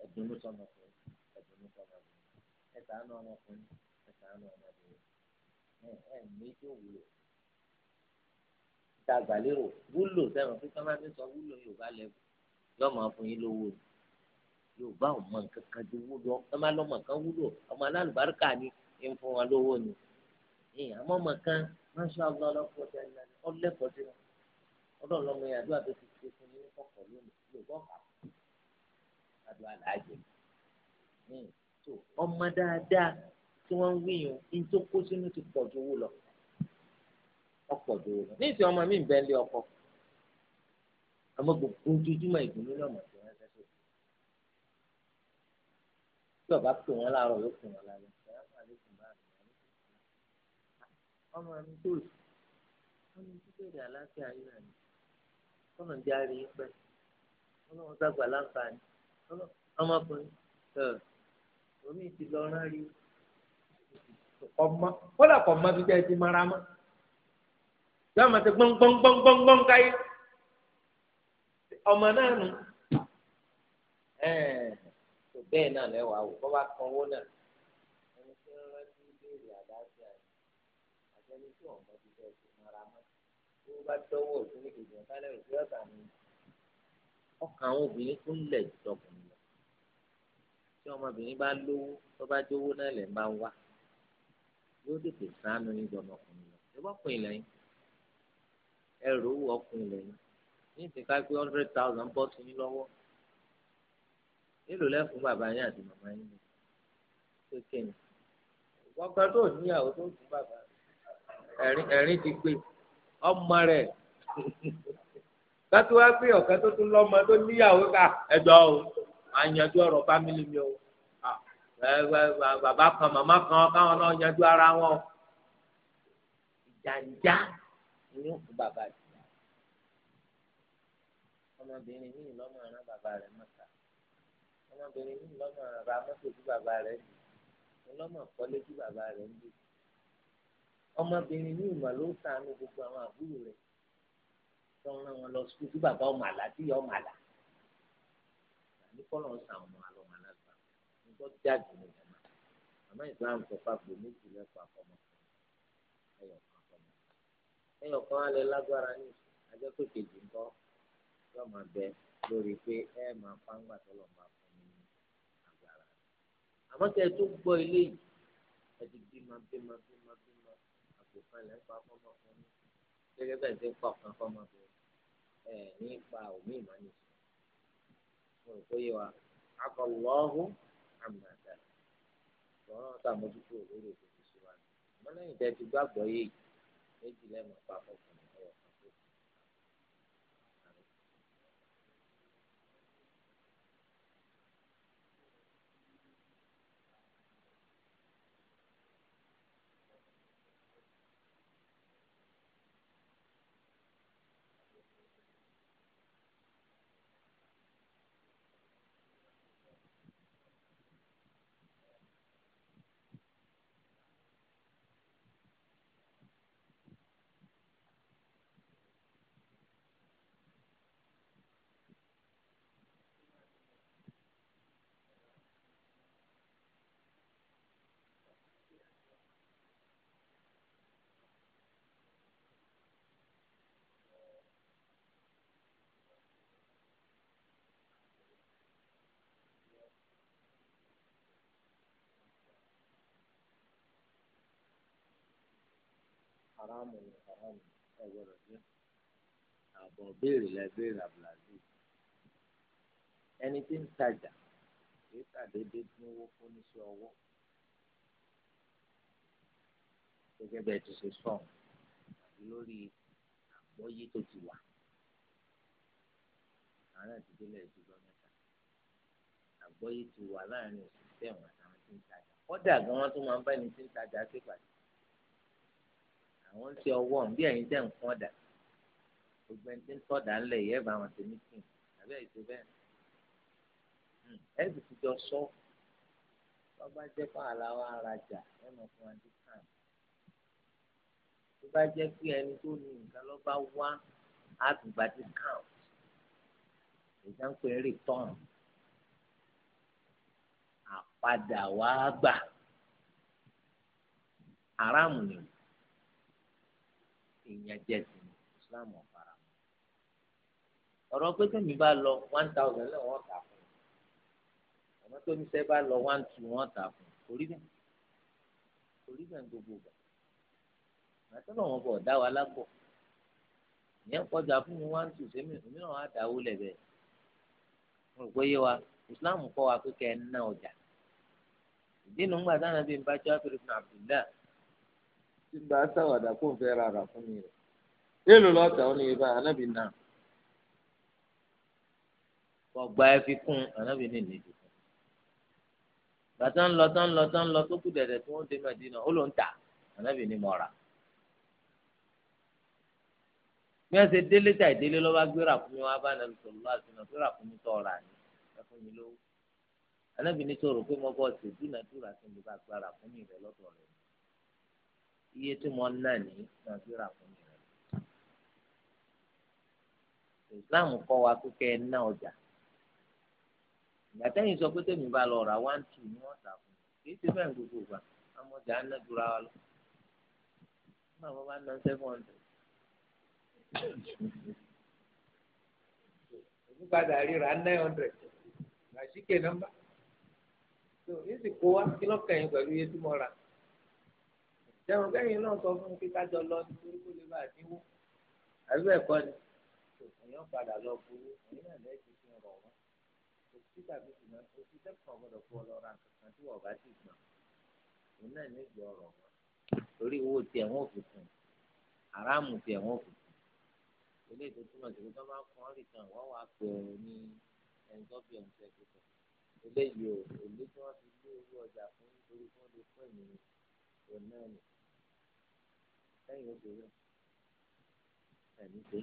ẹ̀dùn ló sọmọ fún ẹ̀dùn ló sọmọ fún ẹ̀sán ọmọkùnrin ẹ̀sán ọmọbìnrin ẹ̀ ẹ̀ méjì òwúlò tá a gbà lérò wúlò sẹ́wọ̀n pé sọ́mà ti sọ wúlò yorùbá lẹ́wọ̀ yóò máa fún yín lówó ni yorùbá ò mọ nǹkan kan ju owó lọ sọ́mà lọ́mọ kan wúlò ọmọ alálùbáríkà ni ń fún wọn lówó ni àmọ́ ọmọ kan máṣá ọlọ́ ọlọ́pọ̀ tẹ ọlẹ́kọ̀ọ́ sí wọn ọlọ́ọ̀lọ́mọ yẹn àdúrà tó ti ṣe fún yín kọ̀ọ̀kọ̀ lónìí yorùbá ọ̀kà àdúrà làájẹ hmm, ọmọ dáadáa tí wọ́n ń wíyàn ní tó kó sínú ọkọ, jòrò ní ìsìn ọmọ mi ń bẹ ń lé ọkọ àmọ́ gbogbo ojoojúmọ́ ìdùnnú náà mọ̀ sí tí ọba pè wọn láàárọ̀ yóò pè wọn lálẹ́ ọmọ mi tó wọn ní àlàáfíà yìí kọ́nà àárín pẹ́ sàgbà láǹfààní ọmọkùnrin omi ti lọ ọmọ kọ́dà kọ́ mọ́ bí jẹ́ ti mara mọ́. yóò máa ṣe gbọ́ngbọ́ngbọ́ngbọ́n káyé ọmọ náà nù bẹ́ẹ̀ náà lẹ́wọ̀ àwò bọ́ bá kan owó náà ọkàn àwọn obìnrin tó ń lẹ̀ jọkùnrin lọ tí ọmọbìnrin bá lówó tó bá jówó náà lẹ̀ ń bá wá yóò tètè ṣàánú yín jọmọkùnrin lọ ìbọ̀kùnrin lẹ́yìn ẹrù owó ọkùnrin lẹ́yìn ní ìtìká pé hundred thousand bọ́ sí ní lọ́wọ́ nílò lẹ́fún bàbá yín àti màmá yín ni tó kéyìn wọ́n gbá tó níyàwó tó fún bàbá ẹ̀rín ẹ̀rín ti gbé ọmọ rẹ̀ kátó wá pé ọ̀kẹ́ tó tún lọ́mọ tó níyàwó ká ẹ̀dọ́ o àyànjú ọ̀rọ̀ fámìlì mi o bàbá kan màmá kan káwọn náà yanjú ara wọn ìjànjá ní òkú bàbá àti ìyá ọmọbìnrin míì lọ́mọ àrán bàbá rẹ̀ mọ́ta ọmọbìnrin míì lọ́mọ àrà mọ́tò tí bàbá rẹ̀ dì ọlọ́mọ kọ́lé tí bàbá rẹ̀ ń dì ọmọbìnrin míì mà ló sànù gbogbo àwọn àbúrò rẹ̀ tó ń rán wọn lọ sùkúl tí bàbá ọmọ àlá tí ìyá ọmọ àlá ní kọ́lọ̀ ń sàn ọmọ àlọ́ ọmọ alágbà nígbà tí àjùmọ̀ ìjọba àmọ́ ìgbà ń fọ́ fàgbọ́ méjì lẹ́kọ̀ọ́ àkọ́mọ́ ẹ̀yọ̀ kan ẹyọ kan á lẹ lágbára ní àjọ pé kejì ń bọ yóò máa bẹ lórí pé ẹ máa fáńgbà tó lọ máa fún mi ní agbára àmọ́ kẹ́ ẹ tó gbọ́ ilé yìí ẹ ti bímọ bímọ bímọ bímọ àpò kan lẹ ń pa fọmọ fún mi gẹ́gẹ́ bẹ́ẹ̀ ti ń pa ọ̀kan fọmọ fún ẹ nípa òmí ìmánìsí mo rò pé yé wa akọlọ́ọ̀hún àmàdà lọ́rọ̀ tá a mójútó òwúrò tó ti síwájú àmọ́ lẹ́yìn tẹ́ ti gbàgbọ́ yé yìí méjì lẹ́mọ̀ pa fún fún haramu ni haramu ẹ gbọ́dọ̀ jẹ àbọ̀ béèrè lẹ béèrè abdulaziz ẹni tí ń tajà kìí tàdédé dínwó fún oníṣẹ́ ọwọ́ gẹ́gẹ́ bẹ́ẹ̀ ti ṣe sọ àti lórí àgbọ́yé tó ti wà àárẹ̀ ti délẹ̀ ìdúgbò mẹ́ta àgbọ́yé ti wà láàrin òṣìṣẹ́ wọn àtàwọn tí ń tajà kódà gan wọn tún máa ń bá ẹni tí ń tajà ṣèpàdé. àwọn ń ṣe ọwọ́ bí ẹ̀yin tẹ̀ ń fún ọ̀dà gbogbo ẹni tí ń tọ́dà ńlẹ̀ yẹ́ bá wọn ṣe mítìn àbẹ́ ìṣe bẹ́ẹ̀ hmm. ẹ̀ ti jọ sọ wọ́n bá jẹ́ fún arajà ẹ̀ fún wa díkàn tó bá jẹ́ pé ẹni ìyànjẹ sí ni Islam ọ̀fara ọ̀rọ̀ pé tẹ̀mí bá lọ one thousand náà wọ́n tà fún ọ̀nà tó sẹ́ bá lọ one two wọ́n tà fún bẹ́ẹ̀ bẹ́ẹ̀ gbogbo gbà àtọ́nà wọn bọ̀ dá wa lágbọ̀ ìyẹn kọjá fún mi one two sẹ́mi òmíràn á dáwó mo rò pé yé wa Islam kọ́ wa pé kẹ́ ẹ ná ọjà ìdí nu ń gbà bá tí bá a sàwádà kó n fẹ́ ra rà fún mi rẹ̀ èèlò lọ́tà ó ní ibà ànábì náà ọgbà ẹ fi kún ànábì ní ìlú ìdìbò bàtà ń lọ tán lọ tán lọ tó kù dẹ̀dẹ̀ tí wọ́n dé Mẹ́dínà ó ló ń tà ànábì ní mọ́ra bí wọ́n ṣe délé tà ìdílé lọ́wọ́ bá gbéra fún mi wọ́n bá nàbì sọ̀rọ̀ láti nà gbéra fún mi tọ́ ọ̀rà ni ẹ̀fún mi lówó ànábì ní sọ̀rọ̀ pé mo bọ́ ṣèdúnàdúrà kí n bá gbára fún mi rẹ̀ lọ́dọ̀ rẹ̀ iye tí nna ná ní náà fún mi. Islam kọ́ wa pé ná ọjà sọ pé tèmi bá lọ rà one two ni wọ́n tà fún mi kì í bẹ́ẹ̀ gbogbo ń wa lọ nígbà wọn bá ná seven hundred. ríra nine hundred kó wa kí lọ́kàn jẹun kẹ́yìn náà sọ fún kí kájọ lọ nítorí kó lè bá a dínwó àbí ẹ̀kọ́ ni èèyàn padà lọ burú èyí náà lẹ́yìn tí fi ń rọ̀ wọ́n òsì tàbí ìgbà òsì tẹ́kọ̀ọ́ gbọ́dọ̀ fún ọlọ́ra kankan tí wọ́n bá ti gbà òun náà ní ìgbà ọ̀rọ̀ wọn torí owó tiẹ̀ wọn ò fi kún aráàmù tiẹ̀ wọn ò fi kún ilé ètò túmọ̀ sí pé tó máa fún ọ́rì wọ́n wàá pè é ní ẹni tó ẹ̀yin ó bẹ̀rẹ̀ ẹ̀mí pé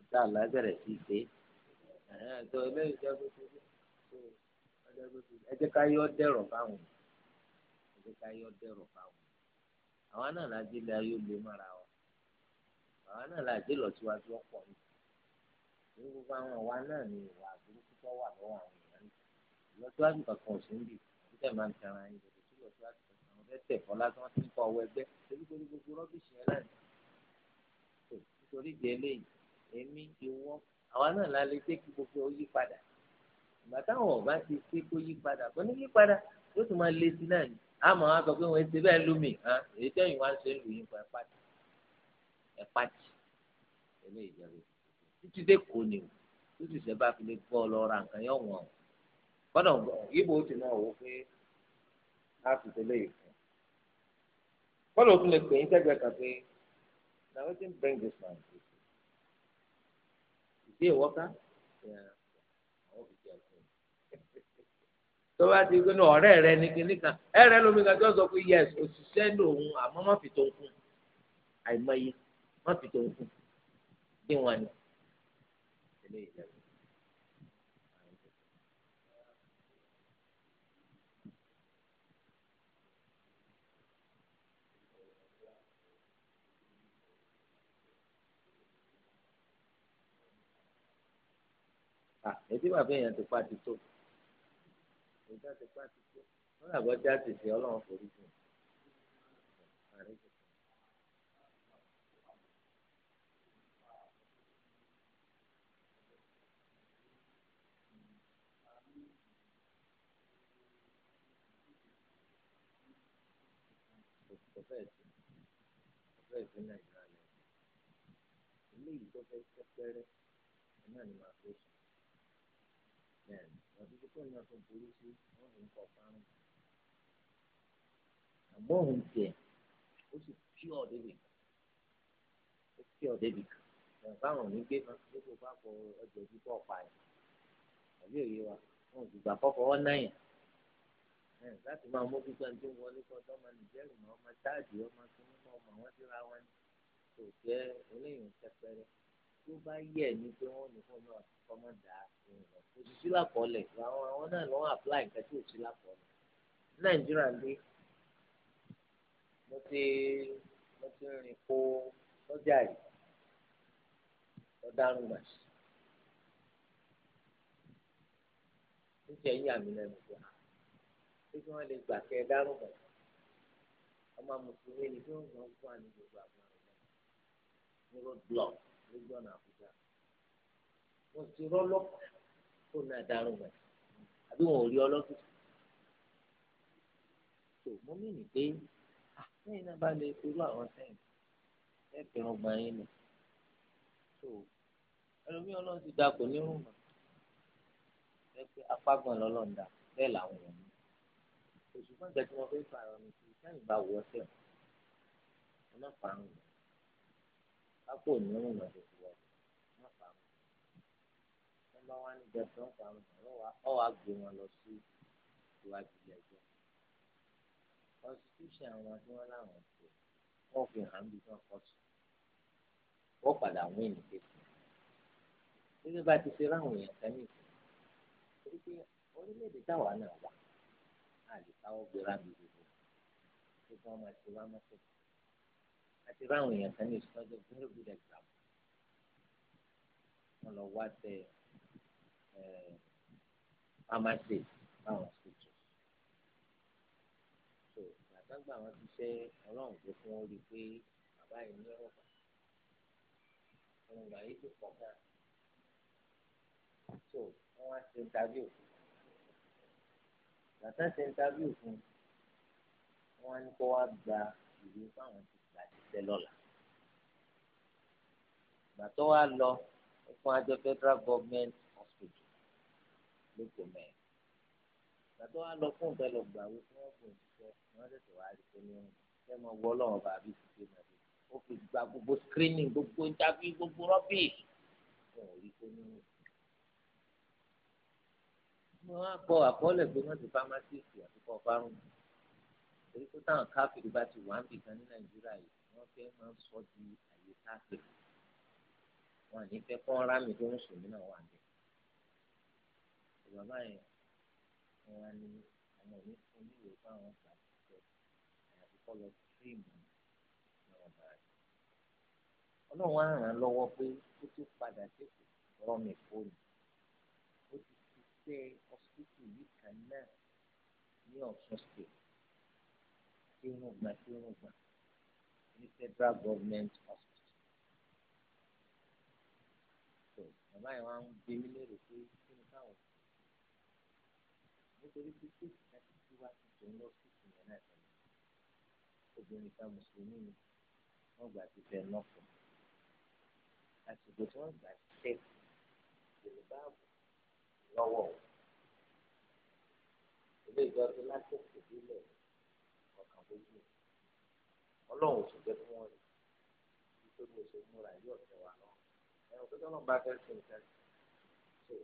ìta àlá bẹ̀rẹ̀ sí í pé ẹ̀ẹ́dọ̀ eléyìí jẹ́ bó ti rí ẹ jẹ́ ká yọ dẹ̀rọ̀ fáwọn ẹ jẹ́ ká yọ dẹ̀rọ̀ fáwọn àwọn náà la dé ilé ayé ó lè mára wa àwọn náà la dé lọ síwájú ọ̀pọ̀ ni ní gbogbo àwọn ọ̀wá náà ni ìwà àbúrúkú tó wà lọ́wọ́ àwọn èèyàn lọ́síwájú kankan ò sí ń bì máa ń tẹ̀ra ẹ̀ jẹ́ fẹ́ tẹ̀ fọ́ lásán wọ́n ti ń kọ́ ọwọ́ ẹgbẹ́ torí torí gbogbo rọ́bìṣì yẹn láì tó nítorí ìdí eléyìí èmi ìwọ àwa náà la lè jẹ́ kí gbogbo ó yí padà ìgbà táwọn ọba ti ṣe kó yí padà kó ní yí padà yóò tún máa lé sí náà ni àmọ́ wọn sọ pé wọ́n ti bẹ́ẹ̀ lómi hàn èyí tẹ́yìn wá ń ṣe ń lù yín pa ẹ̀ pàtì ẹ̀ pàtì eléyìí jẹ́ títí dé kò ní o títí sẹ bá fi lè gbọ́ ọ lọ o gbọ́dọ̀ ibo ti náà bọ́ọ̀lù òfin lè pè é sẹ́gbẹ̀ẹ́ kan pé na wetin bring this man to you ìdí ìwọ́ká tó bá ti gbé ní ọ̀rẹ́ rẹ ní kinní kan ẹ̀rẹ́ lómi kan tó sọ pé yes òṣìṣẹ́ lòun àmọ́ má fi tó ń kún àìmọye má fi tó ń kún bí wọn ni ètí bàbá èèyàn ti pa ti tó ìjà ti pa ti tó wọn làbọ já ti ṣe Ọlọ́run forí jù fẹ́ ìpínlẹ̀ ìlú alẹ́ ilé ìgbọ́fẹ́ pẹ́pẹ́rẹ́ ni màá fẹ́ sùn àdúgbò tó yàn tó burú sí wọn ò ń kọ fáwọn àmọ́ òun tiẹ̀ ó sì pí ọ̀ débi ó pí ọ̀ débi báwọn ò ní gbé máa nípò bá kọ ọjọ́ ojú kọ́ ọ̀pá yẹn àbí òye wa wọn ò gbà kọ́ fọwọ́ náà láti máa mú gbígbà tó wọlé kọ tó máa nìjẹ́rì ọmọ táàdì ọmọ tó ń mọ ọmọ wọn síra wọn kò jẹ́ oníyàn tẹpẹrẹ tó bá yẹ ní pé wọ́n ní fún náà kọ́mọ́ dà á kò sì sí lákọọ́lẹ̀ àwọn àwọn náà lọ́wọ́ apply nǹkan tí ò sí lákọọ́lẹ̀ nàìjíríà ń dé mo ti mo ti rìn kó lọ́jà yìí ọ̀daràn gbàṣẹ. níṣẹ́ yín àmì lẹ́nu gbà ah, pé kí wọ́n lè gbà kẹ́ ẹ dárùn ọmọ mùsùlùmí ni kí wọ́n gbọ́n fún àná gbogbo àwọn ọ̀rẹ́ ní road block lójú ọ̀nà àbújá wọn ti rọ́lọ́pàá tó náà dárò mẹ́ àbí wọn ò rí ọlọ́dún tó mú mi nì pé àtẹ̀yìn náà bá lè torú àwọn sẹ́yìn ẹ̀kẹ́ ọgbà yín ni tó ẹlòmíràn náà ti dà kò ní rùn mọ́ ẹ pé apágbọ̀n lọ́lọ́ọ̀dà bẹ́ẹ̀ làwọn èèyàn ní òṣùpá ìgbà tí wọ́n fẹ́ fà ọ́ ni kí sẹ́yìn bá wọ́ sẹ́yìn ẹ má pa kápò onírun náà ló ti wọlé wọn pa wọn wọn bá wá ní jẹsán wọn pa wọn ọ wá gbé wọn lọ sí iwájú ilé-ẹjọ́ constitution àwọn tí wọn láwọn ṣe wọn fi hàn bí wọn kọ sí wọn padà wín ní kékeré gẹ́gẹ́ bá ti ṣe ráwọn èèyàn kan ní torí pé orílẹ̀-èdè táwa náà wà á lè káwọ́ gbéra bí gbogbo gbogbo ọmọ ìṣèwà mọ́tò àti ráwọn èèyàn kan ní ìsọjọ very good example wọn lọ wá tẹ ẹ pharmacy báwọn ṣètò so gbàdágbà wọn ti ṣe Ọlọ́run tó fún wọn rí i pé bàbá yìí ní ọ̀rọ̀ ìgbà yìí ti pọ̀ gan so wọn wá ṣe interview bàtà ṣe interview fún wọn wá ní kó wá gba ìwé fáwọn tí ṣe lọ́la ìgbà tó wá lọ fún àjọ federal government hospital lóko mẹ́rin ìgbà tó wá lọ fún ìbẹ̀lẹ̀ gbàwé tí wọ́n kò ṣiṣẹ́ wọ́n tètè wá rí pé ní ṣẹ́ mọ wọ́ lọ́wọ́ bá bí ti ṣe mọ̀ bí ó fi gba gbogbo screening gbogbo interview gbogbo rubbish wọn ò rí pé ní wọn á kọ àkọọ́lẹ̀ pé wọ́n ti pharmacist àti kọ́ fárùn torí pé táwọn káfíìrì bá ti wà ń bì kan ní nàìjíríà yìí wọ́n fẹ́ máa ń sọ di àyè káàkiri wọn à ní fẹ́ kọ́ ọ́nrá mi tó ń sùn mí náà wà ní. bàbá yẹn wọn á ní àwọn òní fún mi ìwé fún àwọn ọ̀gá àtijọ́ àyàfi kọ́ lọ tírìmù náà bá rẹ̀. ọlọ́run á ràn án lọ́wọ́ pé ó tún padà sépò ọ̀rọ̀ mi fóònù ó ti ṣiṣẹ́ ọsibítù yìí kan náà ní ọ̀ṣun state tí wọ́n gbà tí wọ́n gbà ní federal government hospital. so bàbá yẹn wọn gbé mi lérò pé kí ni káwọn sọ nítorí pé kéèkì láti tí wá ti tó ń lọ sí ìsìnkú náà tẹ̀lé obìnrin kan mùsùlùmí ni wọ́n gbà ti fẹ́ lọ́kọ̀ọ́ àsìkò tí wọ́n gbà ti tẹ̀ yorùbá lọ́wọ́ o ilé ìjọba lásìkò ìbílẹ̀ ọ̀kan gbogbo ọlọ́run ò sì jẹ́ fún wọn rí i tó ní oṣù múra yìí ọ̀tẹ̀ wà lọ ẹ̀rọ tó tọ́lọ́ bá fẹ́ sí nǹkan so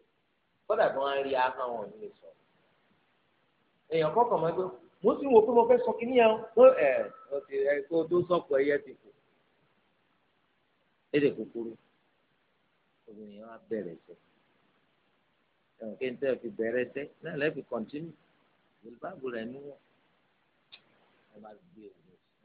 kódà bí wọ́n rí ahọ́n wọn ní sọ èèyàn kọ́kàn máa gbé mo sì wò pé mo fẹ́ sọ kínní yẹn ó ẹ̀ ọ ti ẹ kó tó sọ̀kọ̀ ẹyẹ ti kù èdè kúkúrú obìnrin yẹn wá bẹ̀rẹ̀ sẹ́ ẹ̀wọ̀n kí n tẹ́ fi bẹ̀rẹ̀ sẹ́ náà lẹ́ẹ̀fi kọ́ntínú ìlú báàbò rẹ̀ níwọ̀n ẹ máa gbé o.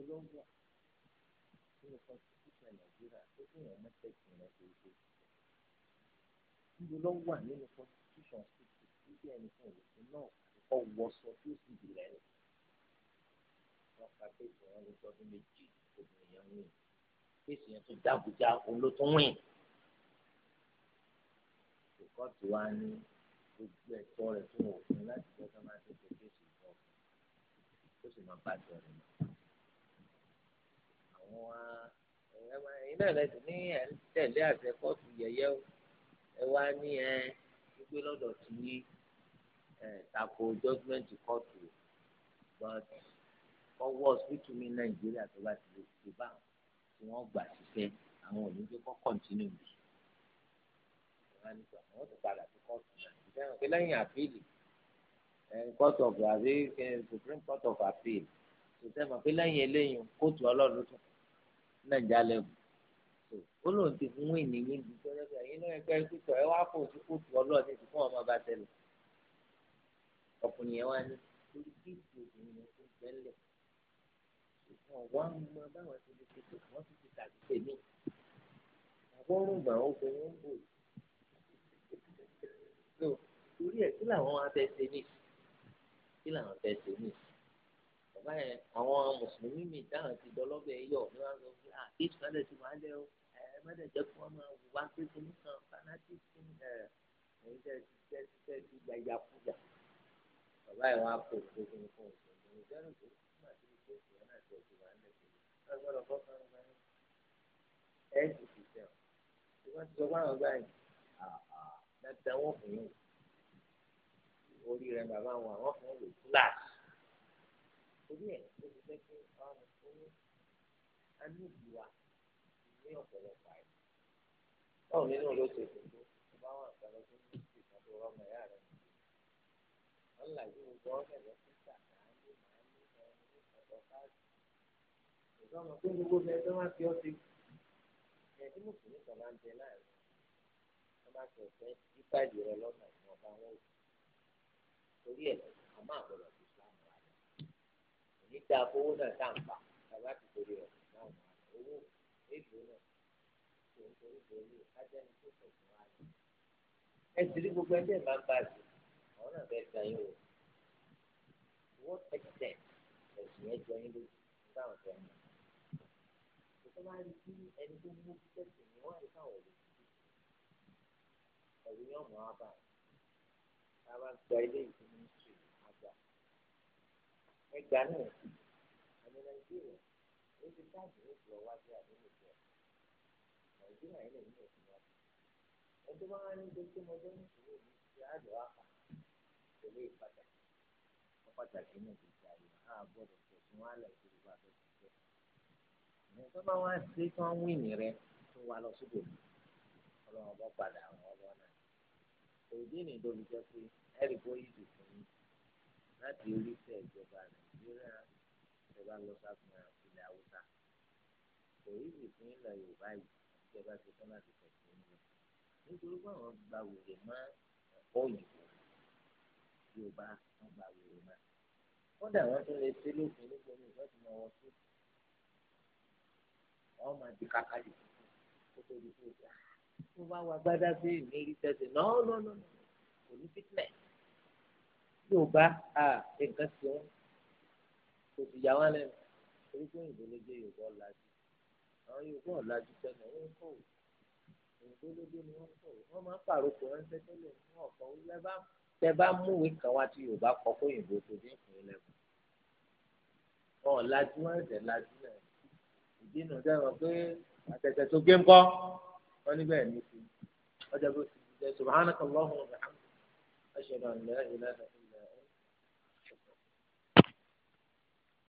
ìpolongo tí o constitution nàìjíríà tó fún yàn mẹ́tẹ̀ẹ̀kì rẹ̀ tó ṣe. níbo ló wà nínú constitution sixty tí bí ẹni fún òwòsàn náà kọ́ wọṣọ tí ó sì di rẹ̀ lọ. wọ́n ka kéèsì wọn ní tọdún méjì obìnrin yẹn wíìn kéèsì yẹn tó dáàbòjá òun ló tún wa ní gbogbo ẹ̀tọ́ rẹ̀ tó wọ̀ láti fẹ́ máa tètè kéèsì ó sì máa bá jọ rẹ̀ àwọn ẹ̀yin náà lẹ́sìn ní ẹ̀ ń tẹ̀lé àṣẹ kóòtù yẹ̀yẹ́ o ẹ wá ní ẹ gbígbé lọ́dọ̀ tí yí ẹ tako judgement kóòtù but ọwọ́ hospital ní nàìjíríà tó bá ti lè ṣe bá tí wọ́n gbà ṣiṣẹ́ àwọn oníjẹ́ kọ́ continue bì wọ́n á ní sọ àwọn lẹ́yìn àpèlè court of àbí supreme court of appeal ṣùgbọ́n pé lẹ́yìn eléyìí kóòtù ọlọ́run tún kù nàìjà lẹ́bù ó lóun ti mú ènìyàn bí tọ́lẹ́ bí ẹ̀yin náà ẹgbẹ́ kíkọ ẹ wá fò sí kóòtù ọlọ́ọ̀ni ti fún ọmọ bá tẹ̀lé ọkùnrin yẹn wá ní torí kí ìṣòwò yẹn tó tẹ́lẹ̀ ọ̀wá ń mọ báwọn ti di tètè wọ́n ti ti tàbí tèmi àwọn rògbà obìnrin ń bò yìí torí ẹ̀ kí làwọn afẹ́ ṣe ní kí làwọn afẹ́ ṣe ní bàbá àwọn mùsùlùmí mi dáhùn ti dọlọ́bẹ̀ yọ ní wọn sọ pé ah kí ìtúwálẹ̀ ti wà lẹ́ o ẹ mẹ́tẹ̀ jẹ́ kí wọ́n máa wù wá pé kí nìkan fanatiki ẹ̀ ẹ̀yin tẹ́ ti tẹ́ ti tẹ́ ti yàyà kújà bàbá yẹn wá kó o gbogbo ní fún òṣèlú ní ìjọ́rò tó kúmà tí ti wọ́n náà tẹ̀ ti wà lẹ́ ẹgbọ́dọ̀ fọ́kàn ọgbà ẹ̀ ti ti tẹ̀ fún àwọn ọgbà yẹn àà dáadáa torí ẹ̀ ó ti fẹ́ kí ọ̀run tó ní anúbùwà ní ọ̀pọ̀lọpọ̀ àyè. báwo nínú ló ṣe fún tó tó bá wà nǹkan lọ ní ìṣe ìtàn tó ẹ̀yà rẹ̀ wọ́n là yí gbogbo ọ̀rẹ́ rẹ̀ títà máa ní máa ní ẹni ní ọ̀dọ̀ káàdì. ìgbà wọn tó gbogbo bẹ́ẹ̀ tó máa fi ọ́ ti ẹ̀ tí mùsùlùmí kan torí ẹ̀ àmọ́ àbọ̀lọ̀ dídá owó náà tá n pa bàbá ti torí ẹ náà owó èèbó náà tó ń torí borí ajẹni tó sọ fún wa ni. ẹ sì rí gbogbo ẹgbẹ́ máa ń bá a jù àwọn náà fẹ́ẹ́ san yín o what extent ẹ̀sìn yẹn jọ yín lójú táwọn fẹ́ẹ́ mọ̀. ìjọba máa ń rí ẹni tó mú tẹ̀sí ni wọ́n á rí káwọn lè fi ẹ̀rù yóò mọ̀ wá báyìí. tá a bá gba ilé ìsinmi ní sùn àgbà ẹgbàá náà sí rẹ̀ ó ti káàdì ó ti lọ wájú àdúgbò jẹ nàìjíríà yìí lè ní òfin wá ẹjọ́ bá wá ní gbèsè mọ́jọ́ nítorí òní ti àádọ́ àpá kò lè pàtàkì wọ́n pàtàkì ní ìgbésí ayé náà gbọ́dọ̀ tó sún wá lẹ̀ sí gbogbo àbẹ̀ tó jẹ́ ìyẹn bá wá sí tí wọ́n wí ní rẹ tó wá lọ síbò ní ọlọ́run ọgbọ́n padà àwọn ọlọ́ náà òdì ní ìdóbi jẹ́ pé ẹ̀rì bóyìí dùn fún mi láti orí tẹ̀ ìjọba nàìjíríà ẹ bá lọ sáfún ilẹ̀ haúsá kò yí sì fún ilẹ̀ yorùbá yìí àti ẹ bá ti tán láti tẹ̀sí nílẹ̀ nítorí pé àwọn gba wèrè mọ́ ẹ̀kọ́ òyìnbó yorùbá wọn gba wèrè mọ́ kódà wọn tún lè ṣe lófin nígbà míì wọn ti mọ wọn tó wọn máa di kàkà dì kó tó di fún ìjà tó bá ah, wà gbádá sí ìlérí tẹsán náà náà náà kò ní fitness yorùbá ah, nǹkan ti wọn kò sì yà wọ́n lẹ́nu torí pé òyìnbó ló jẹ́ yorùbá ọ̀làjú àwọn yorùbá ọ̀làjú tẹ́lẹ̀ wọ́n ń kọ̀wé òyìnbó ló dé ni wọ́n ń kọ̀wé wọ́n máa ń pàrokò ránṣẹ́ tẹ́lẹ̀ wọ́n ọ̀kọ̀ lẹ́bà tẹ́ bá múwèé kan wá tí yorùbá kọ kó òyìnbó tó dé ìpín lẹ́kùn wọn ọ̀làjú wọn ẹ̀sẹ̀ làjú náà ìdí nù sẹ́wọ̀n pé àtẹ̀tẹ̀ tó gé ńkọ́ wọ́n níbẹ̀ ní ti ọjọ́ bó ti jẹ́ subhanakallahumma wa